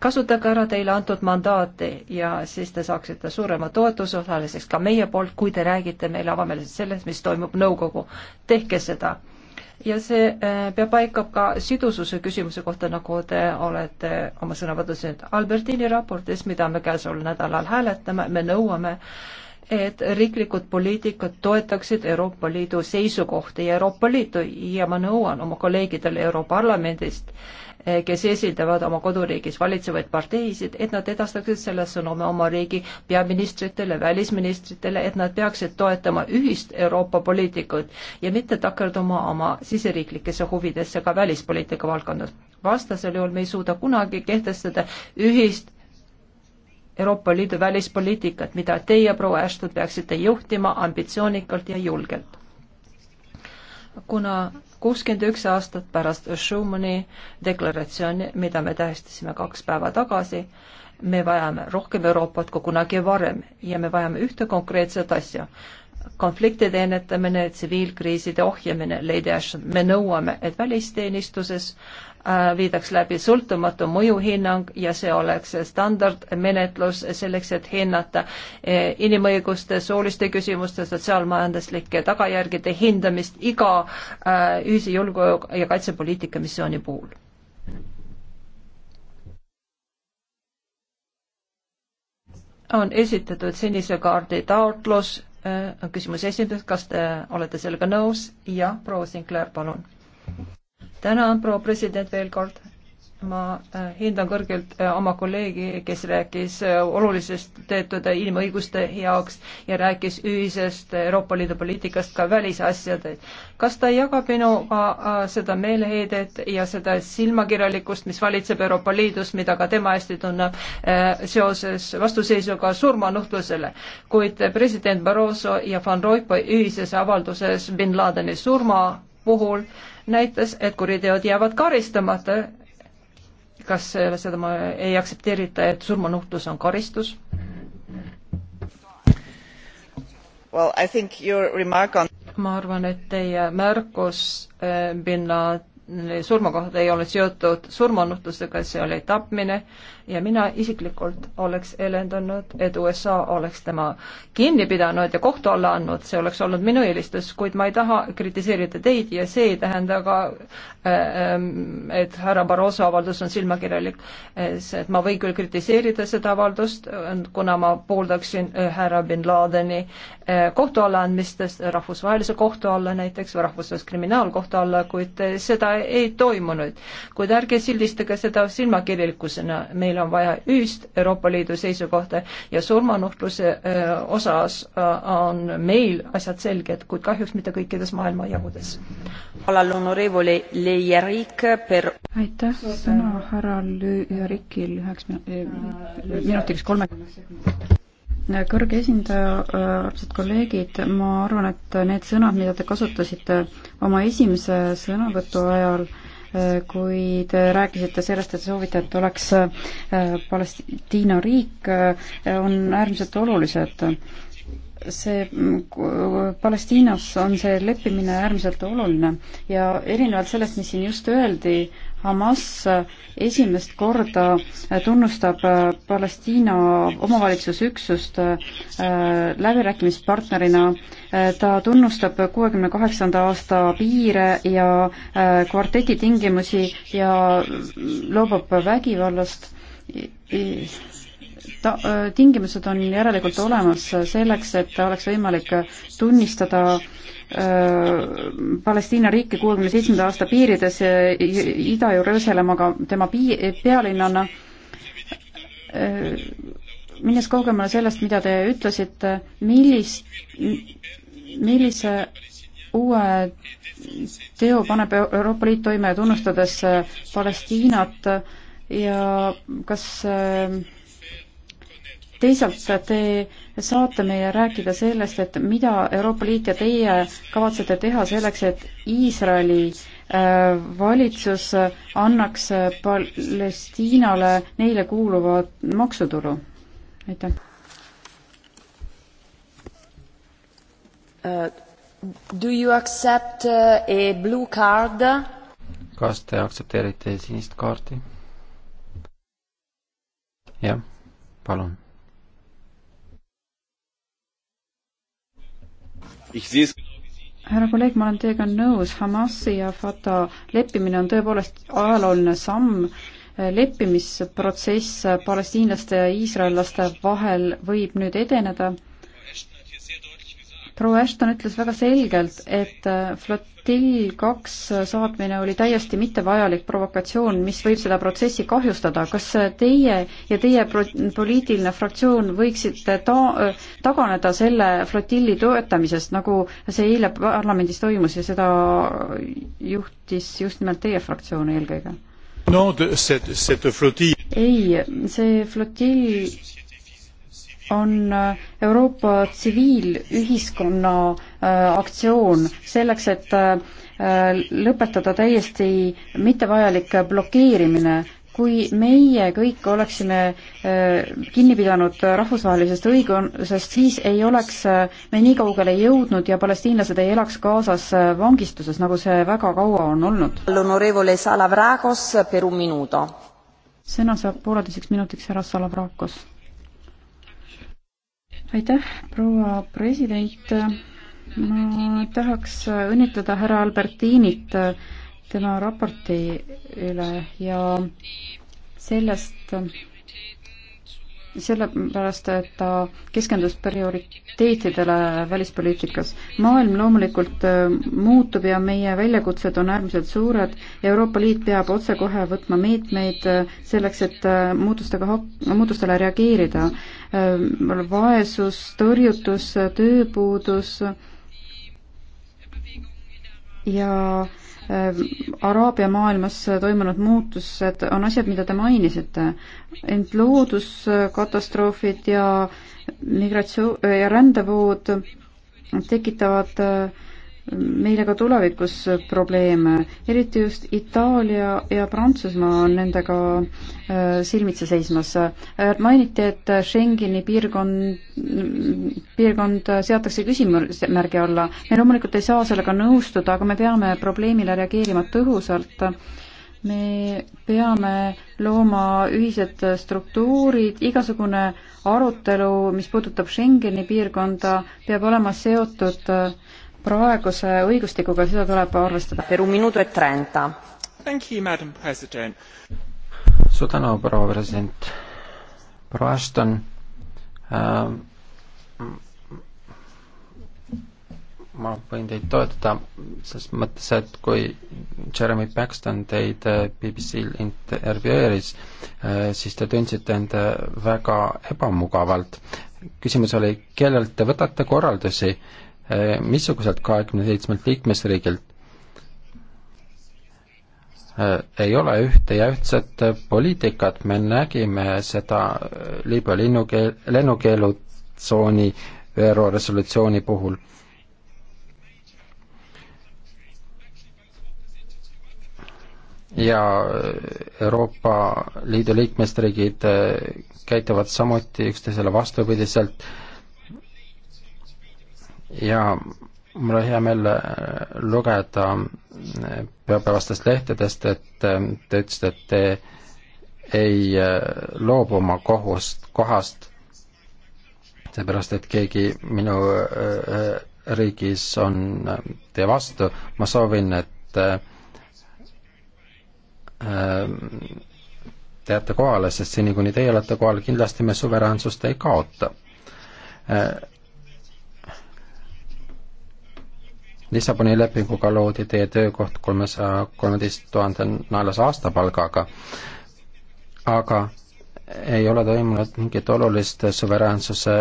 kasutage ära teile antud mandaati ja siis te saaksite suurema toetuse osaliseks ka meie poolt, kui te räägite meile avameelselt sellest, mis toimub nõukogu. tehke seda ja see äh, peab paika ka sidususe küsimuse kohta, nagu te olete oma sõnavõtus nüüd Albertini raportis, mida me käesoleval nädalal hääletame, me nõuame, et riiklikud poliitikad toetaksid Euroopa Liidu seisukohti ja Euroopa Liitu ja ma nõuan oma kolleegidele Europarlamendist, Eh, kes esindavad oma koduriigis valitsevaid parteisid, et nad edastaksid selle sõnumi oma riigi peaministritele, välisministritele, et nad peaksid toetama ühist Euroopa poliitikat ja mitte takerduma oma siseriiklikesse huvidesse ka välispoliitika valdkonnas. vastasel juhul me ei suuda kunagi kehtestada ühist Euroopa Liidu välispoliitikat, mida teie, proua Ashton, peaksite juhtima ambitsioonikalt ja julgelt. kuna kuuskümmend üks aastat pärast Schumani deklaratsiooni, mida me tähistasime kaks päeva tagasi, me vajame rohkem Euroopat kui kunagi varem ja me vajame ühte konkreetset asja. konfliktide ennetamine, tsiviilkriiside ohjamine, leide asjad, me nõuame, et välisteenistuses Äh, viidaks läbi sõltumatu mõjuhinnang ja see oleks standardmenetlus selleks, et hinnata äh, inimõiguste, sooliste küsimuste, sotsiaalmajanduslike tagajärgede hindamist iga äh, ühise julgeoleku- ja kaitsepoliitika missiooni puhul. on esitatud sinise kaardi taotlus, küsimus esimeses, kas te olete sellega nõus? jah, proua Sinclair, palun tänan, proua president, veel kord. ma äh, hindan kõrgelt äh, oma kolleegi, kes rääkis äh, olulisest töötada inimõiguste jaoks ja rääkis ühisest Euroopa Liidu poliitikast ka välisasjades. kas ta jagab minuga seda meeleheidet ja seda silmakirjalikkust, mis valitseb Euroopa Liidus, mida ka tema hästi tunneb seoses vastuseisuga surmanuhtlusele, kuid president Barroso ja Van Rompuy ühises avalduses bin Ladeni surma puhul äh, näitas, et kuriteod jäävad karistamata. kas seda ma ei aktsepteerita, et surmanuhtlus on karistus? Well, I think your remark on ma arvan, et teie märkus äh, bin Laden surmakoht ei ole seotud surmanuhtlusega, see oli tapmine ja mina isiklikult oleks elendanud, et USA oleks tema kinni pidanud ja kohtu alla andnud, see oleks olnud minu eelistus, kuid ma ei taha kritiseerida teid ja see ei tähenda ka, äh, äh, et härra Barroso avaldus on silmakirjalik. Äh, see, et ma võin küll kritiseerida seda avaldust, kuna ma pooldaksin härra bin Ladeni kohtu alla andmistest rahvusvahelise kohtu alla näiteks või rahvusvahelise kriminaalkohtu alla, kuid seda ei toimunud. kuid ärge sildistage seda silmakirjalikkusena, meil on vaja ühist Euroopa Liidu seisukohta ja surmanuhtluse äh, osas äh, on meil asjad selged, kuid kahjuks mitte kõikides maailma jagudes. aitäh, sõna härra Lüüarikil üheks eh, minutiks kolmekümneks sekundiks kõrge esindaja, äh, armsad kolleegid, ma arvan, et need sõnad, mida te kasutasite, oma esimese sõnavõtu ajal eh, kui te rääkisite sellest, et soovite, et oleks eh, Palestiina riik, eh, on äärmiselt olulised see mm, Palestiinas on see leppimine äärmiselt oluline ja erinevalt sellest, mis siin just öeldi, Hamas esimest korda tunnustab äh, Palestiina omavalitsusüksust äh, läbirääkimispartnerina. Äh, ta tunnustab kuuekümne kaheksanda aasta piire ja kvarteti tingimusi ja loobub vägivallast ta, tingimused on järelikult olemas selleks, et oleks võimalik tunnistada Äh, Palestiina riiki kuuekümne seitsmenda aasta piirides äh, Ida-Jeruusalemmaga tema pii-, pealinnana. Äh, minnes kaugemale sellest, mida te ütlesite, millist, millise uue teo paneb Euroopa Liit toime, tunnustades Palestiinat ja kas äh, teisalt te saate meile rääkida sellest, et mida Euroopa Liit ja teie kavatsete teha selleks, et Iisraeli äh, valitsus annaks Palestiinale neile kuuluva maksutulu? aitäh. Uh, do you accept uh, a blue card? kas te aktsepteerite sinist kaarti? jah, palun härra kolleeg, ma olen teiega nõus, Hamasi ja Fatah leppimine on tõepoolest ajalooline samm, leppimisprotsess palestiinlaste ja iisraellaste vahel võib nüüd edeneda. proua Ashton ütles väga selgelt, et flot-, kell kaks saatmine oli täiesti mittevajalik provokatsioon, mis võib seda protsessi kahjustada. kas teie ja teie pro-, poliitiline fraktsioon võiksite ta-, taganeda selle flotilli toetamisest, nagu see eile parlamendis toimus ja seda juhtis just nimelt teie fraktsioon eelkõige? ei, see flotill on äh, Euroopa tsiviilühiskonna äh, aktsioon selleks, et äh, lõpetada täiesti mittevajalik blokeerimine kui meie kõik oleksime kinni pidanud rahvusvahelisest õigusest, siis ei oleks me nii kaugele jõudnud ja palestiinlased ei elaks Gazas vangistuses, nagu see väga kaua on olnud. sõna saab pooleteiseks minutiks härra Salavrakos aitäh, proua president. ma tahaks õnnitleda härra Albertinit tema raporti üle ja sellest sellepärast, et ta keskendus prioriteetidele välispoliitikas. maailm loomulikult äh, muutub ja meie väljakutsed on äärmiselt suured. Euroopa Liit peab otsekohe võtma meetmeid äh, selleks, et äh, muutustega hak-, muutustele reageerida. vaesus, tõrjutus, tööpuudus ja äh, Ehm, Araabia maailmas toimunud muutused on asjad, mida te mainisite. ent looduskatastroofid ja migratsioon ja rändevood tekitavad äh, meile ka tulevikus probleeme, eriti just Itaalia ja Prantsusmaa on nendega äh, silmitsi seismas. Äh, mainiti, et Schengeni piirkond, piirkond seatakse küsimärgi alla. me loomulikult ei saa sellega nõustuda, aga me peame probleemile reageerima tõhusalt me peame looma ühised struktuurid, igasugune arutelu, mis puudutab Schengeni piirkonda, peab olema seotud äh, praeguse õigustikuga, seda tuleb arvestada. E suur tänu, proua president. proua Ashton äh,, ma võin teid toetada selles mõttes, et kui Jeremy Paxton teid äh, BBC-l intervjueeris, äh, siis te tundsite end äh, väga ebamugavalt. küsimus oli, kellelt te võtate korraldusi Äh, missuguselt kahekümne seitsmelt liikmesriigilt äh, ei ole ühte ja ühtset poliitikat, me nägime seda äh, Liibüa linnukeel, lennukeelutsooni ÜRO resolutsiooni puhul ja Euroopa Liidu liikmesriigid käituvad samuti üksteisele vastupidiselt, ja mul on hea meel äh, lugeda äh, pühapäevastest lehtedest, et äh, te ütlesite, et te ei loobu oma kohust, kohast, seepärast et keegi minu riigis on teie vastu, ma soovin, et te jääte kohale, sest seni, kuni teie olete kohal, kindlasti me suveräänsust ei kaota Lissaboni lepinguga loodi teie töökoht kolmesaja kolmeteist tuhande naelase aastapalgaga, aga ei ole toimunud mingit olulist suveräänsuse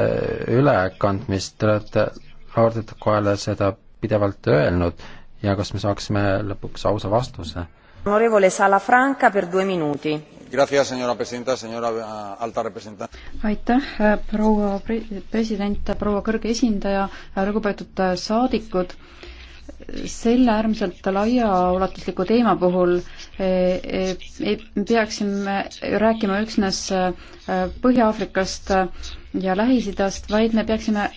ülekandmist, te olete Lordide Kojale seda pidevalt öelnud ja kas me saaksime lõpuks ausa vastuse? Eh, aitäh, eh, proua president, proua kõrge esindaja, eh, lugupeetud saadikud selle äärmiselt laiaulatusliku teema puhul e, e, e, peaksime rääkima üksnes Põhja-Aafrikast ja Lähis-Idast, vaid me peaksime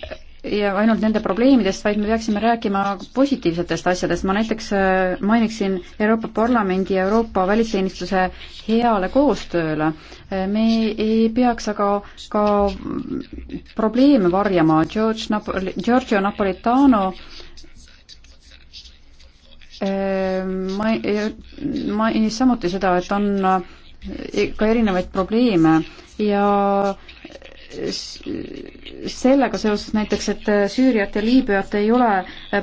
ja ainult nende probleemidest, vaid me peaksime rääkima positiivsetest asjadest. ma näiteks mainiksin Euroopa Parlamendi ja Euroopa välisteenistuse heale koostööle. me ei peaks aga ka probleeme varjama. George Nap-, Giorgio Napolitano Ehm, ma, mainis samuti seda, et on eh, ka erinevaid probleeme ja eh, sellega seoses näiteks, et eh, Süüriat ja Liibüat ei ole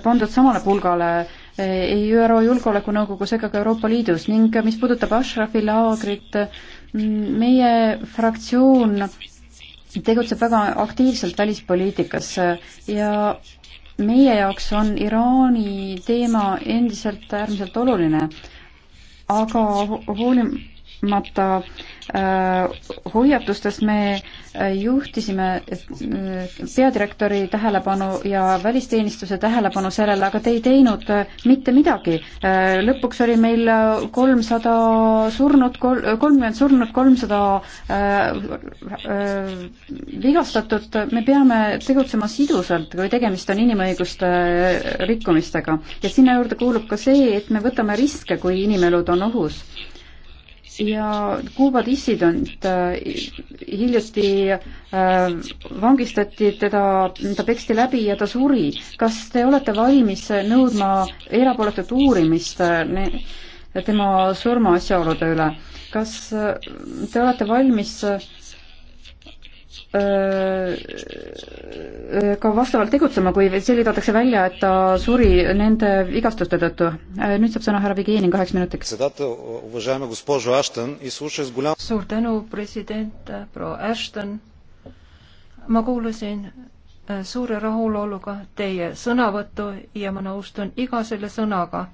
pandud samale pulgale ei ÜRO Julgeolekunõukogus ega ka Euroopa Liidus ning mis puudutab Ashrafi laagrit, meie fraktsioon tegutseb väga aktiivselt välispoliitikas ja meie jaoks on Iraani teema endiselt äärmiselt oluline, aga hoolim-, hoolimata äh, hoiatustest me äh, juhtisime äh, peadirektori tähelepanu ja välisteenistuse tähelepanu sellele, aga te ei teinud mitte midagi. lõpuks oli meil kolmsada surnut, kolmkümmend surnut, kolmsada vigastatut, me peame tegutsema sidusalt, kui tegemist on inimõiguste rikkumistega. ja sinna juurde kuulub ka see, et me võtame riske, kui inimelud on ohus ja Kuuba dissident äh, hiljuti äh, vangistati, teda, ta peksti läbi ja ta suri. kas te olete valmis nõudma erapooletut uurimist äh, tema surma asjaolude üle? kas te olete valmis ka vastavalt tegutsema, kui selgitatakse välja, et ta suri nende vigastuste tõttu. nüüd saab sõna härra Vigenin kaheks minutiks. suur tänu, president proua Ashton. ma kuulasin suure rahuloluga teie sõnavõttu ja ma nõustun iga selle sõnaga.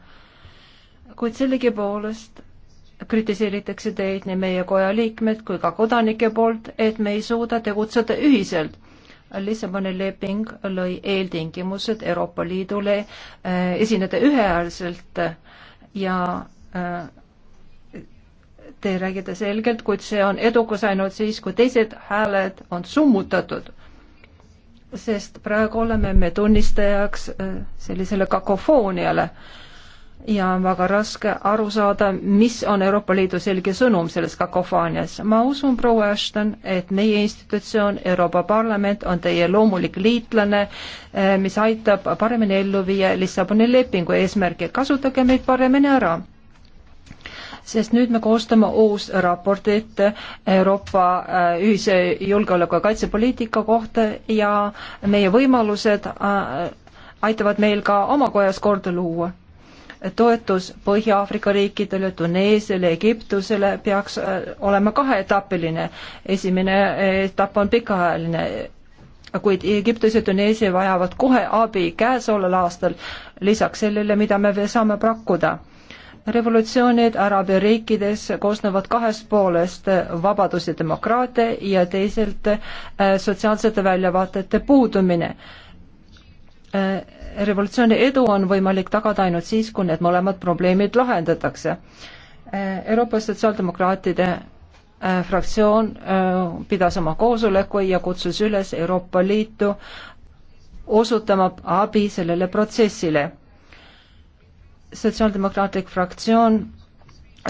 kuid sellegipoolest kritiseeritakse teid nii meie koja liikmed kui ka kodanike poolt, et me ei suuda tegutseda ühiselt. Lissaboni leping lõi eeltingimused Euroopa Liidule äh, esineda ühehäälselt ja äh, te räägite selgelt, kuid see on edukas ainult siis, kui teised hääled on summutatud sest praegu oleme me tunnistajaks äh, sellisele kakofooniale ja on väga raske aru saada, mis on Euroopa Liidu selge sõnum selles kakofoonias. ma usun, proua Ashton, et meie institutsioon, Euroopa Parlament, on teie loomulik liitlane, eh, mis aitab paremini ellu viia Lissaboni lepingu eesmärke. kasutage meid paremini ära sest nüüd me koostame uus raport ette Euroopa eh, ühise julgeoleku ja kaitsepoliitika kohta ja meie võimalused eh, aitavad meil ka oma kojas korda luua toetus Põhja-Aafrika riikidele, Tuneesiale, Egiptusele peaks äh, olema kaheetapiline. esimene etapp on pikaajaline, kuid Egiptus ja Tuneesia vajavad kohe abi käesoleval aastal, lisaks sellele, mida me veel saame pakkuda revolutsioonid Araabia riikides koosnevad kahest poolest, vabadus ja demokraatia ja teiselt äh, sotsiaalsete väljavaatete puudumine äh, revolutsiooni edu on võimalik tagada ainult siis, kui need mõlemad probleemid lahendatakse. Euroopa Sotsiaaldemokraatide äh, fraktsioon äh, pidas oma koosoleku ja kutsus üles Euroopa Liitu osutama abi sellele protsessile. sotsiaaldemokraatlik fraktsioon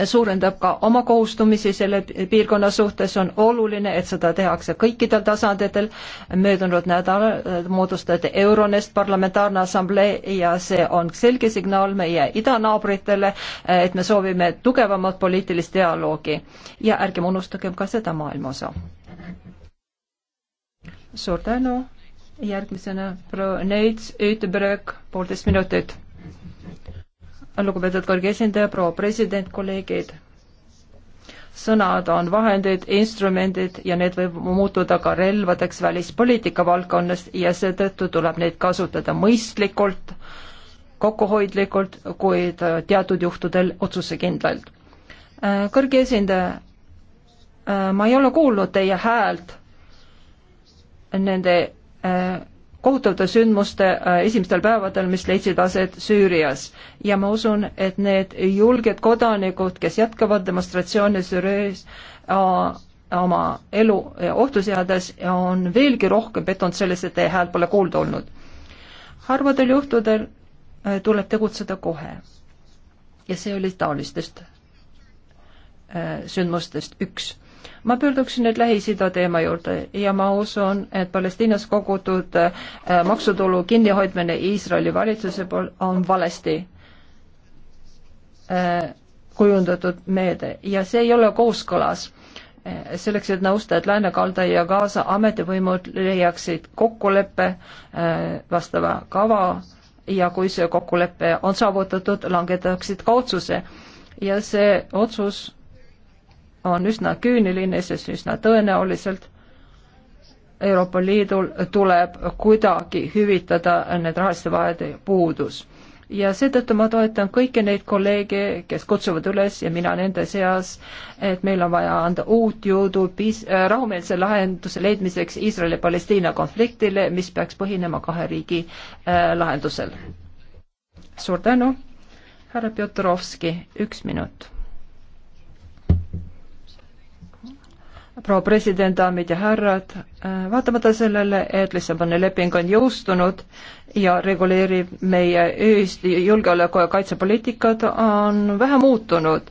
suurendab ka oma kohustumisi selle piirkonna suhtes, on oluline, et seda tehakse kõikidel tasanditel. möödunud nädalal moodustati Euronest parlamentaarne assamblee ja see on selge signaal meie idanaabritele, et me soovime tugevamat poliitilist dialoogi ja ärgem unustagem ka seda maailmaosa. suur tänu, järgmisena proua Neits, Üttebröök, poolteist minutit lugupeetud kõrge esindaja, proua president, kolleegid. sõnad on vahendid, instrumendid ja need võib muutuda ka relvadeks välispoliitika valdkonnas ja seetõttu tuleb neid kasutada mõistlikult, kokkuhoidlikult, kuid teatud juhtudel otsusekindlalt. kõrge esindaja, ma ei ole kuulnud teie häält nende kohutavate sündmuste äh, esimestel päevadel, mis leidsid aset Süürias. ja ma usun, et need julged kodanikud, kes jätkavad demonstratsioone Süürias äh, oma elu ohtu seades, on veelgi rohkem pettunud selles, et teie häält pole kuulda olnud. harvadel juhtudel äh, tuleb tegutseda kohe. ja see oli taolistest sündmustest üks ma pöörduksin nüüd Lähis-Ida teema juurde ja ma usun, et Palestiinas kogutud äh, maksutulu kinnihoidmine Iisraeli valitsuse poolt on valesti äh, kujundatud meede ja see ei ole kooskõlas äh, selleks, et nõusta, et Lääne-Kalda ja Gaza ametivõimud leiaksid kokkuleppe vastava kava ja kui see kokkulepe on saavutatud, langetaksid ka otsuse. ja see otsus on üsna küüniline, sest üsna tõenäoliselt Euroopa Liidul tuleb kuidagi hüvitada need rahaliste vahede puudus. ja seetõttu ma toetan kõiki neid kolleege, kes kutsuvad üles ja mina nende seas, et meil on vaja anda uut jõudu piis- äh,, rahumeelse lahenduse leidmiseks Iisraeli-Palestiina konfliktile, mis peaks põhinema kahe riigi äh, lahendusel. suur tänu, härra Pjotorovski, üks minut proua president, daamid ja härrad, äh, vaatamata sellele, et Lissaboni leping on jõustunud ja reguleerib meie ühist julgeoleku- ja kaitsepoliitikat, on vähe muutunud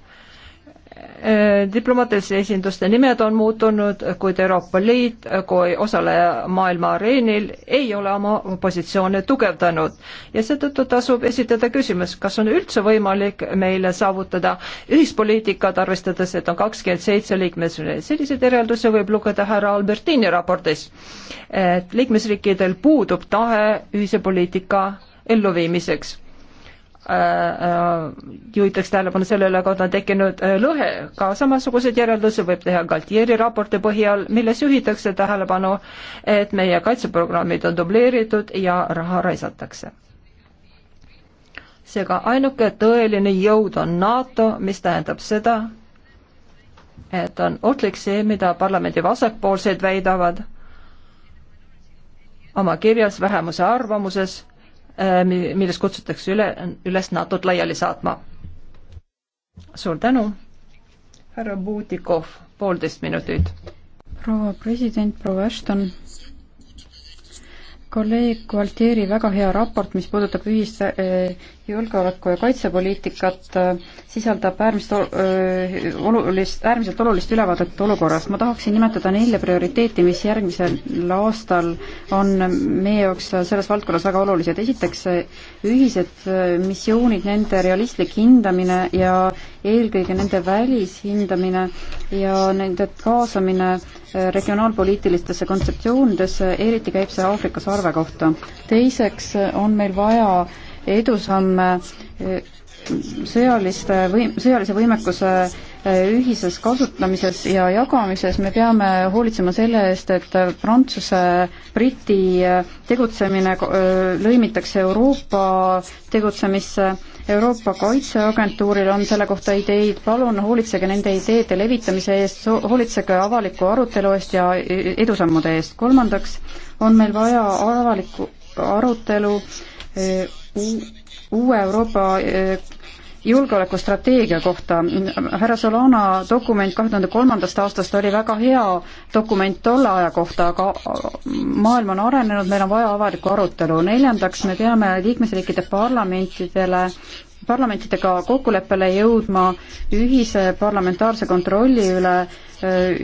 Äh, diplomaatiliste esinduste nimed on muutunud, kuid Euroopa Liit kui osaleja maailma areenil ei ole oma positsioone tugevdanud ja seetõttu tasub esitada küsimus, kas on üldse võimalik meile saavutada ühispoliitikat, arvestades, et on kakskümmend seitse liikmesriiki. selliseid järeldusi võib lugeda härra Albertini raportis, et liikmesriikidel puudub tahe ühise poliitika elluviimiseks Äh, äh, juhitakse tähelepanu sellele, kui on tekkinud äh, lõhe. ka samasuguseid järeldusi võib teha Galtieri raporti põhjal, milles juhitakse tähelepanu, et meie kaitseprogrammid on dubleeritud ja raha raisatakse. seega ainuke tõeline jõud on NATO, mis tähendab seda, et on ohtlik see, mida parlamendi vasakpoolsed väidavad oma kirjas vähemuse arvamuses Äh, milles kutsutakse üle, üles NATO-t laiali saatma. suur tänu, härra Puutikov, poolteist minutit. proua president, proua Ashton kolleeg Gualtieri väga hea raport, mis puudutab ühist eh, julgeoleku- ja kaitsepoliitikat, eh, sisaldab äärmist eh, olulist, äärmiselt olulist ülevaadet olukorrast. ma tahaksin nimetada nelja prioriteeti, mis järgmisel aastal on meie jaoks selles valdkonnas väga olulised. esiteks, ühised missioonid, nende realistlik hindamine ja eelkõige nende välishindamine ja nende kaasamine regionaalpoliitilistesse kontseptsioonidesse, eriti käib see Aafrika sarve kohta. teiseks on meil vaja edusamme eh, sõjaliste või-, sõjalise võimekuse eh, ühises kasutamises ja jagamises me peame hoolitsema selle eest, et Prantsuse, Briti eh, tegutsemine lõimitakse Euroopa tegutsemisse Euroopa Kaitseagentuuril on selle kohta ideid, palun hoolitsege nende ideede levitamise eest, hoolitsege avaliku arutelu eest ja e-, edusammude eest. kolmandaks on meil vaja avalikku arutelu e, uue Euroopa e, julgeolekustrateegia kohta. härra Solana dokument kahe tuhande kolmandast aastast oli väga hea dokument tolle aja kohta, aga maailm on arenenud, meil on vaja avalikku arutelu. neljandaks, me peame liikmesriikide parlamentidele parlamentidega kokkuleppele jõudma ühise parlamentaarse kontrolli üle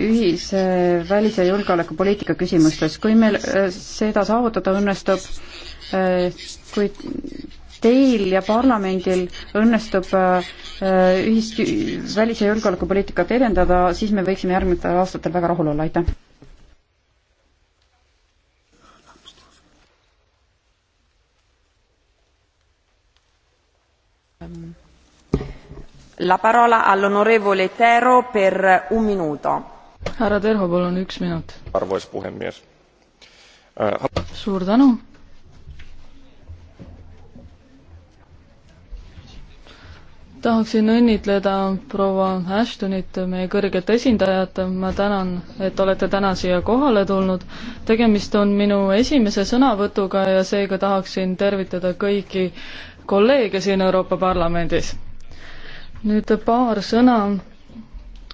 ühise välis- ja julgeolekupoliitika küsimustes. kui meil äh, seda saavutada õnnestub, äh, kui teil ja parlamendil õnnestub äh, ühist välis- ja julgeolekupoliitikat edendada, siis me võiksime järgnevatel aastatel väga rahul olla, aitäh! La parola all'onorevole Tero per un minuto. härra Terho, palun üks minut. arvoisa puhemies äh,. suur tänu tahaksin õnnitleda proua Ashtonit, meie kõrget esindajat, ma tänan, et olete täna siia kohale tulnud. tegemist on minu esimese sõnavõtuga ja seega tahaksin tervitada kõiki kolleege siin Euroopa Parlamendis. nüüd paar sõna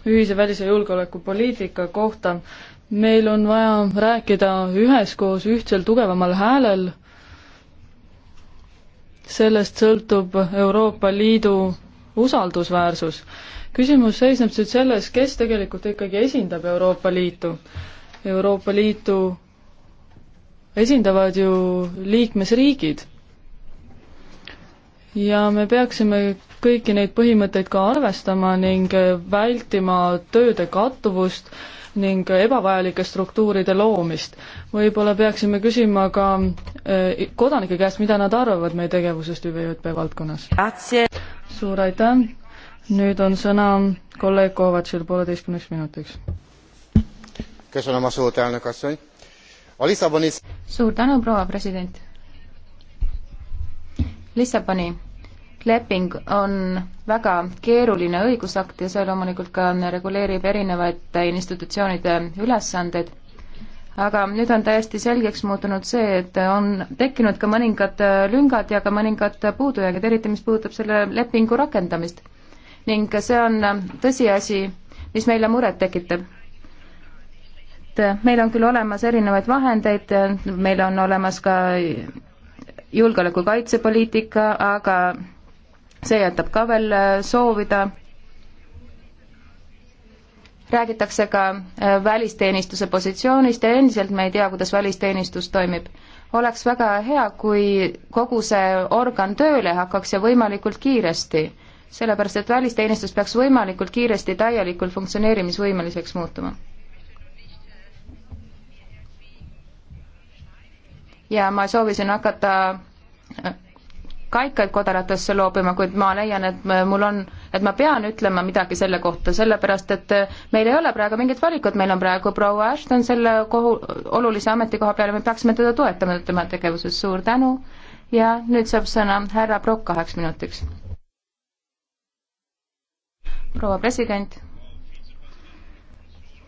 ühise välis- ja julgeolekupoliitika kohta. meil on vaja rääkida üheskoos ühtsel tugevamal häälel sellest sõltub Euroopa Liidu usaldusväärsus. küsimus seisneb nüüd selles, kes tegelikult ikkagi esindab Euroopa Liitu. Euroopa Liitu esindavad ju liikmesriigid. ja me peaksime kõiki neid põhimõtteid ka arvestama ning vältima tööde kattuvust ning ebavajalike struktuuride loomist. võib-olla peaksime küsima ka eh, kodanike käest, mida nad arvavad meie tegevusest ÜVJP valdkonnas suur aitäh, nüüd on sõna kolleeg Kovatšil pooleteistkümneks minutiks. suur tänu, proua president. Lissaboni leping on väga keeruline õigusakt ja see loomulikult ka reguleerib erinevate institutsioonide ülesandeid aga nüüd on täiesti selgeks muutunud see, et on tekkinud ka mõningad äh, lüngad ja ka mõningad puudujäägid, eriti mis puudutab selle lepingu rakendamist. ning see on äh, tõsiasi, mis meile muret tekitab. et äh, meil on küll olemas erinevaid vahendeid, meil on olemas ka julgeoleku kaitsepoliitika, aga see jätab ka veel soovida räägitakse ka äh, välisteenistuse positsioonist ja endiselt me ei tea, kuidas välisteenistus toimib. oleks väga hea, kui kogu see organ tööle hakkaks ja võimalikult kiiresti, sellepärast et välisteenistus peaks võimalikult kiiresti täielikult funktsioneerimisvõimeliseks muutuma. ja ma soovisin hakata äh, kaikaid kodaratesse loobima, kuid ma leian, et mul on, et ma pean ütlema midagi selle kohta, sellepärast et äh, meil ei ole praegu mingit valikut, meil on praegu proua Ashton selle kohu, olulise ametikoha peal ja me peaksime teda toetama tema tegevuses, suur tänu ja nüüd saab sõna härra Prokk kaheks minutiks. proua president,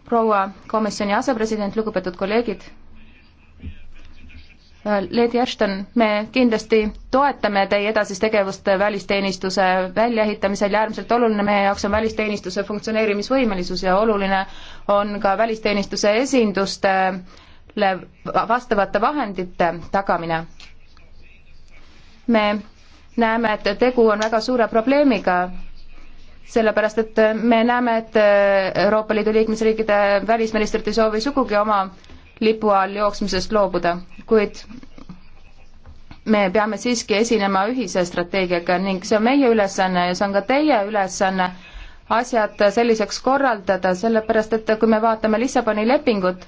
proua komisjoni asepresident, lugupeetud kolleegid Äh, Lady Ashton, me kindlasti toetame teie edasist tegevust välisteenistuse väljaehitamisel ja äärmiselt oluline meie jaoks on välisteenistuse funktsioneerimisvõimelisus ja oluline on ka välisteenistuse esindustele vastavate vahendite tagamine. me näeme, et tegu on väga suure probleemiga, sellepärast et me näeme, et Euroopa Liidu liikmesriikide välisministrid ei soovi sugugi oma lipu all jooksmisest loobuda, kuid me peame siiski esinema ühise strateegiaga ning see on meie ülesanne ja see on ka teie ülesanne asjad selliseks korraldada, sellepärast et kui me vaatame Lissaboni lepingut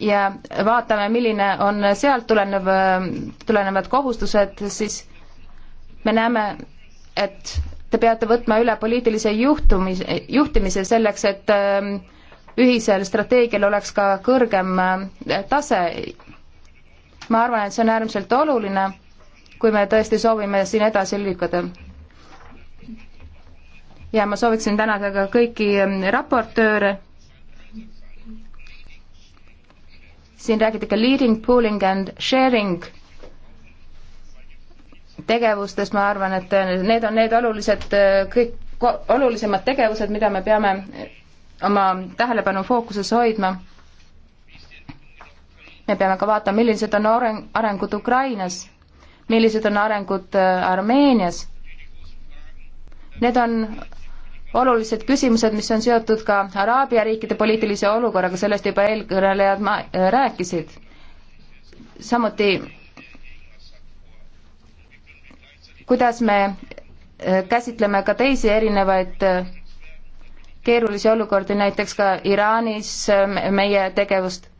ja vaatame, milline on sealt tulenev, tulenevad kohustused, siis me näeme, et te peate võtma üle poliitilise juhtumis, juhtimise selleks, et äh, ühisel strateegial oleks ka kõrgem äh, tase. ma arvan, et see on äärmiselt oluline, kui me tõesti soovime siin edasi liikuda. ja ma sooviksin tänada ka kõiki ähm, raportööre, siin räägiti ka leading, pooling and sharing tegevustest, ma arvan, et äh, need on need olulised, äh, kõik olulisemad tegevused, mida me peame oma tähelepanu fookuses hoidma. me peame ka vaatama, millised on areng, arengud Ukrainas, millised on arengud äh, Armeenias. Need on olulised küsimused, mis on seotud ka Araabia riikide poliitilise olukorraga, sellest juba eelkõnelejad ma-, äh, rääkisid. samuti kuidas me äh, käsitleme ka teisi erinevaid keerulisi olukordi, näiteks ka Iraanis ähm, meie tegevust.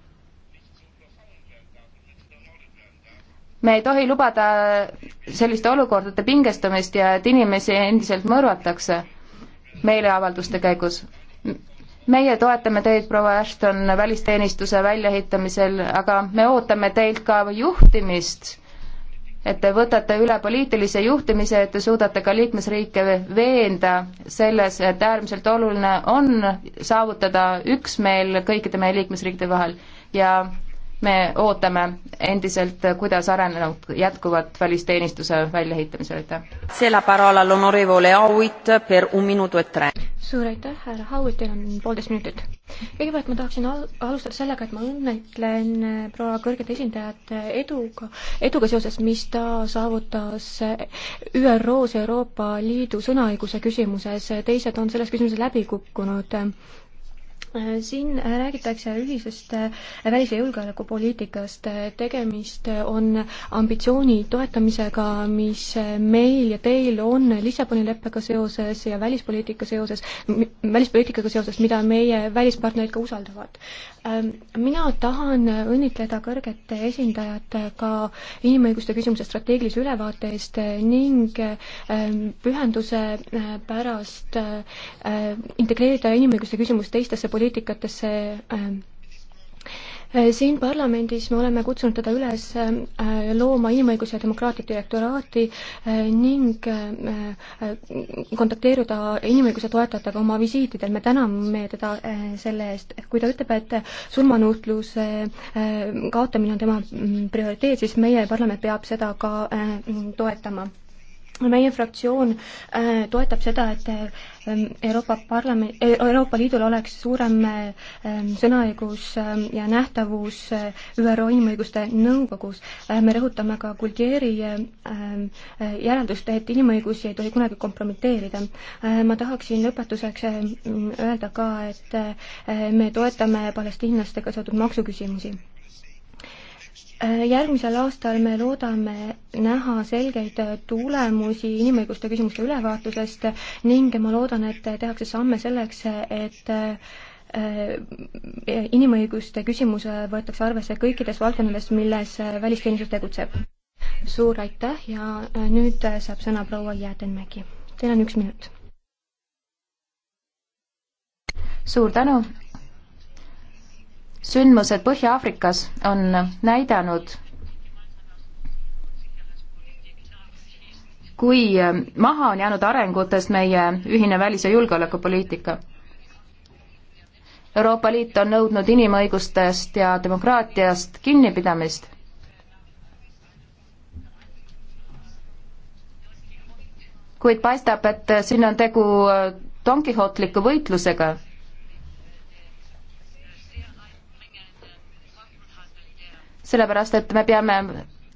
me ei tohi lubada selliste olukordade pingestumist ja et inimesi endiselt mõrvatakse meeleavalduste käigus. meie toetame teid, proua Ashton, välisteenistuse väljaehitamisel, aga me ootame teilt ka juhtimist et te võtate üle poliitilise juhtimise, et te suudate ka liikmesriike veenda selles, et äärmiselt oluline on saavutada üksmeel kõikide meie liikmesriikide vahel ja me ootame endiselt, kuidas arenenud jätkuvad välisteenistuse väljaehitamisel, aitäh. E suur aitäh, härra Howard, teil on poolteist minutit. kõigepealt ma tahaksin al alustada sellega, et ma õnnetlen eh, proua kõrget esindajat eduga, eduga seoses, mis ta saavutas eh, ÜRO-s Euroopa Liidu sõnaõiguse küsimuses, teised on selles küsimuses läbi kukkunud siin räägitakse ühisest äh, välis- ja julgeolekupoliitikast. tegemist on ambitsiooni toetamisega, mis meil ja teil on Lissaboni leppega seoses ja välispoliitika seoses, välispoliitikaga seoses, mida meie välispartnerid ka usaldavad. Ähm, mina tahan õnnitleda kõrget esindajat ka inimõiguste küsimuse strateegilise ülevaate eest ning ähm, pühenduse äh, pärast äh, integreerida inimõiguste küsimus teistesse poliitikatesse ähm, Äh, siin parlamendis me oleme kutsunud teda üles äh, looma inimõiguse ja demokraatia direktoraati äh, ning kontakteeruda inimõiguse toetajatega oma visiitidel, me täname teda selle eest, kui ta ütleb, et surmanuhtluse kaotamine on tema mm, prioriteet, siis meie parlament peab seda ka toetama meie fraktsioon äh, toetab seda, et ähm, Euroopa Parlament, äh, Euroopa Liidul oleks suurem äh, sõnaõigus ähm, ja nähtavus ÜRO Inimõiguste Nõukogus. me rõhutame ka Guldieri ähm, järeldust, et inimõigusi ei tohi kunagi kompromiteerida. ma tahaksin lõpetuseks öelda ka, et me toetame palestiinlastega seotud maksuküsimusi Äh, järgmisel aastal me loodame näha selgeid tulemusi inimõiguste küsimuste ülevaatusest ning ma loodan, et tehakse samme selleks, et äh, inimõiguste küsimus võetakse arvesse kõikides valdkondades, milles välisteenistus tegutseb. suur aitäh ja äh, nüüd saab sõna proua Jäätenmägi. Teil on üks minut. suur tänu sündmused Põhja-Aafrikas on näidanud, kui maha on jäänud arengutest meie ühine välis- ja julgeolekupoliitika. Euroopa Liit on nõudnud inimõigustest ja demokraatiast kinnipidamist kuid paistab, et siin on tegu donkihotliku võitlusega. sellepärast et me peame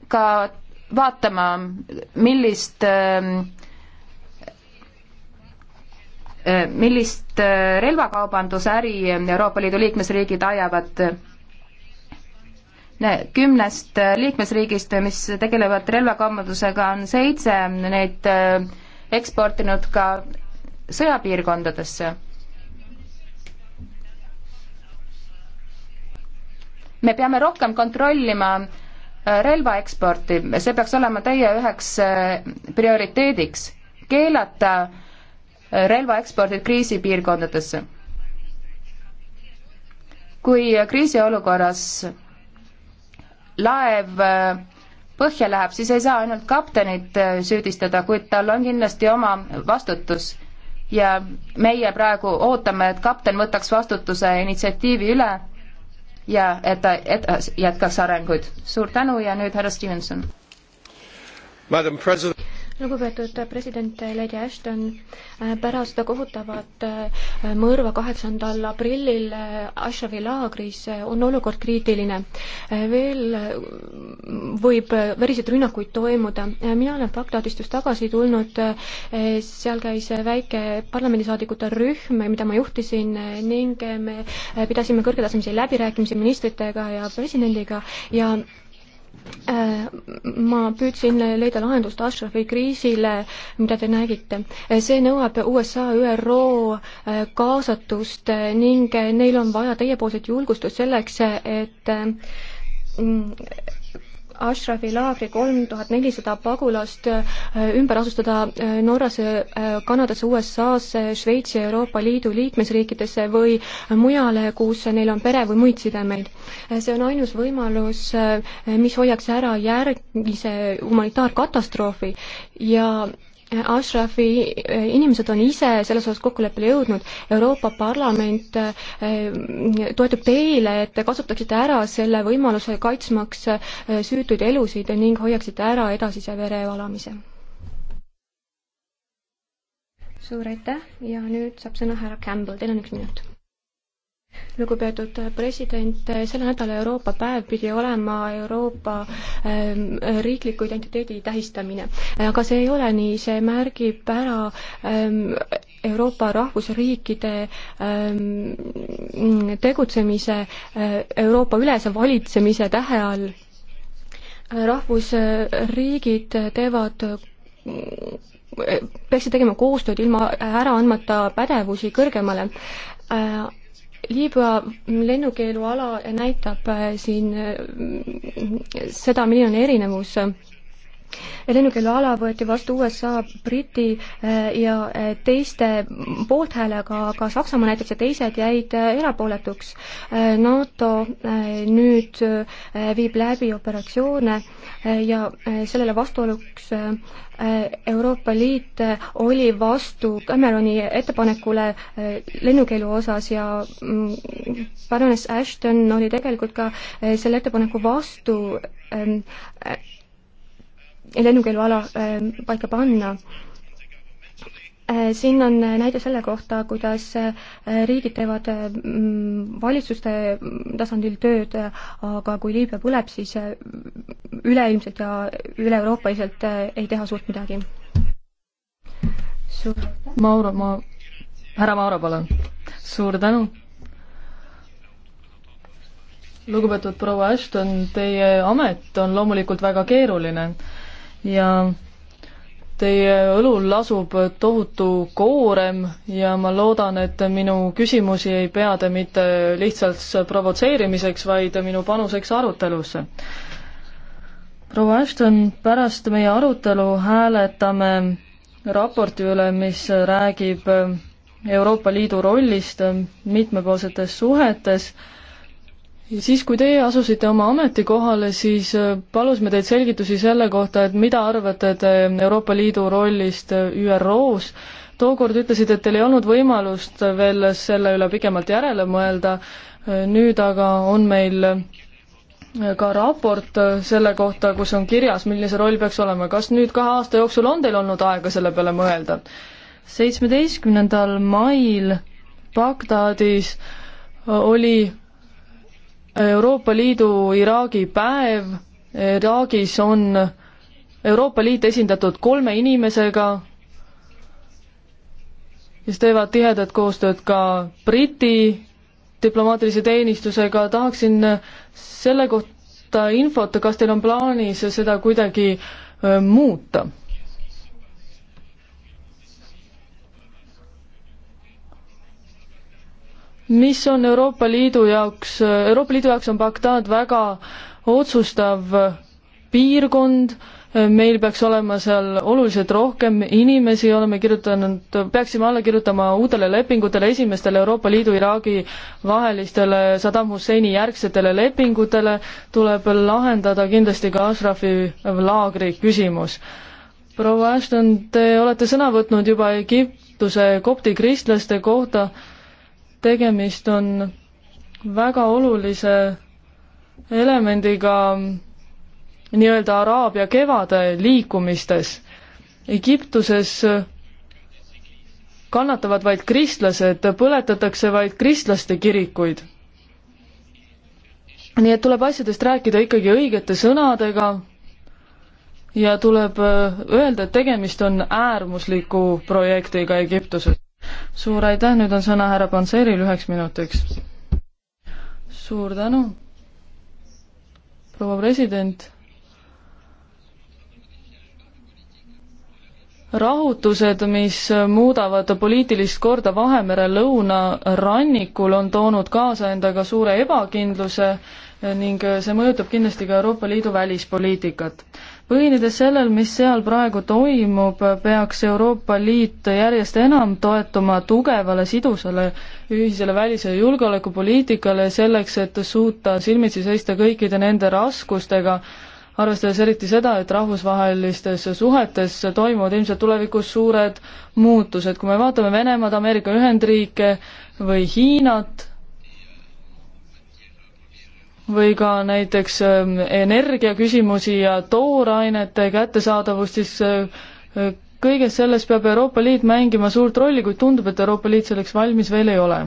ka vaatama, millist millist relvakaubanduse äri Euroopa Liidu liikmesriigid ajavad kümnest liikmesriigist, mis tegelevad relvakaubandusega, on seitse neid eksportinud ka sõjapiirkondadesse me peame rohkem kontrollima äh, relvaeksporti, see peaks olema teie üheks äh, prioriteediks, keelata äh, relvaekspordid kriisipiirkondadesse. kui kriisiolukorras laev põhja läheb, siis ei saa ainult kaptenit süüdistada, kuid tal on kindlasti oma vastutus. ja meie praegu ootame, et kapten võtaks vastutuse initsiatiivi üle ja et ta et, jätkaks arenguid. suur tänu ja nüüd härra Stevenson lugupeetud president Lady Ashton, äh, pärast seda kohutavat äh, mõrva kaheksandal aprillil äh, Ashrafi laagris on olukord kriitiline. veel võib veriseid rünnakuid toimuda. mina olen Bagdadist just tagasi tulnud, seal käis väike parlamendisaadikute rühm, mida ma juhtisin ning me pidasime kõrgetasemelisi läbirääkimisi ministritega ja presidendiga ja Äh, ma püüdsin leida lahendust Ashrafi kriisile, mida te nägite. Äh, see nõuab USA, ÜRO äh, kaasatust ning neil on vaja teiepoolset julgustust selleks, et mm, Ashrafi laagri kolm tuhat nelisada pagulast äh, ümber asustada äh, Norrasse, äh, Kanadasse, USA-sse, Šveitsi ja Euroopa Liidu liikmesriikidesse või mujale, kus neil on pere või muid sidemeid. see on ainus võimalus, mis hoiaks ära järgmise humanitaarkatastroofi ja Ashrafi eh, inimesed on ise selles osas kokkuleppele jõudnud, Euroopa Parlament eh, toetub teile, et te kasutaksite ära selle võimaluse kaitsmaks eh, süütuid elusid ning hoiaksite ära edasise vere valamise. suur aitäh ja nüüd saab sõna härra Campbell, teil on üks minut lugupeetud president, selle nädala Euroopa päev pidi olema Euroopa ähm, riikliku identiteedi tähistamine, aga see ei ole nii, see märgib ära ähm, Euroopa rahvusriikide ähm, tegutsemise äh, Euroopa ülese valitsemise tähe all. rahvusriigid teevad äh, peaksid tegema koostööd ilma ära andmata pädevusi kõrgemale äh, Liibüa lennukeeluala näitab äh, siin äh, seda, milline on erinevus lennukeeluala võeti vastu USA, Briti äh, ja äh, teiste poolthäälega, aga Saksamaa näiteks ja teised jäid äh, erapooletuks. NATO nüüd viib läbi operatsioone ja sellele vastuoluks Euroopa Liit oli vastu Cameroni ettepanekule lennukeelu osas ja mm, Baroness Ashton oli tegelikult ka selle ettepaneku vastu ähm, lennukeeluala äh, paika panna. Äh, siin on näide selle kohta, kuidas äh, riigid teevad mm, valitsuste tasandil tööd, aga kui Liibüa põleb, siis üleilmselt ja üle-euroopaliselt ei teha suurt midagi. suur aitäh. Mauro, ma, härra Mauro, palun. suur tänu lugupeetud proua Ashton, teie amet on loomulikult väga keeruline ja teie õlul lasub tohutu koorem ja ma loodan, et minu küsimusi ei pea te mitte lihtsalt provotseerimiseks, vaid minu panuseks arutelusse. proua Ashton, pärast meie arutelu hääletame raporti üle, mis räägib Euroopa Liidu rollist mitmepoolsetes suhetes ja siis, kui teie asusite oma ametikohale, siis äh, palusime teilt selgitusi selle kohta, et mida arvate te Euroopa Liidu rollist äh, ÜRO-s. tookord ütlesite, et teil ei olnud võimalust äh, veel selle üle pikemalt järele mõelda, nüüd aga on meil ka raport selle kohta, kus on kirjas, milline see roll peaks olema. kas nüüd kahe aasta jooksul on teil olnud aega selle peale mõelda? seitsmeteistkümnendal mail Bagdadis oli Euroopa Liidu Iraagi päev, Iraagis on Euroopa Liit esindatud kolme inimesega, kes teevad tihedat koostööd ka Briti diplomaatilise teenistusega, tahaksin selle kohta infot, kas teil on plaanis seda kuidagi äh, muuta? mis on Euroopa Liidu jaoks, Euroopa Liidu jaoks on Bagdad väga otsustav piirkond, meil peaks olema seal oluliselt rohkem inimesi, oleme kirjutanud, peaksime alla kirjutama uutele lepingutele, esimestele Euroopa Liidu, Iraagi vahelistele Saddam Husseini järgsetele lepingutele, tuleb lahendada kindlasti ka Ashrafi laagri küsimus. proua Ashton, te olete sõna võtnud juba Egiptuse kopti kristlaste kohta tegemist on väga olulise elemendiga nii-öelda Araabia kevade liikumistes. Egiptuses kannatavad vaid kristlased, põletatakse vaid kristlaste kirikuid. nii et tuleb asjadest rääkida ikkagi õigete sõnadega ja tuleb öelda, et tegemist on äärmusliku projektiga Egiptuses suur aitäh, nüüd on sõna härra Panseril üheks minutiks. suur tänu, proua president. rahutused, mis muudavad poliitilist korda Vahemere lõunarannikul, on toonud kaasa endaga suure ebakindluse ning see mõjutab kindlasti ka Euroopa Liidu välispoliitikat põhinedes sellel, mis seal praegu toimub, peaks Euroopa Liit järjest enam toetuma tugevale sidusale ühisele välis- ja julgeolekupoliitikale selleks, et suuta silmitsi seista kõikide nende raskustega, arvestades eriti seda, et rahvusvahelistes suhetes toimuvad ilmselt tulevikus suured muutused. kui me vaatame Venemaad, Ameerika Ühendriike või Hiinat, või ka näiteks ähm, energiaküsimusi ja toorainete kättesaadavust, siis äh, äh, kõiges selles peab Euroopa Liit mängima suurt rolli, kuid tundub, et Euroopa Liit selleks valmis veel ei ole.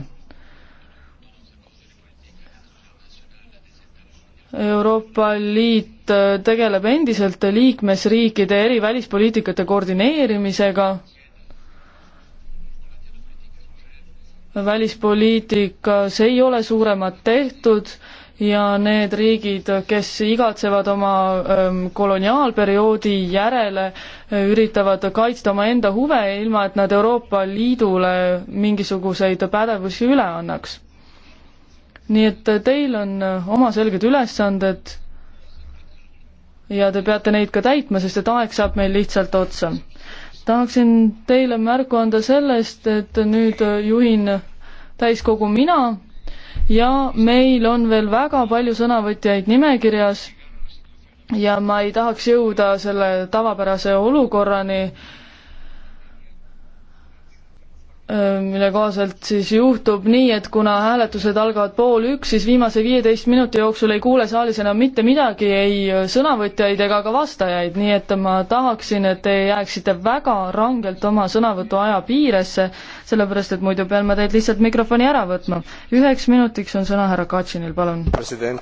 Euroopa Liit äh, tegeleb endiselt liikmesriikide eri välispoliitikate koordineerimisega, välispoliitikas ei ole suuremat tehtud, ja need riigid, kes igatsevad oma ähm, koloniaalperioodi järele, äh, üritavad kaitsta omaenda huve, ilma et nad Euroopa Liidule mingisuguseid pädevusi üle annaks. nii et teil on äh, oma selged ülesanded ja te peate neid ka täitma, sest et aeg saab meil lihtsalt otsa. tahaksin teile märku anda sellest, et nüüd juhin täiskogu mina ja meil on veel väga palju sõnavõtjaid nimekirjas ja ma ei tahaks jõuda selle tavapärase olukorrani, mille kohaselt siis juhtub nii, et kuna hääletused algavad pool üks, siis viimase viieteist minuti jooksul ei kuule saalis enam mitte midagi, ei sõnavõtjaid ega ka vastajaid, nii et ma tahaksin, et te jääksite väga rangelt oma sõnavõtu aja piiresse, sellepärast et muidu pean ma teilt lihtsalt mikrofoni ära võtma. üheks minutiks on sõna härra Katšinil, palun. president,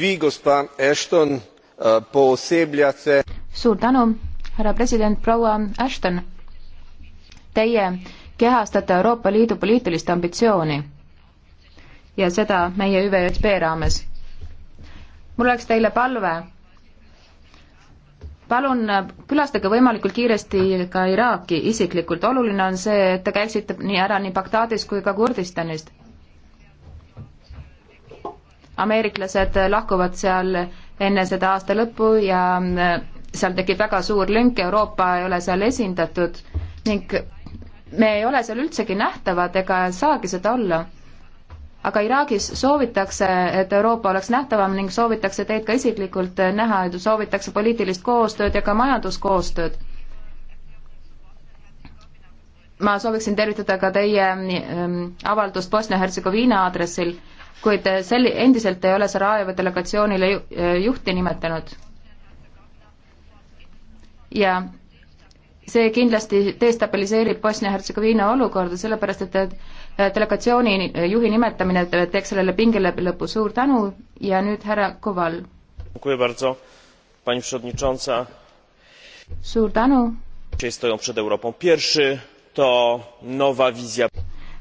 Vigospan Ashton, eh, poosebliatse. suur tänu, härra president, proua Ashton teie kehastate Euroopa Liidu poliitilist ambitsiooni ja seda meie ÜVSB raames. mul oleks teile palve, palun külastage võimalikult kiiresti ka Iraaki isiklikult, oluline on see, et te käiksite nii ära nii Bagdadis kui ka Kurdistanist. ameeriklased lahkuvad seal enne seda aasta lõppu ja äh, seal tekib väga suur lünk, Euroopa ei ole seal esindatud ning me ei ole seal üldsegi nähtavad ega saagi seda olla. aga Iraagis soovitakse, et Euroopa oleks nähtavam ning soovitakse teid ka isiklikult näha, soovitakse poliitilist koostööd ja ka majanduskoostööd. ma sooviksin tervitada ka teie ähm, avaldust Bosnia-Hertsegoviina aadressil, kuid sel-, endiselt ei ole Sarajeva delegatsioonile ju, äh, juhti nimetanud. ja see kindlasti destabiliseerib Bosnia-Hertsegoviina olukorda, sellepärast et delegatsiooni juhi nimetamine teeks sellele pingele lõpu. suur tänu ja nüüd härra Koval. suur tänu.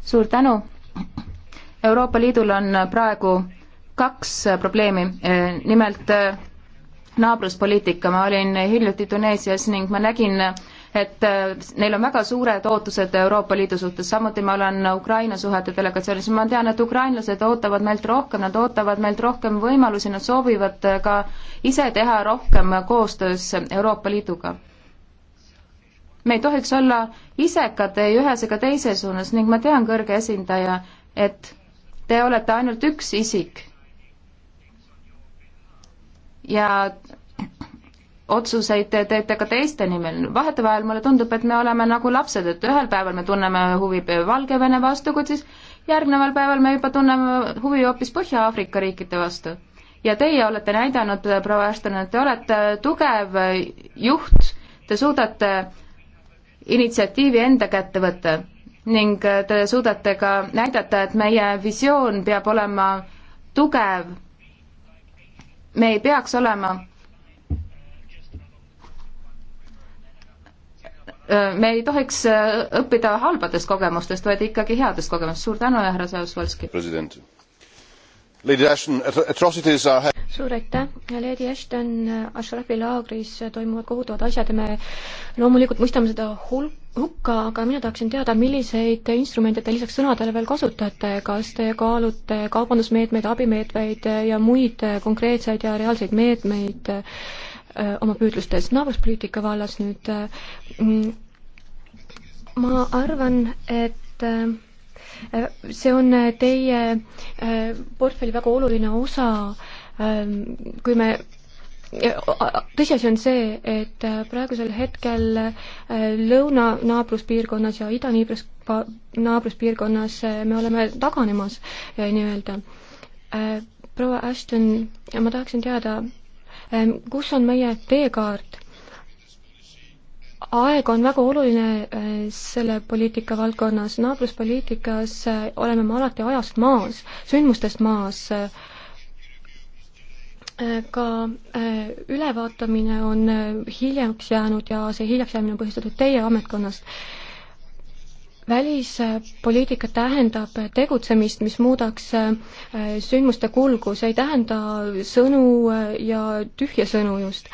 suur tänu. Euroopa Liidul on praegu kaks probleemi, e, nimelt e, naabruspoliitika, ma olin hiljuti Tuneesias ning ma nägin et äh, neil on väga suured ootused Euroopa Liidu suhtes, samuti ma olen Ukraina suhete delegatsioonis, ma tean, et ukrainlased ootavad meilt rohkem, nad ootavad meilt rohkem võimalusi, nad soovivad äh, ka ise teha rohkem koostöös Euroopa Liiduga me ei tohiks olla isekad ei ühes ega teises suunas ning ma tean, kõrge esindaja, et te olete ainult üks isik. ja otsuseid teete ka teiste nimel. vahetevahel mulle tundub, et me oleme nagu lapsed, et ühel päeval me tunneme huvi Valgevene vastu, kuid siis järgneval päeval me juba tunneme huvi hoopis Põhja-Aafrika riikide vastu. ja teie olete näidanud, proua Ashton, et te olete tugev juht, te suudate initsiatiivi enda kätte võtta ning te suudate ka näidata, et meie visioon peab olema tugev. me ei peaks olema Äh, me ei tohiks äh, õppida halbadest kogemustest, vaid ikkagi headest kogemustest. suur tänu ja äh, härra Sausvalski. suur aitäh, Lady Ashton, Ashrafi laagris toimuvad kohutavad asjad ja me loomulikult mõistame seda hulka, hukka, aga mina tahaksin teada, milliseid instrumente te lisaks sõnadele veel kasutate, kas te kaalute kaubandusmeetmeid, abimeetmeid ja muid konkreetseid ja reaalseid meetmeid äh, Äh, oma püüdlustes naabruspoliitika vallas nüüd äh, ma arvan, et äh, see on teie portfelli väga oluline osa, ähm, kui me tõsiasi on see, et praegusel hetkel lõunanaabruspiirkonnas ja idaniibrus, naabruspiirkonnas me oleme taganemas nii-öelda. proua Ashton, ma tahaksin teada, Ehm, kus on meie teekaart? aeg on väga oluline eh, selle poliitika valdkonnas, naabruspoliitikas eh, oleme me alati ajast maas, sündmustest maas, eh, ka ülevaatamine on hiljaks jäänud ja see hiljaks jäämine on põhjustatud teie ametkonnast välispoliitika tähendab tegutsemist, mis muudaks äh, sündmuste kulgu, see ei tähenda sõnu äh, ja tühje sõnu just.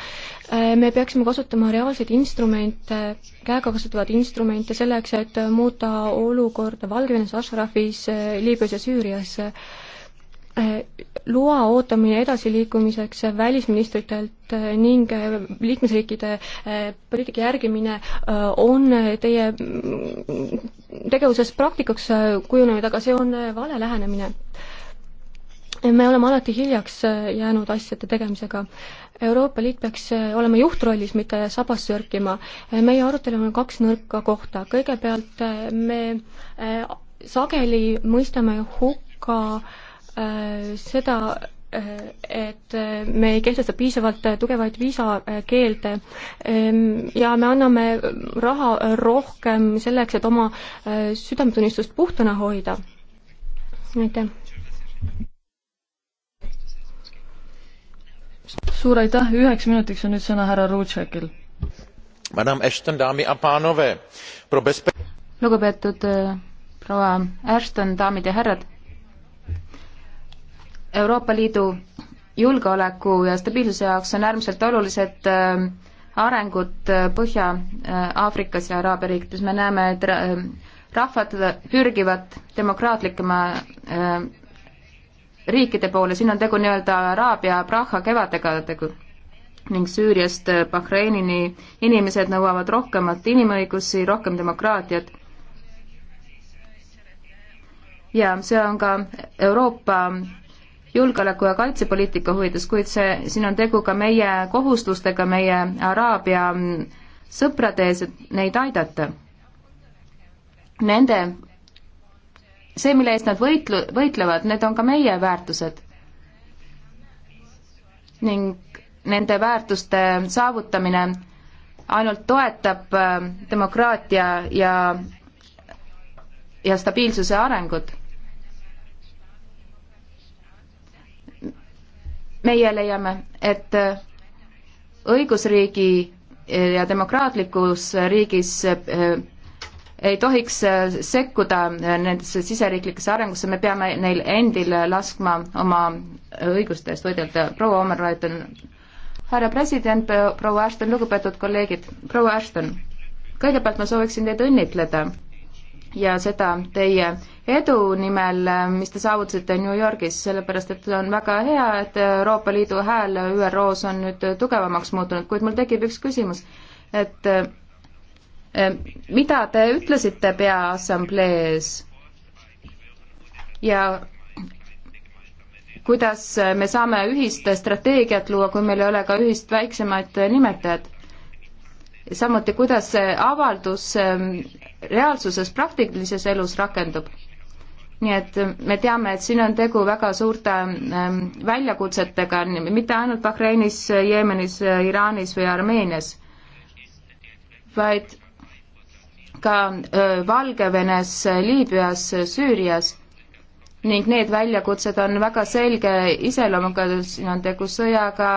Äh, me peaksime kasutama reaalseid instrumente, käegakasutavaid instrumente selleks, et muuta olukorda Valgevenes, Ashrafis, Liibüas ja Süürias loa ootamine edasiliikumiseks välisministritelt eh, ning eh, liikmesriikide eh, poliitika järgimine on teie mm, tegevuses praktikaks kujunenud, aga see on vale lähenemine. me oleme alati hiljaks jäänud asjade tegemisega. Euroopa Liit peaks olema juhtrollis, mitte sabas sörkima. meie arutelul on kaks nõrka kohta. kõigepealt me sageli mõistame hukka äh, Äh, seda, äh, et äh, me ei kehtesta piisavalt tugevaid viisakeelde ähm, ja me anname raha rohkem selleks, et oma südametunnistust puhtana hoida. aitäh. suur aitäh, üheks minutiks on nüüd sõna härra Rutšekil. lugupeetud proua Ashton, daamid ja härrad Euroopa Liidu julgeoleku ja stabiilsuse jaoks on äärmiselt olulised äh, arengud äh, Põhja-Aafrikas ja Araabia riikides, me näeme, et äh, rahvad pürgivad demokraatlikema riikide poole, siin on tegu nii-öelda Araabia Praha kevadega tegu ning Süüriast Bahreinini inimesed nõuavad rohkemat inimõigusi, rohkem demokraatiat. ja see on ka Euroopa julgeoleku- ja kaitsepoliitika huvides, kuid see, siin on tegu ka meie kohustustega meie Araabia mm, sõprade ees, et neid aidata. Nende, see, mille eest nad võitlu-, võitlevad, need on ka meie väärtused. ning nende väärtuste saavutamine ainult toetab äh, demokraatia ja, ja stabiilsuse arengut meie leiame, et õigusriigi ja demokraatlikus riigis eh, ei tohiks sekkuda nendesse siseriiklikesse arengusse, me peame neil endil laskma oma õiguste eest võidelda. proua Omerraiten, härra president, proua Ashton, lugupeetud kolleegid, proua Ashton, kõigepealt ma sooviksin teid õnnitleda ja seda teie edu nimel, mis te saavutasite New Yorgis, sellepärast et on väga hea, et Euroopa Liidu hääl ÜRO-s on nüüd tugevamaks muutunud, kuid mul tekib üks küsimus, et eh, mida te ütlesite Peaassamblees ja kuidas me saame ühist strateegiat luua, kui meil ei ole ka ühist väiksemaid nimetajat? samuti, kuidas see avaldus eh, reaalsuses, praktilises elus rakendub. nii et me teame, et siin on tegu väga suurte ähm, väljakutsetega, mitte ainult Bahreinis, Jeemenis, Iraanis või Armeenias, vaid ka äh, Valgevenes, Liibüas, Süürias ning need väljakutsed on väga selge iseloomuga, siin on tegu sõjaga,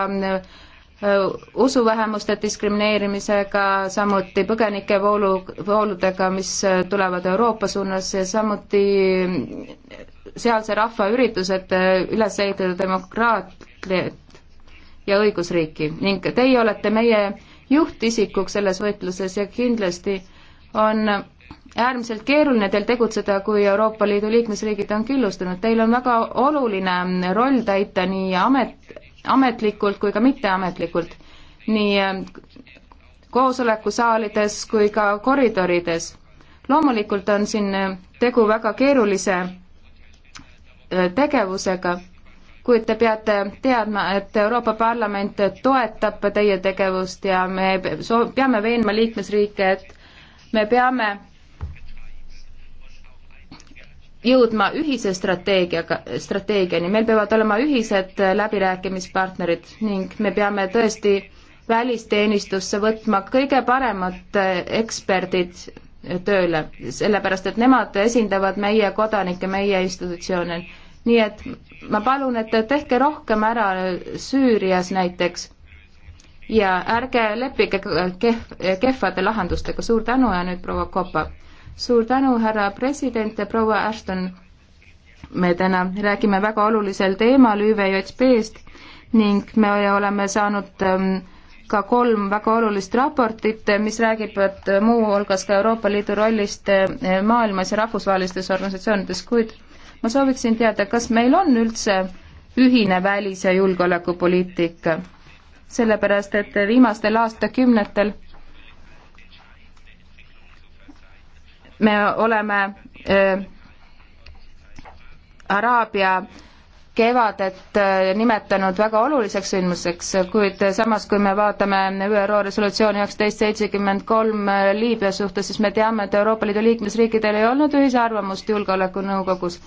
usuvähemuste diskrimineerimisega, samuti põgenikevoolu, vooludega, mis tulevad Euroopa suunas ja samuti mm, sealse rahva üritused üles ehitada demokraatiat ja õigusriiki ning teie olete meie juhtisikuks selles võitluses ja kindlasti on äärmiselt keeruline teil tegutseda, kui Euroopa Liidu liikmesriigid on killustunud. Teil on väga oluline roll täita nii amet, ametlikult kui ka mitteametlikult, nii äh, koosolekusaalides kui ka koridorides. loomulikult on siin äh, tegu väga keerulise äh, tegevusega, kuid te peate teadma, et Euroopa Parlament toetab teie tegevust ja me peame veenma liikmesriike, et me peame jõudma ühise strateegiaga, strateegiani, meil peavad olema ühised läbirääkimispartnerid ning me peame tõesti välisteenistusse võtma kõige paremad äh, eksperdid tööle, sellepärast et nemad esindavad meie kodanikke, meie institutsioone. nii et ma palun, et tehke rohkem ära Süürias näiteks ja ärge leppige kehv, kehvade lahendustega, suur tänu ja nüüd proua Kopa suur tänu, härra president ja proua Ashton. me täna räägime väga olulisel teemal ÜVJP-st ning me oleme saanud ähm, ka kolm väga olulist raportit, mis räägivad äh, muuhulgas ka Euroopa Liidu rollist äh, maailmas ja rahvusvahelistes organisatsioonides, kuid ma sooviksin teada, kas meil on üldse ühine välis- ja julgeolekupoliitika? sellepärast, et viimastel aastakümnetel me oleme äh, Araabia kevadet nimetanud väga oluliseks sündmuseks, kuid samas, kui me vaatame ÜRO resolutsiooni üheksateist seitsekümmend kolm Liibüa suhtes, siis me teame, et Euroopa Liidu liikmesriikidel ei olnud ühise arvamust Julgeolekunõukogus.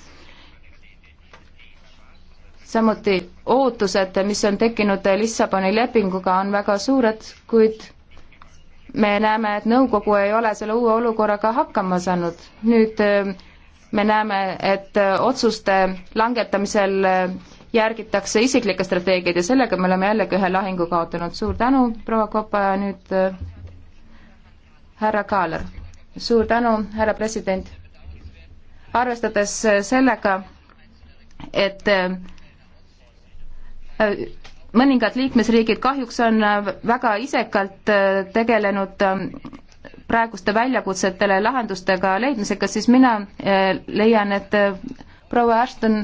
samuti ootused, mis on tekkinud Lissaboni lepinguga, on väga suured, kuid me näeme, et nõukogu ei ole selle uue olukorraga hakkama saanud. nüüd äh, me näeme, et äh, otsuste langetamisel äh, järgitakse isiklikke strateegiaid ja sellega me oleme jällegi ühe lahingu kaotanud. suur tänu, proua Kopa ja nüüd härra Kaaler. suur tänu, härra president. arvestades sellega, et mõningad liikmesriigid kahjuks on äh, väga isekalt äh, tegelenud äh, praeguste väljakutsetele lahendustega leidmisega, siis mina leian, et proua Ashton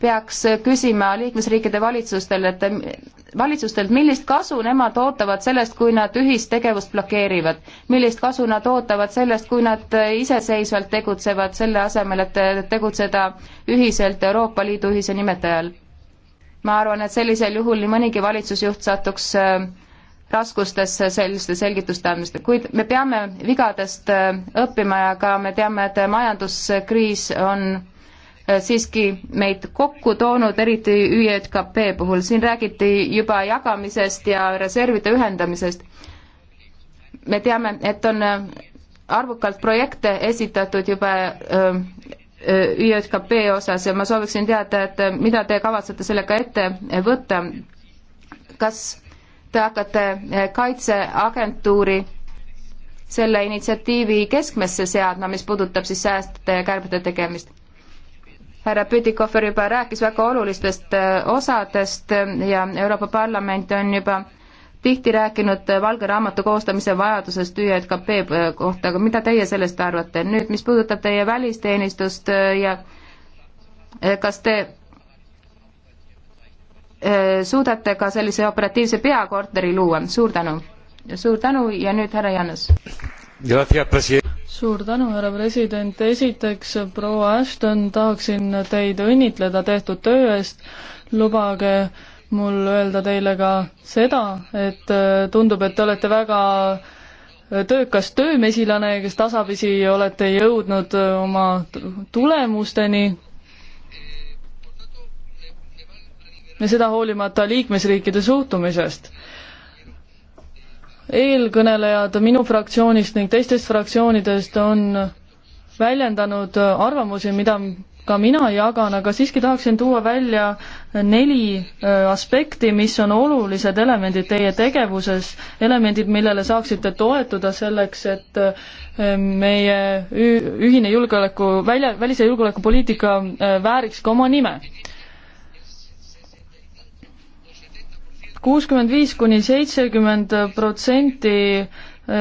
peaks küsima liikmesriikide valitsustele, et valitsustelt, millist kasu nemad ootavad sellest, kui nad ühistegevust blokeerivad, millist kasu nad ootavad sellest, kui nad iseseisvalt tegutsevad, selle asemel, et tegutseda ühiselt Euroopa Liidu ühise nimetaja all ma arvan, et sellisel juhul nii mõnigi valitsusjuht satuks äh, raskustesse selliste selgituste andmistel, kuid me peame vigadest äh, õppima ja ka me teame, et majanduskriis on äh, siiski meid kokku toonud, eriti ÜJKP puhul, siin räägiti juba jagamisest ja reservide ühendamisest. me teame, et on arvukalt projekte esitatud juba Äh, ÜJKP osas ja ma sooviksin teada, et äh, mida te kavatsete sellega ette äh, võtta. kas te hakkate Kaitseagentuuri selle initsiatiivi keskmesse seadma, mis puudutab siis säästude ja kärbete tegemist? härra Pütikofer juba rääkis väga olulistest osadest ja Euroopa Parlament on juba tihti rääkinud valge raamatu koostamise vajadusest ÜJKP äh, kohta, aga mida teie sellest arvate? nüüd, mis puudutab teie välisteenistust äh, ja äh, kas te suudate ka sellise operatiivse peakorteri luua, suur tänu. suur tänu ja nüüd härra Jannes. suur tänu, härra president, esiteks proua Ashton, tahaksin teid õnnitleda tehtud töö eest, lubage äh, mul öelda teile ka seda, et äh, tundub, et te olete väga äh, töökas töömesilane, kes tasapisi olete jõudnud äh, oma tulemusteni. ja seda hoolimata liikmesriikide suhtumisest. eelkõnelejad minu fraktsioonist ning teistest fraktsioonidest on väljendanud arvamusi, mida ka mina jagan, aga siiski tahaksin tuua välja neli aspekti, mis on olulised elemendid teie tegevuses, elemendid, millele saaksite toetuda selleks, et meie ühine julgeoleku, välja, välis- ja julgeolekupoliitika vääriks ka oma nime kuuskümmend viis kuni seitsekümmend protsenti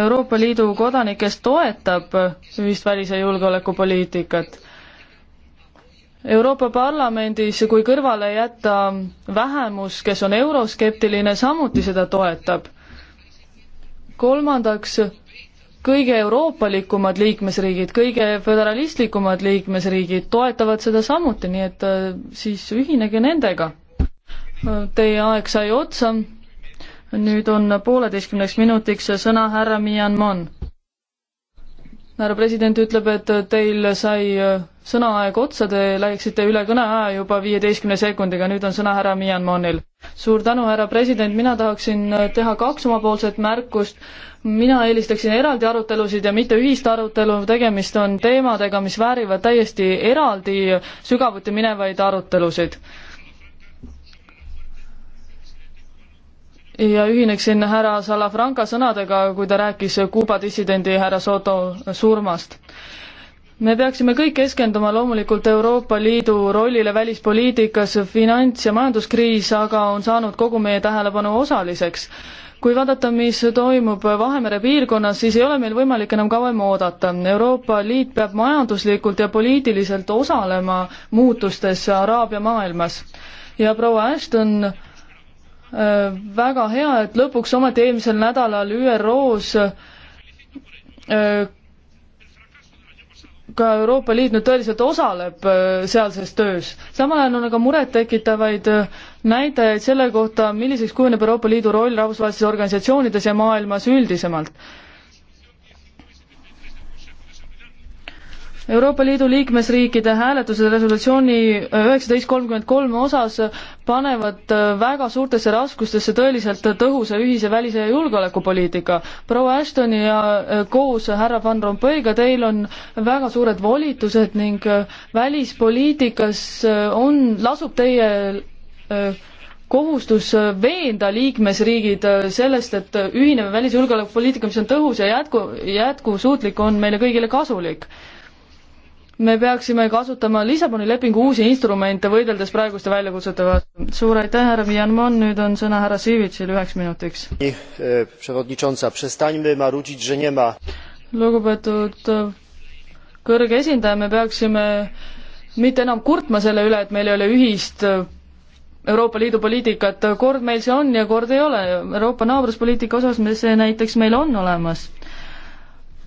Euroopa Liidu kodanikest toetab ühist välis- ja julgeolekupoliitikat. Euroopa Parlamendis, kui kõrvale jätta vähemus, kes on euroskeptiline, samuti seda toetab. kolmandaks, kõige euroopalikumad liikmesriigid, kõige föderalistlikumad liikmesriigid toetavad seda samuti, nii et äh, siis ühinege nendega. Teie aeg sai otsa, nüüd on pooleteistkümneks minutiks sõna härra Mian Mon härra president ütleb, et teil sai äh, sõnaaeg otsa, te läksite üle kõneaja juba viieteistkümne sekundiga, nüüd on sõna härra Myanmaril. suur tänu, härra president, mina tahaksin äh, teha kaks omapoolset märkust. mina eelistaksin eraldi arutelusid ja mitte ühist arutelu, tegemist on teemadega, mis väärivad täiesti eraldi sügavuti minevaid arutelusid ja ühineksin härra Salafranca sõnadega, kui ta rääkis Kuuba dissidendi härra Soto surmast. me peaksime kõik keskenduma loomulikult Euroopa Liidu rollile välispoliitikas, finants- ja majanduskriis aga on saanud kogu meie tähelepanu osaliseks kui vaadata, mis toimub Vahemere piirkonnas, siis ei ole meil võimalik enam kauem oodata. Euroopa Liit peab majanduslikult ja poliitiliselt osalema muutustes Araabia maailmas. ja proua Ashton Äh, väga hea, et lõpuks ometi eelmisel nädalal ÜRO-s äh, ka Euroopa Liit nüüd tõeliselt osaleb äh, sealses töös. samal ajal on aga murettekitavaid näitajaid selle kohta, milliseks kujuneb Euroopa Liidu roll rahvusvahelistes organisatsioonides ja maailmas üldisemalt. Euroopa Liidu liikmesriikide hääletused resolutsiooni üheksateist kolmkümmend kolm osas panevad äh, väga suurtesse raskustesse tõeliselt tõhusa ühise välis- ja julgeolekupoliitika. proua Ashtoni ja äh, koos härra Van Rompuyga teil on väga suured volitused ning äh, välispoliitikas on, lasub teie kohustus veenda liikmesriigid sellest, et ühine välis- ja julgeolekupoliitika, mis on tõhus ja jätku, jätkusuutlik, on meile kõigile kasulik me peaksime kasutama Lissaboni lepingu uusi instrumente, võideldes praeguste väljakutsete vastu. suur aitäh, härra Mjanman, nüüd on sõna härra Sivitsil üheks minutiks. E, lugupeetud e, kõrge esindaja, me peaksime mitte enam kurtma selle üle, et meil ei ole ühist e, Euroopa Liidu poliitikat, kord meil see on ja kord ei ole, Euroopa naabruspoliitika osas me, see näiteks meil on olemas.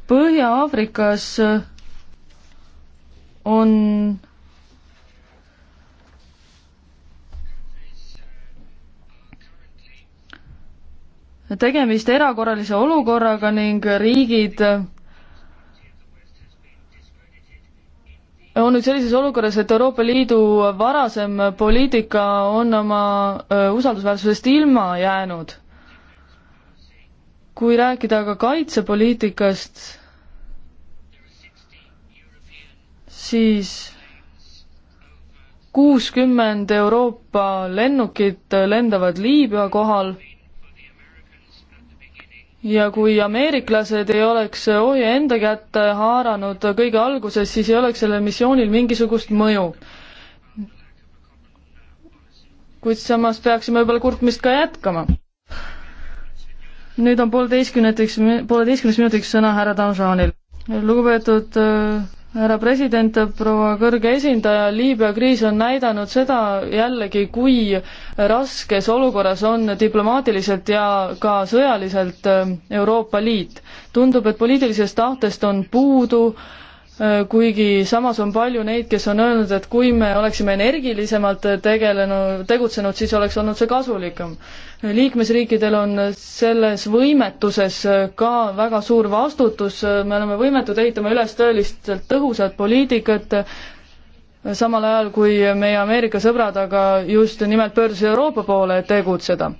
Põhja-Aafrikas on tegemist erakorralise olukorraga ning riigid on nüüd sellises olukorras, et Euroopa Liidu varasem poliitika on oma usaldusväärsusest ilma jäänud. kui rääkida aga kaitsepoliitikast, siis kuuskümmend Euroopa lennukit lendavad Liibüa kohal ja kui ameeriklased ei oleks ohje enda kätte haaranud kõige alguses, siis ei oleks sellel missioonil mingisugust mõju. kuid samas peaksime võib-olla kurtmist ka jätkama. nüüd on poolteistkümneteks, pooleteistkümneks minutiks sõna härra Danžanil. lugupeetud äh, härra president, proua kõrge esindaja, Liibüa kriis on näidanud seda jällegi, kui raskes olukorras on diplomaatiliselt ja ka sõjaliselt Euroopa Liit. tundub, et poliitilisest tahtest on puudu äh, Äh, kuigi samas on palju neid, kes on öelnud, et kui me oleksime energilisemalt tegelenud, tegutsenud, siis oleks olnud see kasulikum. liikmesriikidel on selles võimetuses ka väga suur vastutus, me oleme võimetud ehitama üles tõeliselt tõhusat poliitikat, samal ajal kui meie Ameerika sõbrad aga just nimelt pöördusid Euroopa poole, et tegutseda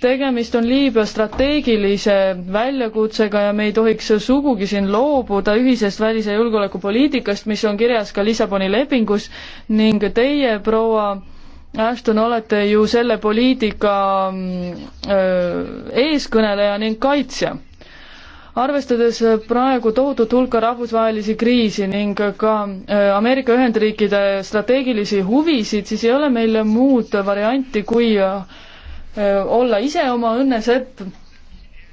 tegemist on Liibüa strateegilise väljakutsega ja me ei tohiks sugugi siin loobuda ühisest välis- ja julgeolekupoliitikast, mis on kirjas ka Lissaboni lepingus ning teie, proua Ashton, olete ju selle poliitika mm, eeskõneleja ning kaitsja. arvestades praegu tohutut hulka rahvusvahelisi kriisi ning ka Ameerika Ühendriikide strateegilisi huvisid, siis ei ole meil muud varianti, kui olla ise oma õnne sepp.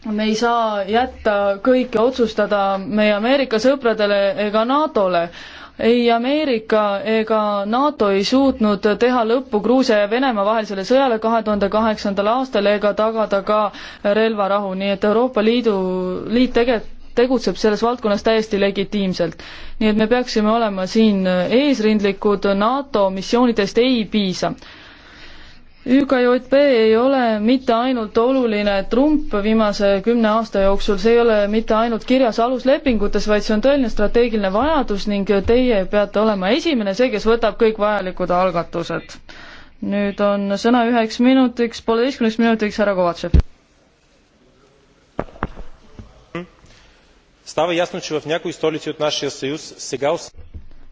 me ei saa jätta kõike otsustada meie Ameerika sõpradele ega NATO-le. ei Ameerika ega NATO ei suutnud teha lõppu Gruusia ja Venemaa vahelisele sõjale kahe tuhande kaheksandal aastal ega tagada ka relvarahu, nii et Euroopa Liidu, liit tegelikult tegutseb selles valdkonnas täiesti legitiimselt. nii et me peaksime olema siin eesrindlikud, NATO missioonidest ei piisa ÜKJP ei ole mitte ainult oluline trump viimase kümne aasta jooksul, see ei ole mitte ainult kirjas aluslepingutes, vaid see on tõeline strateegiline vajadus ning teie peate olema esimene, see, kes võtab kõik vajalikud algatused. nüüd on sõna üheks minutiks, pooleteistkümneks minutiks, härra Kovatšev.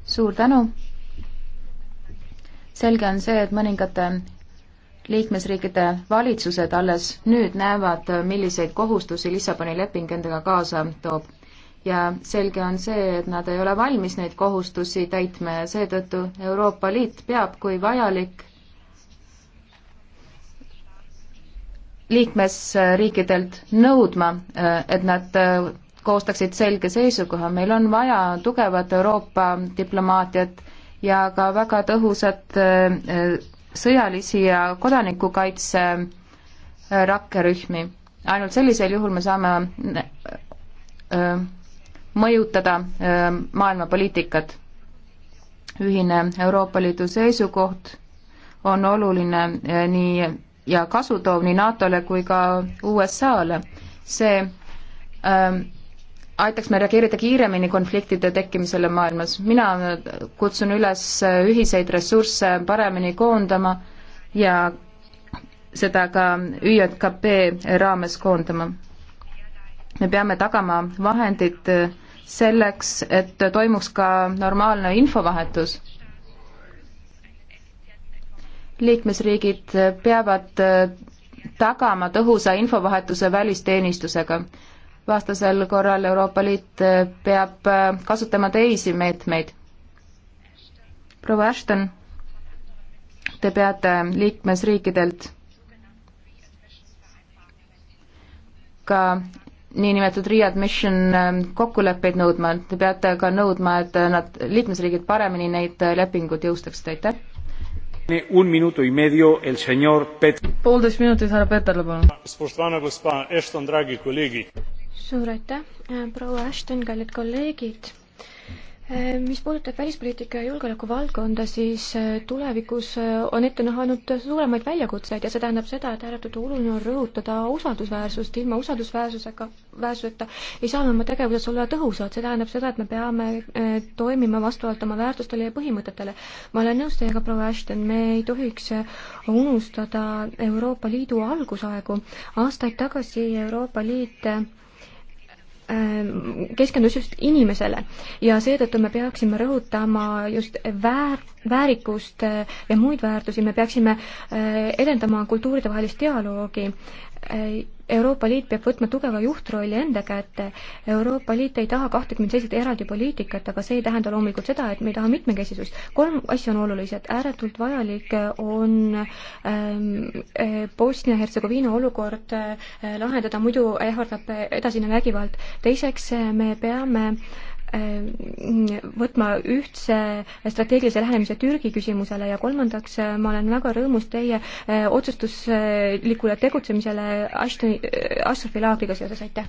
suur tänu. selge on see, et mõningate liikmesriikide valitsused alles nüüd näevad, milliseid kohustusi Lissaboni leping endaga kaasa toob. ja selge on see, et nad ei ole valmis neid kohustusi täitma ja seetõttu Euroopa Liit peab, kui vajalik, liikmesriikidelt nõudma, et nad äh, koostaksid selge seisukoha, meil on vaja tugevat Euroopa diplomaatiat ja ka väga tõhusat äh, sõjalisi ja kodanikukaitse äh, rakkerühmi. ainult sellisel juhul me saame äh, mõjutada äh, maailmapoliitikat. ühine Euroopa Liidu seisukoht on oluline nii ja kasu toov nii NATO-le kui ka USA-le. see ähm, aitaks meil reageerida kiiremini konfliktide tekkimisele maailmas. mina kutsun üles ühiseid ressursse paremini koondama ja seda ka ÜJKP raames koondama. me peame tagama vahendid selleks, et toimuks ka normaalne infovahetus. liikmesriigid peavad tagama tõhusa infovahetuse välisteenistusega vastasel korral Euroopa Liit eh, peab eh, kasutama teisi meetmeid. proua Ashton, te peate liikmesriikidelt ka niinimetatud readmission eh, kokkuleppeid nõudma, te peate ka nõudma, et nad, liikmesriigid paremini neid lepinguid jõustaksid, aitäh. poolteist minutit, härra Peterle, palun suur aitäh, äh, proua Ashton, kallid kolleegid. Äh, mis puudutab välispoliitika ja julgeoleku valdkonda, siis äh, tulevikus on ette nähanud suuremaid väljakutseid ja see tähendab seda, et ääretult oluline on rõhutada usaldusväärsust. ilma usaldusväärsusega, väärsuseta ei saa me oma tegevuses olla tõhusad, see tähendab seda, et me peame toimima vastavalt oma väärtustele ja põhimõtetele. ma olen nõus teiega, proua Ashton, me ei tohiks unustada Euroopa Liidu algusaegu. aastaid tagasi Euroopa Liit Ähm, keskendus just inimesele ja seetõttu me peaksime rõhutama just väär, väärikust äh, ja muid väärtusi, me peaksime äh, edendama kultuuridevahelist dialoogi äh, Euroopa Liit peab võtma tugeva juhtrolli enda kätte. Euroopa Liit ei taha kahtekümmet sellist eraldi poliitikat, aga see ei tähenda loomulikult seda, et me ei taha mitmekesisust. kolm asja on olulised, ääretult vajalik on ähm, äh, Bosnia-Hertsegoviina olukord äh, lahendada, muidu ähvardab edasine vägivald. teiseks, äh, me peame äh, Ähm, võtma ühtse strateegilise lähenemise Türgi küsimusele ja kolmandaks, äh, ma olen väga rõõmus teie äh, otsustuslikule tegutsemisele Ashtoni, äh, Ashrafi laagriga seoses, aitäh!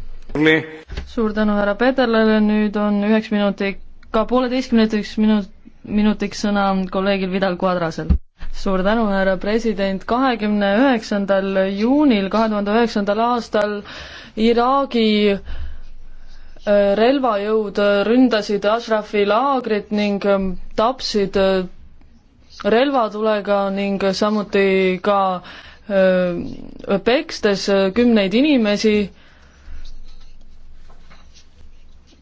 suur tänu härra Pederlale, nüüd on üheks minutik, ka pooleteistkümneteks minut-, minutiks sõna kolleegil Vidal Quadrasel suur tänu, härra president, kahekümne üheksandal juunil kahe tuhande üheksandal aastal Iraagi Äh, relvajõud äh, ründasid Ashrafi laagrit ning ähm, tapsid äh, relvatulega ning samuti ka pekstes kümneid inimesi.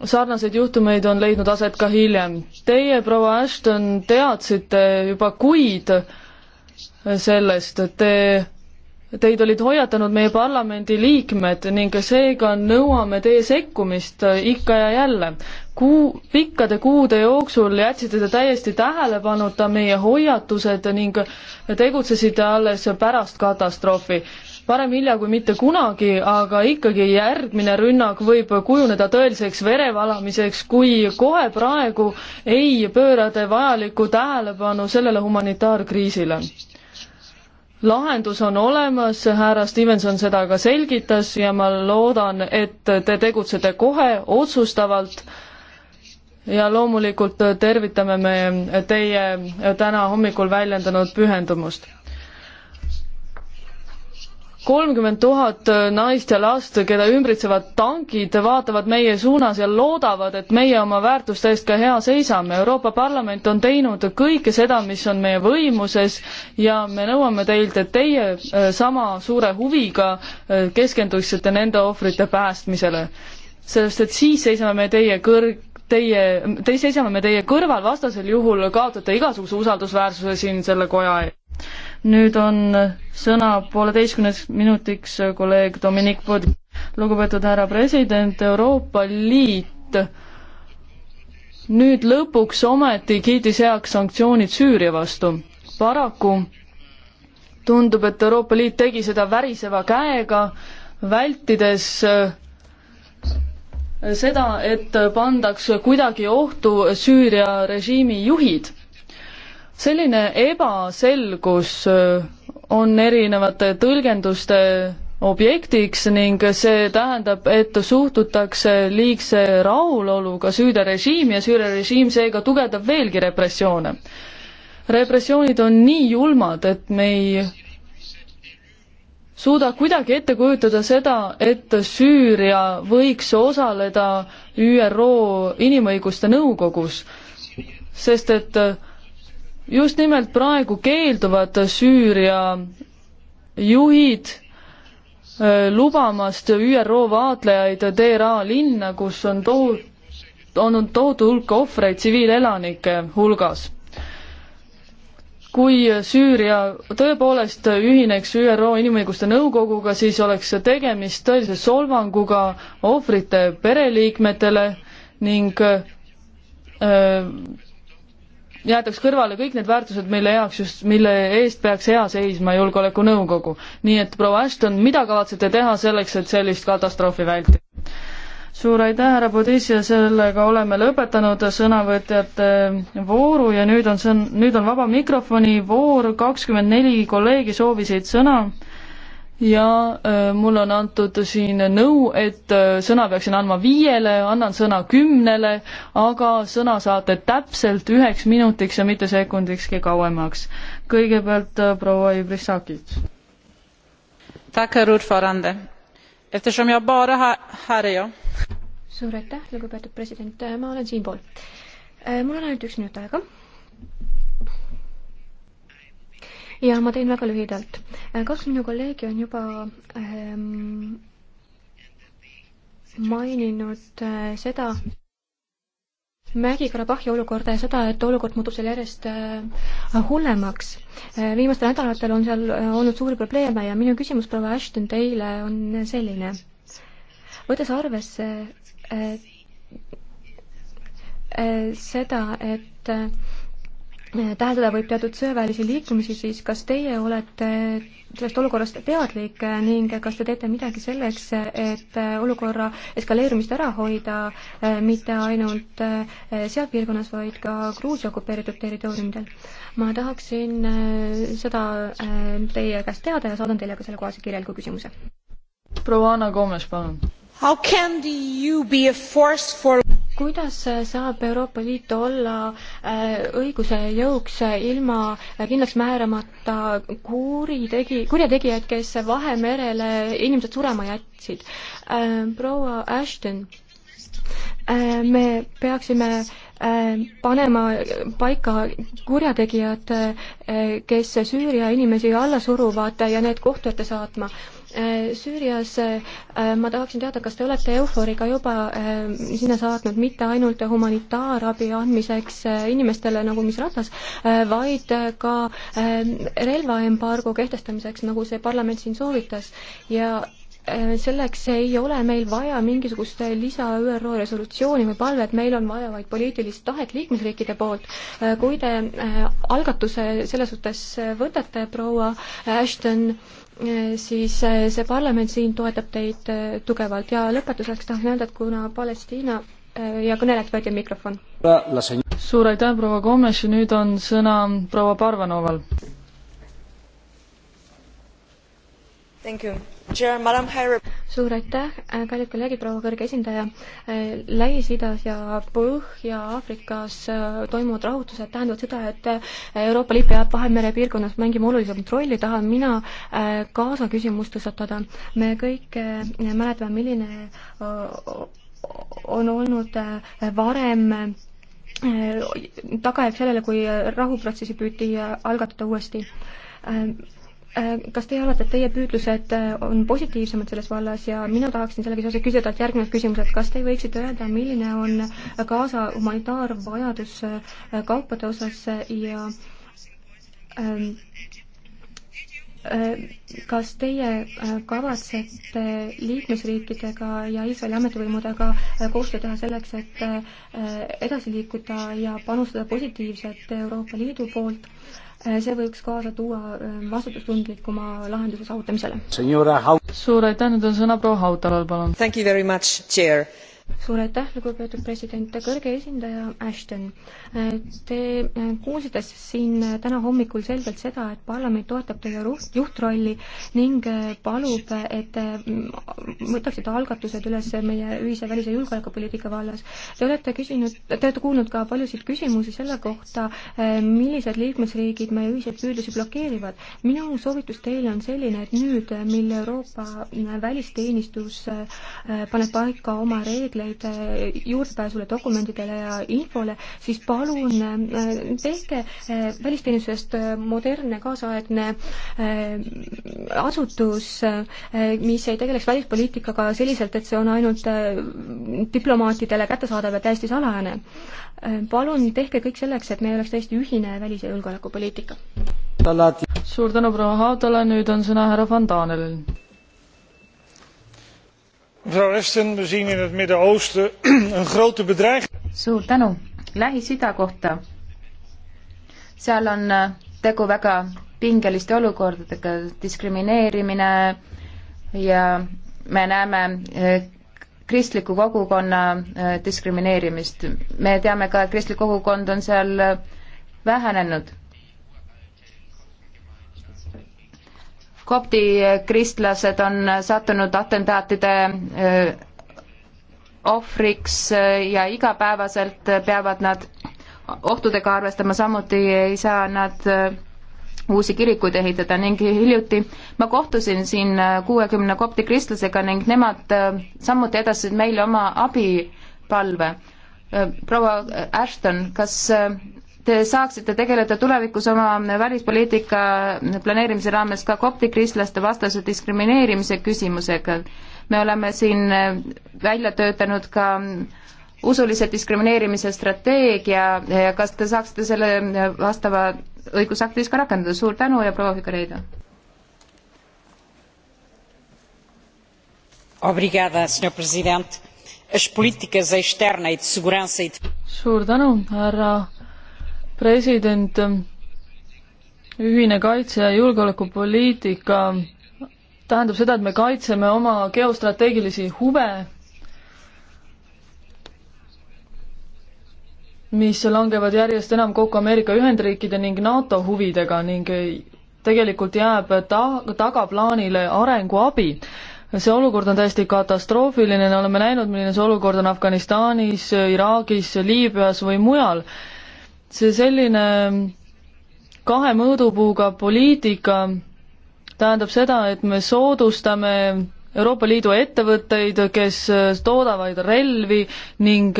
sarnaseid juhtumeid on leidnud aset ka hiljem. Teie, proua Ashton, teadsite juba kuid sellest, et te Teid olid hoiatanud meie parlamendi liikmed ning seega nõuame teie sekkumist ikka ja jälle. Kuu, pikkade kuude jooksul jätsite te täiesti tähelepanuta meie hoiatused ning tegutsesite alles pärast katastroofi parem hilja kui mitte kunagi, aga ikkagi järgmine rünnak võib kujuneda tõeliseks verevalamiseks, kui kohe praegu ei pööra te vajalikku tähelepanu sellele humanitaarkriisile lahendus on olemas, härra Stevenson seda ka selgitas ja ma loodan, et te tegutsete kohe otsustavalt ja loomulikult tervitame me teie täna hommikul väljendanud pühendumust kolmkümmend tuhat äh, naist ja last, keda ümbritsevad tankid, vaatavad meie suunas ja loodavad, et meie oma väärtuste eest ka hea seisame. Euroopa Parlament on teinud kõike seda, mis on meie võimuses ja me nõuame teilt, et teie äh, sama suure huviga äh, keskenduksite nende ohvrite päästmisele. sellepärast, et siis seisame me teie kõrg-, teie, te seisame me teie kõrval, vastasel juhul kaotate igasuguse usaldusväärsuse siin selle koja ees nüüd on sõna pooleteistkümneks minutiks kolleeg Dominic Bud-. lugupeetud härra president, Euroopa Liit nüüd lõpuks ometi kiitis heaks sanktsioonid Süüria vastu. paraku tundub, et Euroopa Liit tegi seda väriseva käega, vältides äh, seda, et pandaks kuidagi ohtu Süüria režiimi juhid selline ebaselgus äh, on erinevate tõlgenduste objektiks ning see tähendab, et suhtutakse liigse rahuloluga Süüria režiimi ja Süüria režiim seega tugevdab veelgi repressioone. repressioonid on nii julmad, et me ei suuda kuidagi ette kujutada seda, et Süüria võiks osaleda ÜRO Inimõiguste Nõukogus, sest et just nimelt praegu keelduvad Süüria juhid äh, lubamast ÜRO vaatlejaid Teera linna, kus on tohutu, on tohutu hulk ohvreid tsiviilelanike hulgas. kui Süüria tõepoolest ühineks ÜRO Inimõiguste Nõukoguga, siis oleks tegemist tõelise solvanguga ohvrite pereliikmetele ning öö, äh, jäetaks kõrvale kõik need väärtused, mille heaks just, mille eest peaks hea seisma Julgeolekunõukogu. nii et proua Ashton, mida kavatsete teha selleks, et sellist katastroofi vältida? suur aitäh, härra Budissi ja sellega oleme lõpetanud sõnavõtjate vooru ja nüüd on sõn-, nüüd on vaba mikrofoni voor, kakskümmend neli kolleegi soovisid sõna ja äh, mulle on antud siin nõu, et äh, sõna peaksin andma viiele, annan sõna kümnele, aga sõna saate täpselt üheks minutiks ja mitte sekundikski kauemaks. kõigepealt äh, proua Ibrisakit. suur aitäh, lugupeetud president, ma olen siinpool. mul on ainult üks minut aega ja ma teen väga lühidalt. Äh, kaks minu kolleegi on juba ähm, maininud äh, seda Mägi-Karabahhi olukorda ja seda, et olukord muutub seal järjest äh, hullemaks äh,. viimastel nädalatel on seal äh, olnud suuri probleeme ja minu küsimus, proua Ashton, teile on selline. võttes arvesse äh, äh, seda, et täheldada võib teatud sõjaväelisi liikumisi, siis kas teie olete sellest olukorrast teadlik ning kas te teete midagi selleks, et olukorra eskaleerumist ära hoida mitte ainult eh, seal piirkonnas, vaid ka Gruusia okupeeritud territooriumidel? ma tahaksin eh, seda eh, teie käest teada ja saadan teile ka sellekohase kirjaliku küsimuse. proua Anna Koomes, palun. How can the EU be a force for kuidas saab Euroopa Liit olla äh, õiguse jõuks ilma kindlaks määramata kuritegi, kurjategijaid, kes Vahemerele inimesed surema jätsid? Äh, proua Ashton, äh, me peaksime panema paika kurjategijad, kes Süüria inimesi alla suruvad ja need kohtu ette saatma Äh, Süürias äh, ma tahaksin teada, kas te olete EUFOR-iga juba äh, sinna saatnud mitte ainult humanitaarabi andmiseks inimestele nagu mis ratas, vaid ka relvaembargo kehtestamiseks, nagu see parlament siin soovitas ja selleks ei ole meil vaja mingisugust lisa ÜRO resolutsiooni või palvet, meil on vaja vaid poliitilist tahet liikmesriikide poolt. kui te algatuse selles suhtes võtate, proua Ashton, Eh, siis eh, see parlament siin toetab teid eh, tugevalt ja lõpetuseks tahan öelda, et kuna Palestiina ja kõnelejalt võeti mikrofon. suur aitäh, proua Gomes ja nüüd on sõna proua Parvanoval. Thank you suur aitäh, äh, kallid kolleegid, proua kõrge esindaja. Äh, Lähis-Idas ja Põhja-Aafrikas äh, toimuvad rahutused tähendavad seda, et Euroopa Liit peab Vahemere piirkonnas mängima olulisemat rolli, tahan mina Gaza küsimust tõstatada. me kõik mäletame, milline on olnud varem tagajärg sellele, kui rahuprotsessi püüti algatada uuesti Äh, kas teie arvate, et teie püüdlused äh, on positiivsemad selles vallas ja mina tahaksin sellega seoses küsida teilt järgmine küsimus, et kas te võiksite öelda, milline on Gaza humanitaarvajadus äh, kaupade osas ja ähm, kas teie kavatsete liikmesriikidega ja Iisraeli ametivõimudega koostöö teha selleks, et edasi liikuda ja panustada positiivselt Euroopa Liidu poolt äh, Äh, see võiks kaasa tuua äh, vastutustundlikuma lahenduse saavutamisele. suur aitäh, nüüd on sõna proua Hautalal, palun suur aitäh, lugupeetud president, kõrge esindaja Ashton. Te kuulsite siin täna hommikul selgelt seda, et parlament toetab teie juhtrolli ning palub, et võtaksite algatused üles meie ühise välis- ja julgeolekupoliitika vallas. Te olete küsinud, te olete kuulnud ka paljusid küsimusi selle kohta, millised liikmesriigid meie ühiseid püüdlusi blokeerivad. minu soovitus teile on selline, et nüüd, mil Euroopa välisteenistus eh, paneb paika oma reeglid, reegleid eh, juurdepääsule dokumentidele ja infole, siis palun eh, tehke eh, välisteenistusest modernne, kaasaegne asutus, mis ei tegeleks välispoliitikaga selliselt, et see on ainult diplomaatidele kättesaadav ja täiesti salajane. palun tehke kõik selleks, et meil oleks tõesti ühine välis- ja julgeolekupoliitika. suur tänu, proua Haudale, nüüd on sõna härra Van Danelil mevrouw Ashton, me zien in het Midden-Oosten (clears throat) een grote bedreiging. suur tänu. Lähis-Ida kohta. seal on äh, tegu väga pingeliste olukordadega, diskrimineerimine ja me näeme äh, kristliku kogukonna äh, diskrimineerimist. me teame ka, et kristlik kogukond on seal vähenenud kopti kristlased on sattunud atentaatide ohvriks ja igapäevaselt peavad nad ohtudega arvestama, samuti ei saa nad uusi kirikuid ehitada ning hiljuti ma kohtusin siin kuuekümne kopti kristlasega ning nemad samuti edastasid meile oma abipalve. proua Ashton, kas te saaksite tegeleda tulevikus oma välispoliitika planeerimise raames ka koptikristlaste vastase diskrimineerimise küsimusega. me oleme siin välja töötanud ka usulise diskrimineerimise strateegia ja kas te saaksite selle vastava õigusakti siis ka rakendada, suur tänu ja proua Figueiredo! Obrigada, senhor presidente. As políticas externa e de segurança e de... Suur tänu, härra president, ühine kaitse- ja julgeolekupoliitika tähendab seda, et me kaitseme oma geostrateegilisi huve, mis langevad järjest enam kokku Ameerika Ühendriikide ning NATO huvidega ning tegelikult jääb ta-, tagaplaanile arenguabi see olukord on täiesti katastroofiline, me oleme näinud, milline see olukord on Afganistanis, Iraagis, Liibüas või mujal see selline kahe mõõdupuuga poliitika tähendab seda, et me soodustame Euroopa Liidu ettevõtteid, kes toodavad relvi ning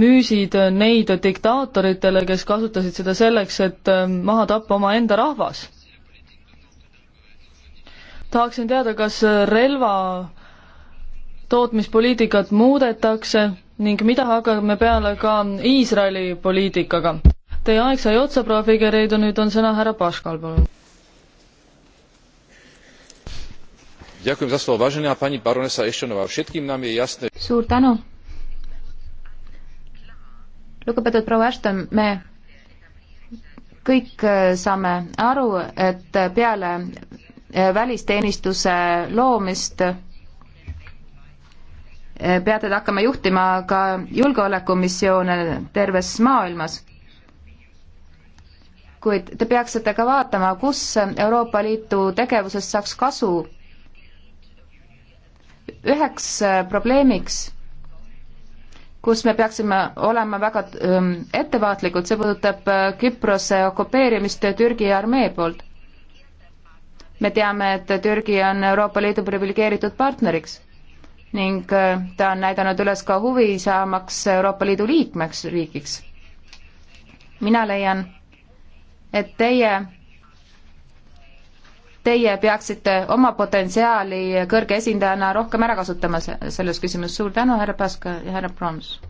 müüsid neid diktaatoritele, kes kasutasid seda selleks, et maha tappa omaenda rahvas. tahaksin teada, kas relva tootmispoliitikat muudetakse ning mida hakkame peale ka Iisraeli poliitikaga. Teie aeg sai otsa, proua Figueredo, nüüd on sõna härra Paškal, palun. suur tänu. lugupeetud proua Ashton, me kõik äh, saame aru, et peale äh, välisteenistuse loomist peate te hakkama juhtima ka julgeolekumissioone terves maailmas. kuid te peaksite ka vaatama, kus Euroopa Liidu tegevusest saaks kasu. üheks probleemiks, kus me peaksime olema väga ähm, ettevaatlikud, see puudutab äh, Küprose okupeerimist Türgi armee poolt. me teame, et Türgi on Euroopa Liidu priviligeeritud partneriks ning äh, ta on näidanud üles ka huvi saamaks Euroopa Liidu liikmeks riigiks. mina leian, et teie, teie peaksite oma potentsiaali kõrge esindajana rohkem ära kasutama selles küsimuses. suur tänu, härra Paska ja härra Prons!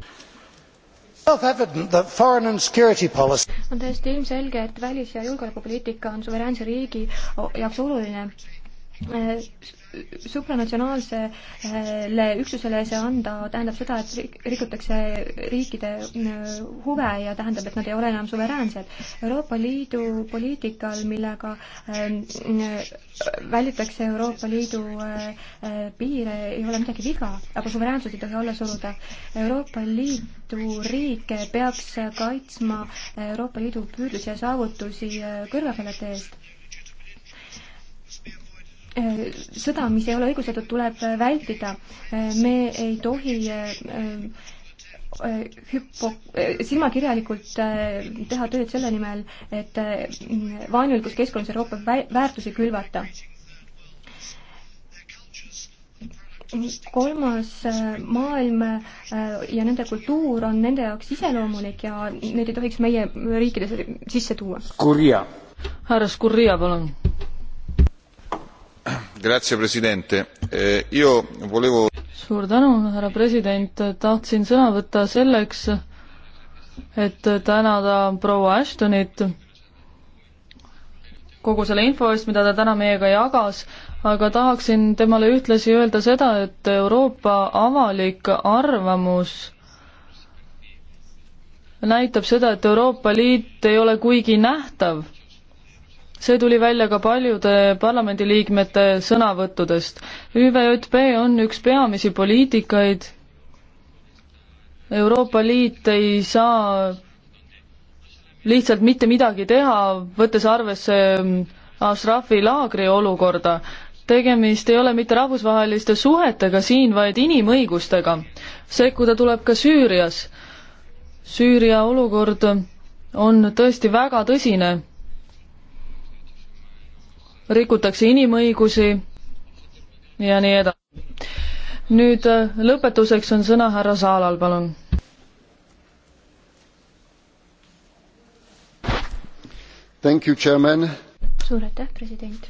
on täiesti ilmselge, et välis- ja julgeolekupoliitika on suveräänse riigi jaoks oluline äh, supranatsionaalsele üksusele see anda tähendab seda, et rikutakse riikide mm, huve ja tähendab, et nad ei ole enam suveräänsed. Euroopa Liidu poliitikal, millega ähm, väljutakse Euroopa Liidu äh, piire, ei ole midagi viga, aga suveräänsus ei tohi alla suruda. Euroopa Liidu riike peaks kaitsma Euroopa Liidu püüdlusi ja saavutusi äh, kõrvapealete eest Äh, seda, mis ei ole õigustatud, tuleb äh, vältida. Äh, me ei tohi hüpo-, silmakirjalikult teha tööd selle nimel, et vaenulikus keskkonnas Euroopa väärtusi külvata. kolmas maailm ja nende kultuur on nende jaoks iseloomulik ja neid ei tohiks meie riikides sisse tuua. härra Skurria, palun Eh, suur tänu, härra president, tahtsin sõna võtta selleks, et tänada proua Ashtonit kogu selle info eest, mida ta täna meiega jagas, aga tahaksin temale ühtlasi öelda seda, et Euroopa avalik arvamus näitab seda, et Euroopa Liit ei ole kuigi nähtav see tuli välja ka paljude parlamendiliikmete sõnavõttudest. ÜVJP on üks peamisi poliitikaid, Euroopa Liit ei saa lihtsalt mitte midagi teha, võttes arvesse Ashrafi laagri olukorda. tegemist ei ole mitte rahvusvaheliste suhetega siin, vaid inimõigustega. sekkuda tuleb ka Süürias. Süüria olukord on tõesti väga tõsine rikutakse inimõigusi ja nii edasi. nüüd äh, lõpetuseks on sõna härra Saalal, palun. suur aitäh, president.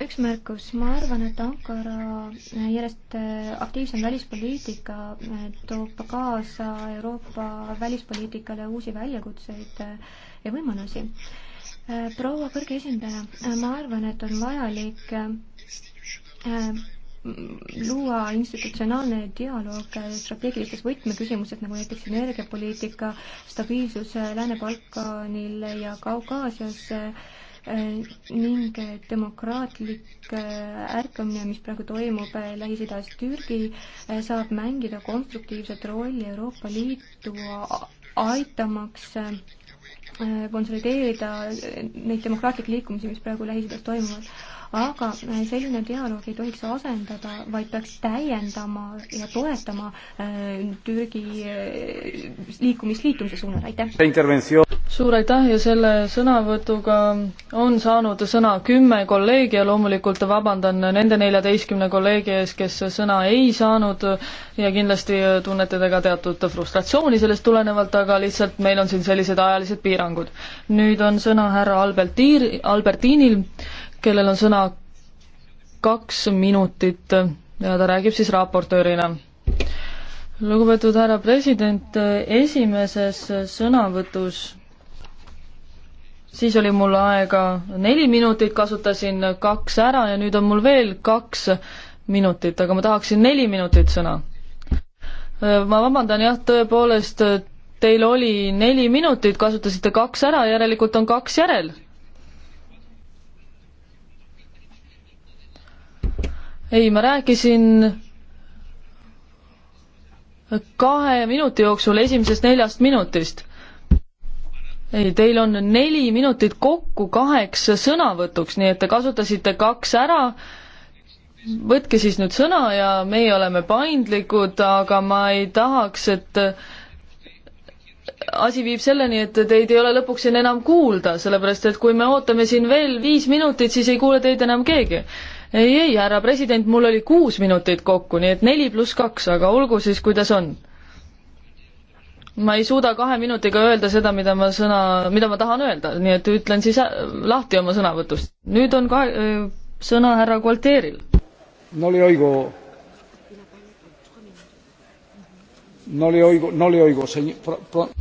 üks märkus, ma arvan, et Ankara järjest äh, aktiivsem välispoliitika äh, toob kaasa Euroopa välispoliitikale uusi väljakutseid äh, ja võimalusi. Äh, proua kõrge esindaja, äh, ma arvan, et on vajalik äh, luua institutsionaalne dialoog strateegilistes võtmeküsimustes, nagu näiteks energiapoliitika, stabiilsus Lääne-Balkanil ja Kaukaasias ning demokraatlik ärkamine, mis praegu toimub Lähis-Idas Türgi, saab mängida konstruktiivset rolli Euroopa Liitu aitamaks konsolideerida neid demokraatlikke liikumisi, mis praegu Lähis-Idas toimuvad aga äh, selline dialoog ei tohiks asendada, vaid peaks täiendama ja toetama äh, Türgi äh, liikumist liitumise suunal, aitäh! suur aitäh ja selle sõnavõtuga on saanud sõna kümme kolleegi ja loomulikult vabandan nende neljateistkümne kolleegi ees, kes sõna ei saanud ja kindlasti tunnete te ka teatud frustratsiooni sellest tulenevalt, aga lihtsalt meil on siin sellised ajalised piirangud. nüüd on sõna härra Albertiir, Albertiinil kellel on sõna kaks minutit ja ta räägib siis raportöörina. lugupeetud härra president, esimeses sõnavõtus siis oli mul aega neli minutit, kasutasin kaks ära ja nüüd on mul veel kaks minutit, aga ma tahaksin neli minutit sõna. ma vabandan jah, tõepoolest, teil oli neli minutit, kasutasite kaks ära, järelikult on kaks järel ei, ma rääkisin kahe minuti jooksul esimesest neljast minutist. ei, teil on neli minutit kokku kaheks sõnavõtuks, nii et te kasutasite kaks ära. võtke siis nüüd sõna ja meie oleme paindlikud, aga ma ei tahaks, et asi viib selleni, et teid ei ole lõpuks siin enam kuulda, sellepärast et kui me ootame siin veel viis minutit, siis ei kuule teid enam keegi ei, ei, härra president, mul oli kuus minutit kokku, nii et neli pluss kaks, aga olgu siis, kuidas on. ma ei suuda kahe minutiga öelda seda, mida ma sõna, mida ma tahan öelda, nii et ütlen siis äh, lahti oma sõnavõtust. nüüd on ka äh, sõna härra Gualtieril. no le oigo. no le oigo, no le oigo, see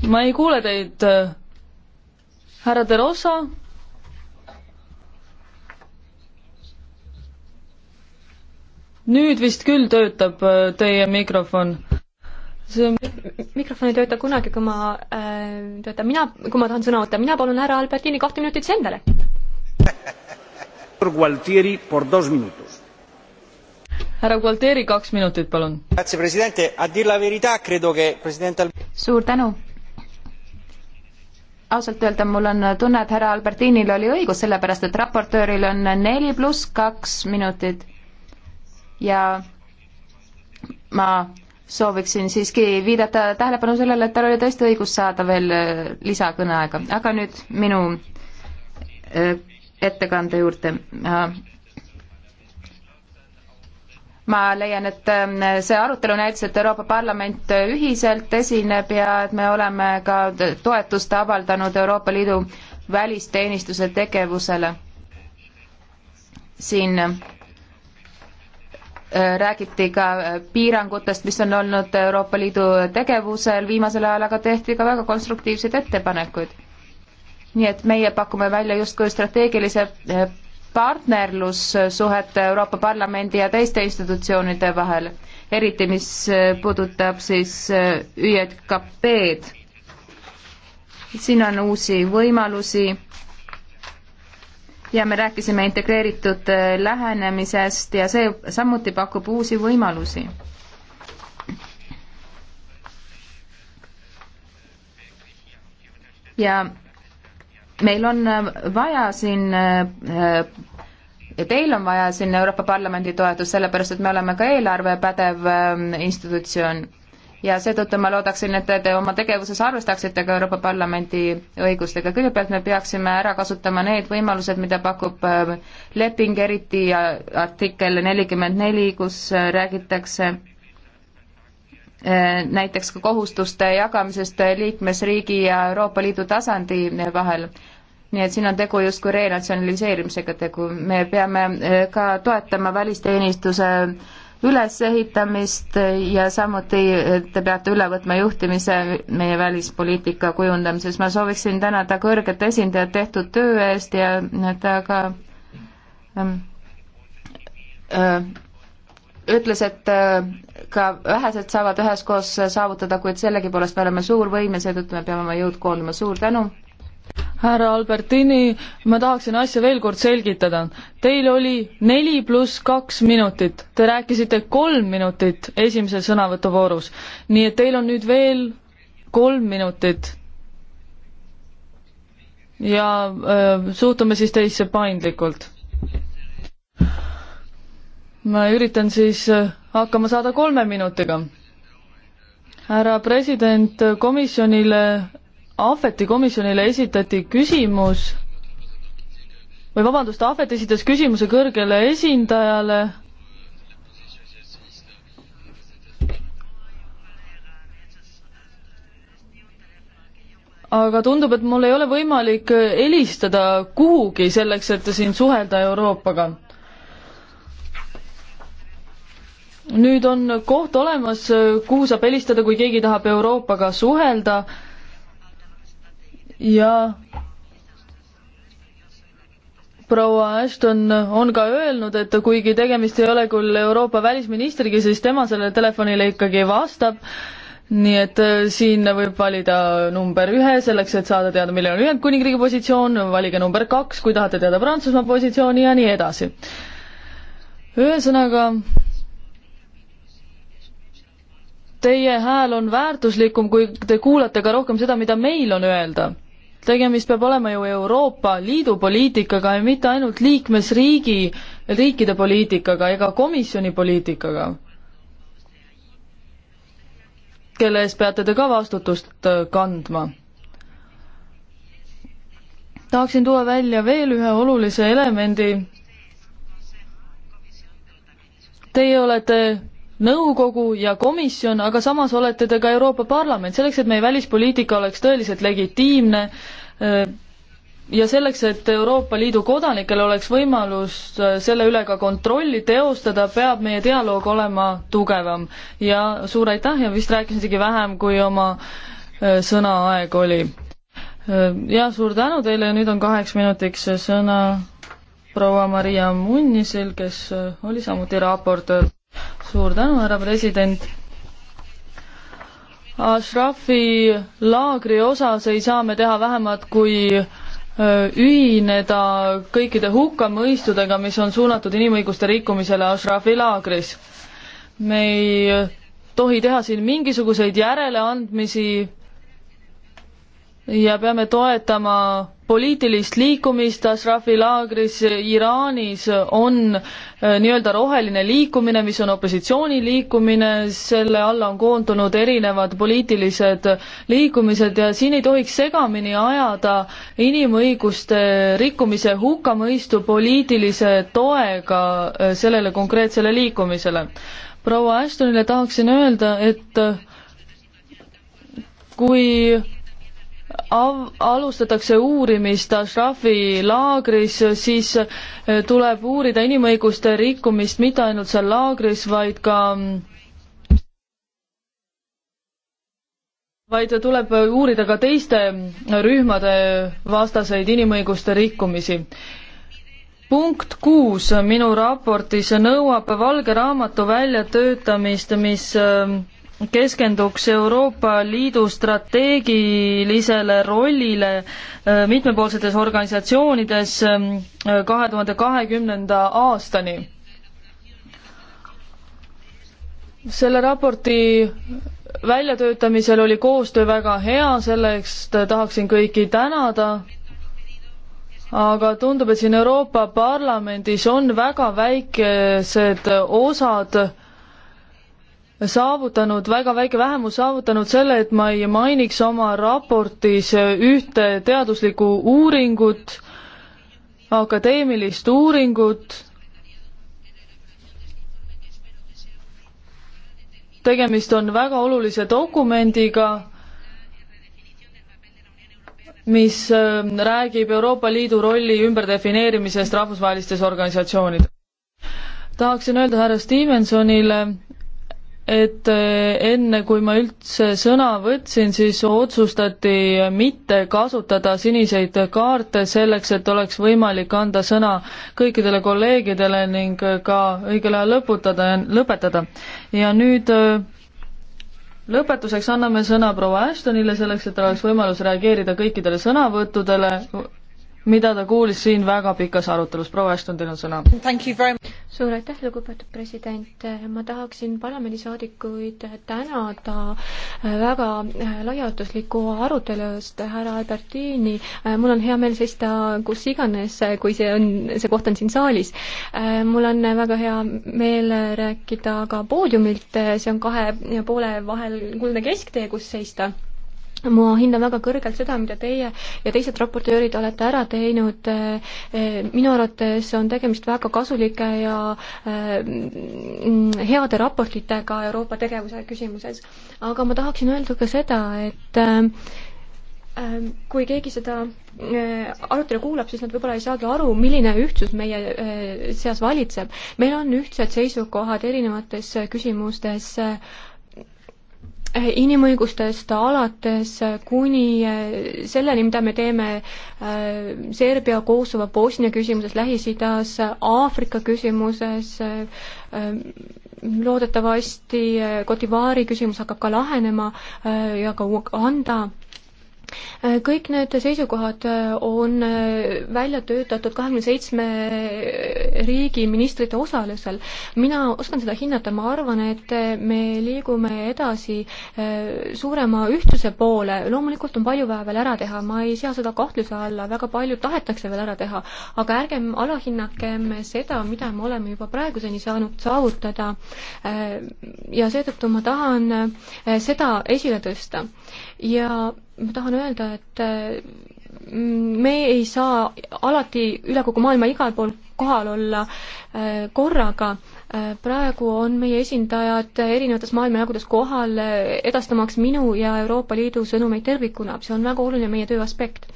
ma ei kuule teid, äh, härra De Rosa nüüd vist küll töötab äh, teie mikrofon. see mikrofon ei tööta kunagi, kui ma äh, töötan mina, kui ma tahan sõna võtta, mina palun härra Albertini kahte minutit siis endale. Gualtieri por dos minutos. härra Gualtieri, kaks minutit, palun. suur tänu ausalt öelda mul on tunne, et härra Albertinil oli õigus, sellepärast et raportööril on neli pluss kaks minutit ja ma sooviksin siiski viidata tähelepanu sellele, et tal oli tõesti õigus saada veel äh, lisakõneaega, aga nüüd minu äh, ettekande juurde. ma leian, et äh, see arutelu näitas, et Euroopa Parlament ühiselt esineb ja et me oleme ka toetust avaldanud Euroopa Liidu välisteenistuse tegevusele. siin Äh, räägiti ka äh, piirangutest, mis on olnud Euroopa Liidu tegevusel viimasel ajal, aga tehti ka väga konstruktiivseid ettepanekuid. nii et meie pakume välja justkui strateegilise äh, partnerlussuhete Euroopa Parlamendi ja teiste institutsioonide vahel, eriti mis puudutab siis ÜJKP-d. siin on uusi võimalusi ja me rääkisime integreeritud äh, lähenemisest ja see samuti pakub uusi võimalusi. ja meil on äh, vaja siin ja äh, teil on vaja siin Euroopa Parlamendi toetust, sellepärast et me oleme ka eelarvepädev institutsioon ja seetõttu ma loodaksin, et te oma tegevuses arvestaksite ka Euroopa Parlamendi õigustega. kõigepealt me peaksime ära kasutama need võimalused, mida pakub äh, leping, eriti artikkel nelikümmend neli, kus äh, räägitakse äh, näiteks ka kohustuste jagamisest liikmesriigi ja Euroopa Liidu tasandi vahel nii et siin on tegu justkui renatsionaliseerimisega tegu, me peame ka toetama välisteenistuse ülesehitamist ja samuti te peate üle võtma juhtimise meie välispoliitika kujundamises. ma sooviksin tänada kõrget esindajat tehtud töö eest ja ta ka ähm, öö, äh, ütles, et äh, ka vähesed saavad üheskoos saavutada, kuid sellegipoolest me oleme suur võim ja seetõttu me peame oma jõud koondama. suur tänu! härra Albertini, ma tahaksin asja veel kord selgitada. Teil oli neli pluss kaks minutit, te rääkisite kolm minutit esimese sõnavõtu voorus, nii et teil on nüüd veel kolm minutit. ja öö, äh, suhtume siis teisse paindlikult. ma üritan siis äh, hakkama saada kolme minutiga härra president, komisjonile Ahveti komisjonile esitati küsimus või vabandust, Ahvet esitas küsimuse kõrgele esindajale aga tundub, et mul ei ole võimalik helistada kuhugi selleks, et siin suhelda Euroopaga. nüüd on koht olemas, kuhu saab helistada, kui keegi tahab Euroopaga suhelda ja proua Ashton on ka öelnud, et kuigi tegemist ei ole küll Euroopa välisministriga, siis tema sellele telefonile ikkagi vastab. nii et äh, siin võib valida number ühe selleks, et saada teada, milline on Ühendkuningriigi positsioon, valige number kaks, kui tahate teada Prantsusmaa positsiooni ja nii edasi. ühesõnaga teie hääl on väärtuslikum, kui te kuulate ka rohkem seda, mida meil on öelda tegemist peab olema ju Euroopa Liidu poliitikaga ja mitte ainult liikmesriigi, riikide poliitikaga ega komisjoni poliitikaga, kelle eest peate te ka vastutust äh, kandma. tahaksin tuua välja veel ühe olulise elemendi. Teie olete nõukogu ja komisjon, aga samas olete te ka Euroopa Parlament, selleks et meie välispoliitika oleks tõeliselt legitiimne ja selleks, et Euroopa Liidu kodanikel oleks võimalus selle üle ka kontrolli teostada, peab meie dialoog olema tugevam. ja suur aitäh ja vist rääkisin isegi vähem, kui oma sõnaaeg oli. ja suur tänu teile ja nüüd on kaheks minutiks sõna proua Maria Munnisel, kes oli samuti raportöör suur tänu, härra president. Ashrafi laagri osas ei saa me teha vähemat kui ühineda kõikide hukkamõistudega, mis on suunatud inimõiguste rikkumisele Ashrafi laagris. me ei tohi teha siin mingisuguseid järeleandmisi ja peame toetama poliitilist liikumist Ashrafi laagris Iraanis on äh, nii-öelda roheline liikumine, mis on opositsiooniliikumine, selle alla on koondunud erinevad poliitilised liikumised ja siin ei tohiks segamini ajada inimõiguste rikkumise hukkamõistu poliitilise toega äh, sellele konkreetsele liikumisele. proua Ashtonile tahaksin öelda, et kui av-, alustatakse uurimist Ashrafi laagris, siis eh, tuleb uurida inimõiguste rikkumist mitte ainult seal laagris, vaid ka mm, vaid tuleb uurida ka teiste mm, rühmade vastaseid inimõiguste rikkumisi. punkt kuus minu raportis nõuab valge raamatu väljatöötamist, mis mm, keskenduks Euroopa Liidu strateegilisele rollile äh, mitmepoolsetes organisatsioonides ähm, äh, kahe tuhande kahekümnenda aastani. selle raporti väljatöötamisel oli koostöö väga hea, selle eest tahaksin kõiki tänada, aga tundub, et siin Euroopa Parlamendis on väga väikesed osad saavutanud, väga väike vähemus saavutanud selle, et ma ei mainiks oma raportis ühte teaduslikku uuringut, akadeemilist uuringut, tegemist on väga olulise dokumendiga, mis äh, räägib Euroopa Liidu rolli ümberdefineerimisest rahvusvahelistes organisatsioonides. tahaksin öelda härra Stevensonile, et eh, enne, kui ma üldse sõna võtsin, siis otsustati mitte kasutada siniseid kaarte selleks, et oleks võimalik anda sõna kõikidele kolleegidele ning ka õigel ajal lõputada, lõpetada. ja nüüd eh, lõpetuseks anname sõna proua Ashtonile selleks, et tal oleks võimalus reageerida kõikidele sõnavõttudele mida ta kuulis siin väga pikas arutelus. proua Ashton, teil on sõna. suur aitäh, lugupeetud president. ma tahaksin parlamendisaadikuid tänada väga laiatusliku arutelu eest, härra Albertini. mul on hea meel seista kus iganes, kui see on, see koht on siin saalis. mul on väga hea meel rääkida ka poodiumilt, see on kahe poole vahel kuldne kesktee, kus seista ma hindan väga kõrgelt seda, mida teie ja teised raportöörid olete ära teinud. Eh, eh, minu arvates on tegemist väga kasulike ja eh, mm, heade raportitega Euroopa tegevuse küsimuses. aga ma tahaksin öelda ka seda, et kui keegi seda arutelu kuulab, siis nad võib-olla ei saagi aru, milline ühtsus meie seas valitseb. meil on ühtsed seisukohad erinevates küsimustes inimõigustest alates kuni selleni, mida me teeme äh, Serbia, Kosovo, Bosnia küsimuses, Lähis-Idas, Aafrika küsimuses, äh, loodetavasti Kotivaari küsimus hakkab ka lahenema äh, ja ka Uganda Äh, kõik need seisukohad äh, on äh, välja töötatud kahekümne seitsme riigi ministrite osalusel. mina oskan seda hinnata, ma arvan, et me liigume edasi suurema ühtsuse poole, loomulikult on palju vaja veel ära teha, ma ei sea seda kahtluse alla, väga palju tahetakse veel ära teha, aga ärgem alahinnakem seda, mida me oleme juba praeguseni saanud saavutada ja seetõttu ma tahan seda esile tõsta ja ma tahan öelda, et mm, me ei saa alati üle kogu maailma igal pool kohal olla äh, korraga Äh, praegu on meie esindajad erinevates maailmajagudes kohal, äh, edastamaks minu ja Euroopa Liidu sõnumeid tervikuna, see on väga oluline meie töö aspekt.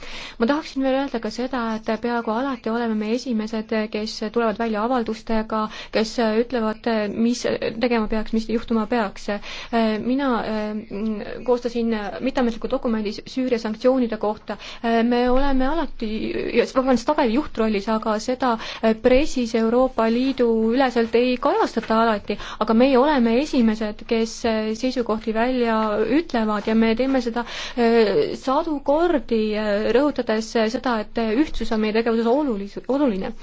ma tahaksin veel öelda ka seda, et peaaegu alati oleme me esimesed, kes tulevad välja avaldustega, kes äh, ütlevad, mis tegema peaks, mis juhtuma peaks. mina koostasin mitteametliku dokumendi Süüria sanktsioonide kohta, me oleme alati, vabandust, tagasi juhtrollis, aga seda pressis Euroopa Liidu üleselt ei kajastata alati, aga meie oleme esimesed, kes eh, seisukohti välja ütlevad ja me teeme seda eh, sadu kordi, eh, rõhutades seda, et ühtsus on meie tegevuses olulis-, oluline.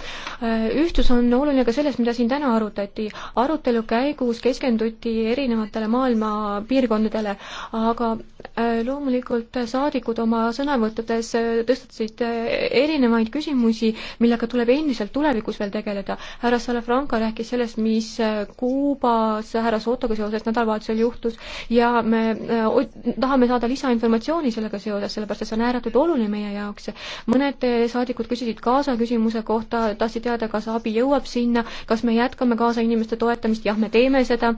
ühtsus on oluline ka selles, mida siin täna arutati. arutelu käigus keskenduti erinevatele maailma piirkondadele, aga loomulikult saadikud oma sõnavõttudes tõstatasid erinevaid küsimusi, millega tuleb endiselt tulevikus veel tegeleda. härra Salafranca rääkis sellest, mis Kuubas härra Sotoga seoses nädalavahetusel juhtus ja me tahame saada lisainformatsiooni sellega seoses, sellepärast et see on ääretult oluline meie jaoks. mõned saadikud küsisid Gaza küsimuse kohta, tahtsid teada, kas abi jõuab sinna, kas me jätkame Gaza inimeste toetamist, jah, me teeme seda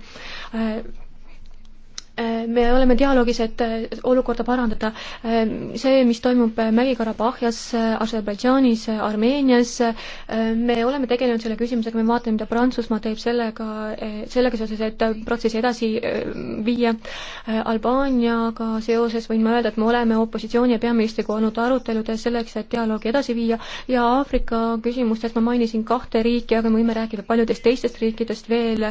Äh, me oleme dialoogis, et äh, olukorda parandada. Äh, see, mis toimub Mägi-Karabahhias, Aserbaidžaanis, Armeenias, me oleme tegelenud selle küsimusega, me vaatame, mida Prantsusmaa teeb sellega, sellega seoses, et protsessi edasi viia. Albaaniaga seoses võin ma öelda, et me oleme opositsiooni ja peaministriga olnud aruteludes selleks, et dialoogi edasi viia ja Aafrika küsimustes ma mainisin kahte riiki, aga me võime rääkida paljudest teistest riikidest veel,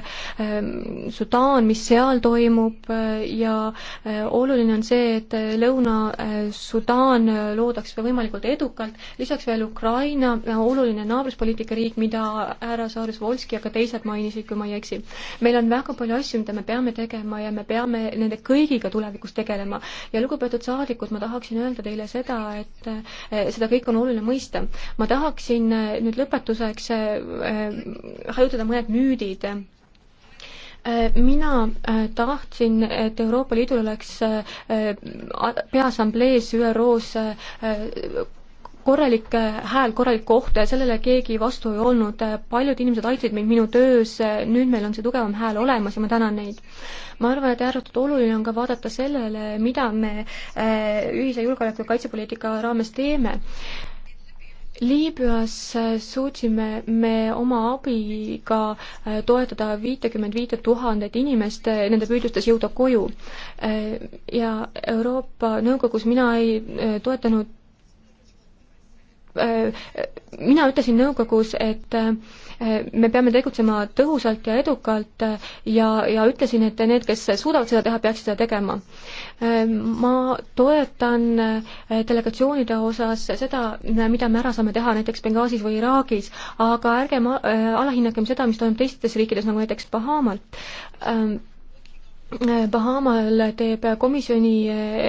Sudaan, mis seal toimub, ja äh, oluline on see, et äh, Lõuna-Sudaan äh, loodaks võimalikult edukalt, lisaks veel Ukraina, oluline naabruspoliitika riik, mida härra Saarus-Volski ja ka teised mainisid, kui ma ei eksi. meil on väga palju asju, mida me peame tegema ja me peame nende kõigiga tulevikus tegelema. ja lugupeetud saadikud, ma tahaksin öelda teile seda, et seda kõike on oluline mõista. ma tahaksin nüüd lõpetuseks hajutada mõned müüdid Äh, mina äh, tahtsin, et Euroopa Liidul oleks äh, Peaassamblees ÜRO-s korralik hääl, korralik koht, sellele keegi vastu ei olnud, paljud inimesed aitasid mind minu töös, nüüd meil on see tugevam hääl olemas ja ma tänan neid. ma arvan, et ääretult oluline on ka vaadata sellele, mida me ühise julgeoleku- ja kaitsepoliitika raames teeme Liibüas äh, suutsime me oma abiga äh, toetada viitekümmet viite tuhandet inimest äh, nende püüdlustes jõuda koju. ja Euroopa Nõukogus mina ei toetanud Äh, äh, mina ütlesin nõukogus, et äh, me peame tegutsema tõhusalt ja edukalt ja, ja ütlesin, et need, kes suudavad seda teha, peaksid seda tegema. Ma toetan delegatsioonide osas seda, mida me ära saame teha näiteks Benghazis või Iraagis, aga ärgem alahinnakem seda, mis toimub teistes riikides, nagu näiteks Bahamal Bahamal teeb komisjoni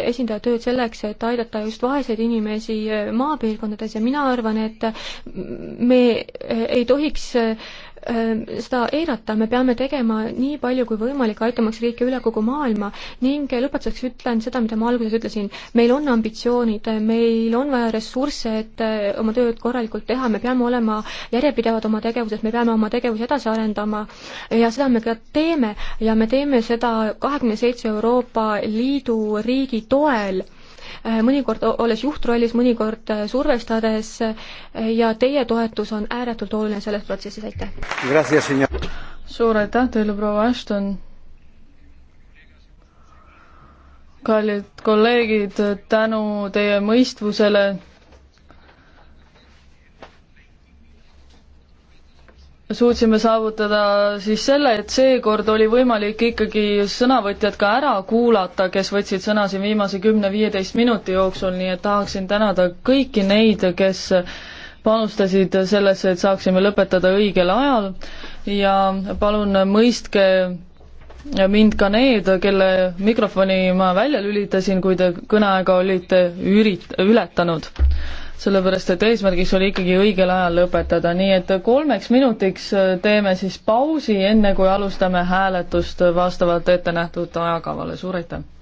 esindaja tööd selleks, et aidata just vaeseid inimesi maapiirkondades ja mina arvan, et me ei tohiks seda eirata, me peame tegema nii palju kui võimalik, aitamaks riike üle kogu maailma ning lõpetuseks ütlen seda, mida ma alguses ütlesin, meil on ambitsioonid, meil on vaja ressursse, et oma tööd korralikult teha, me peame olema järjepidevad oma tegevuses, me peame oma tegevusi edasi arendama ja seda me ka teeme ja me teeme seda kahekümne seitsme Euroopa Liidu riigi toel Äh, mõnikord olles juhtrollis, mõnikord äh, survestades äh, ja teie toetus on ääretult oluline selles protsessis, aitäh! suur aitäh teile, proua Ashton! kallid kolleegid, tänu teie mõistvusele suutsime saavutada siis selle, et seekord oli võimalik ikkagi sõnavõtjad ka ära kuulata, kes võtsid sõna siin viimase kümne-viieteist minuti jooksul, nii et tahaksin tänada kõiki neid, kes panustasid sellesse, et saaksime lõpetada õigel ajal ja palun mõistke mind ka need, kelle mikrofoni ma välja lülitasin, kui te kõneaega olite ürit-, ületanud sellepärast et eesmärgiks oli ikkagi õigel ajal lõpetada, nii et kolmeks minutiks äh, teeme siis pausi, enne kui alustame hääletust vastavalt ettenähtud ajakavale, suur aitäh!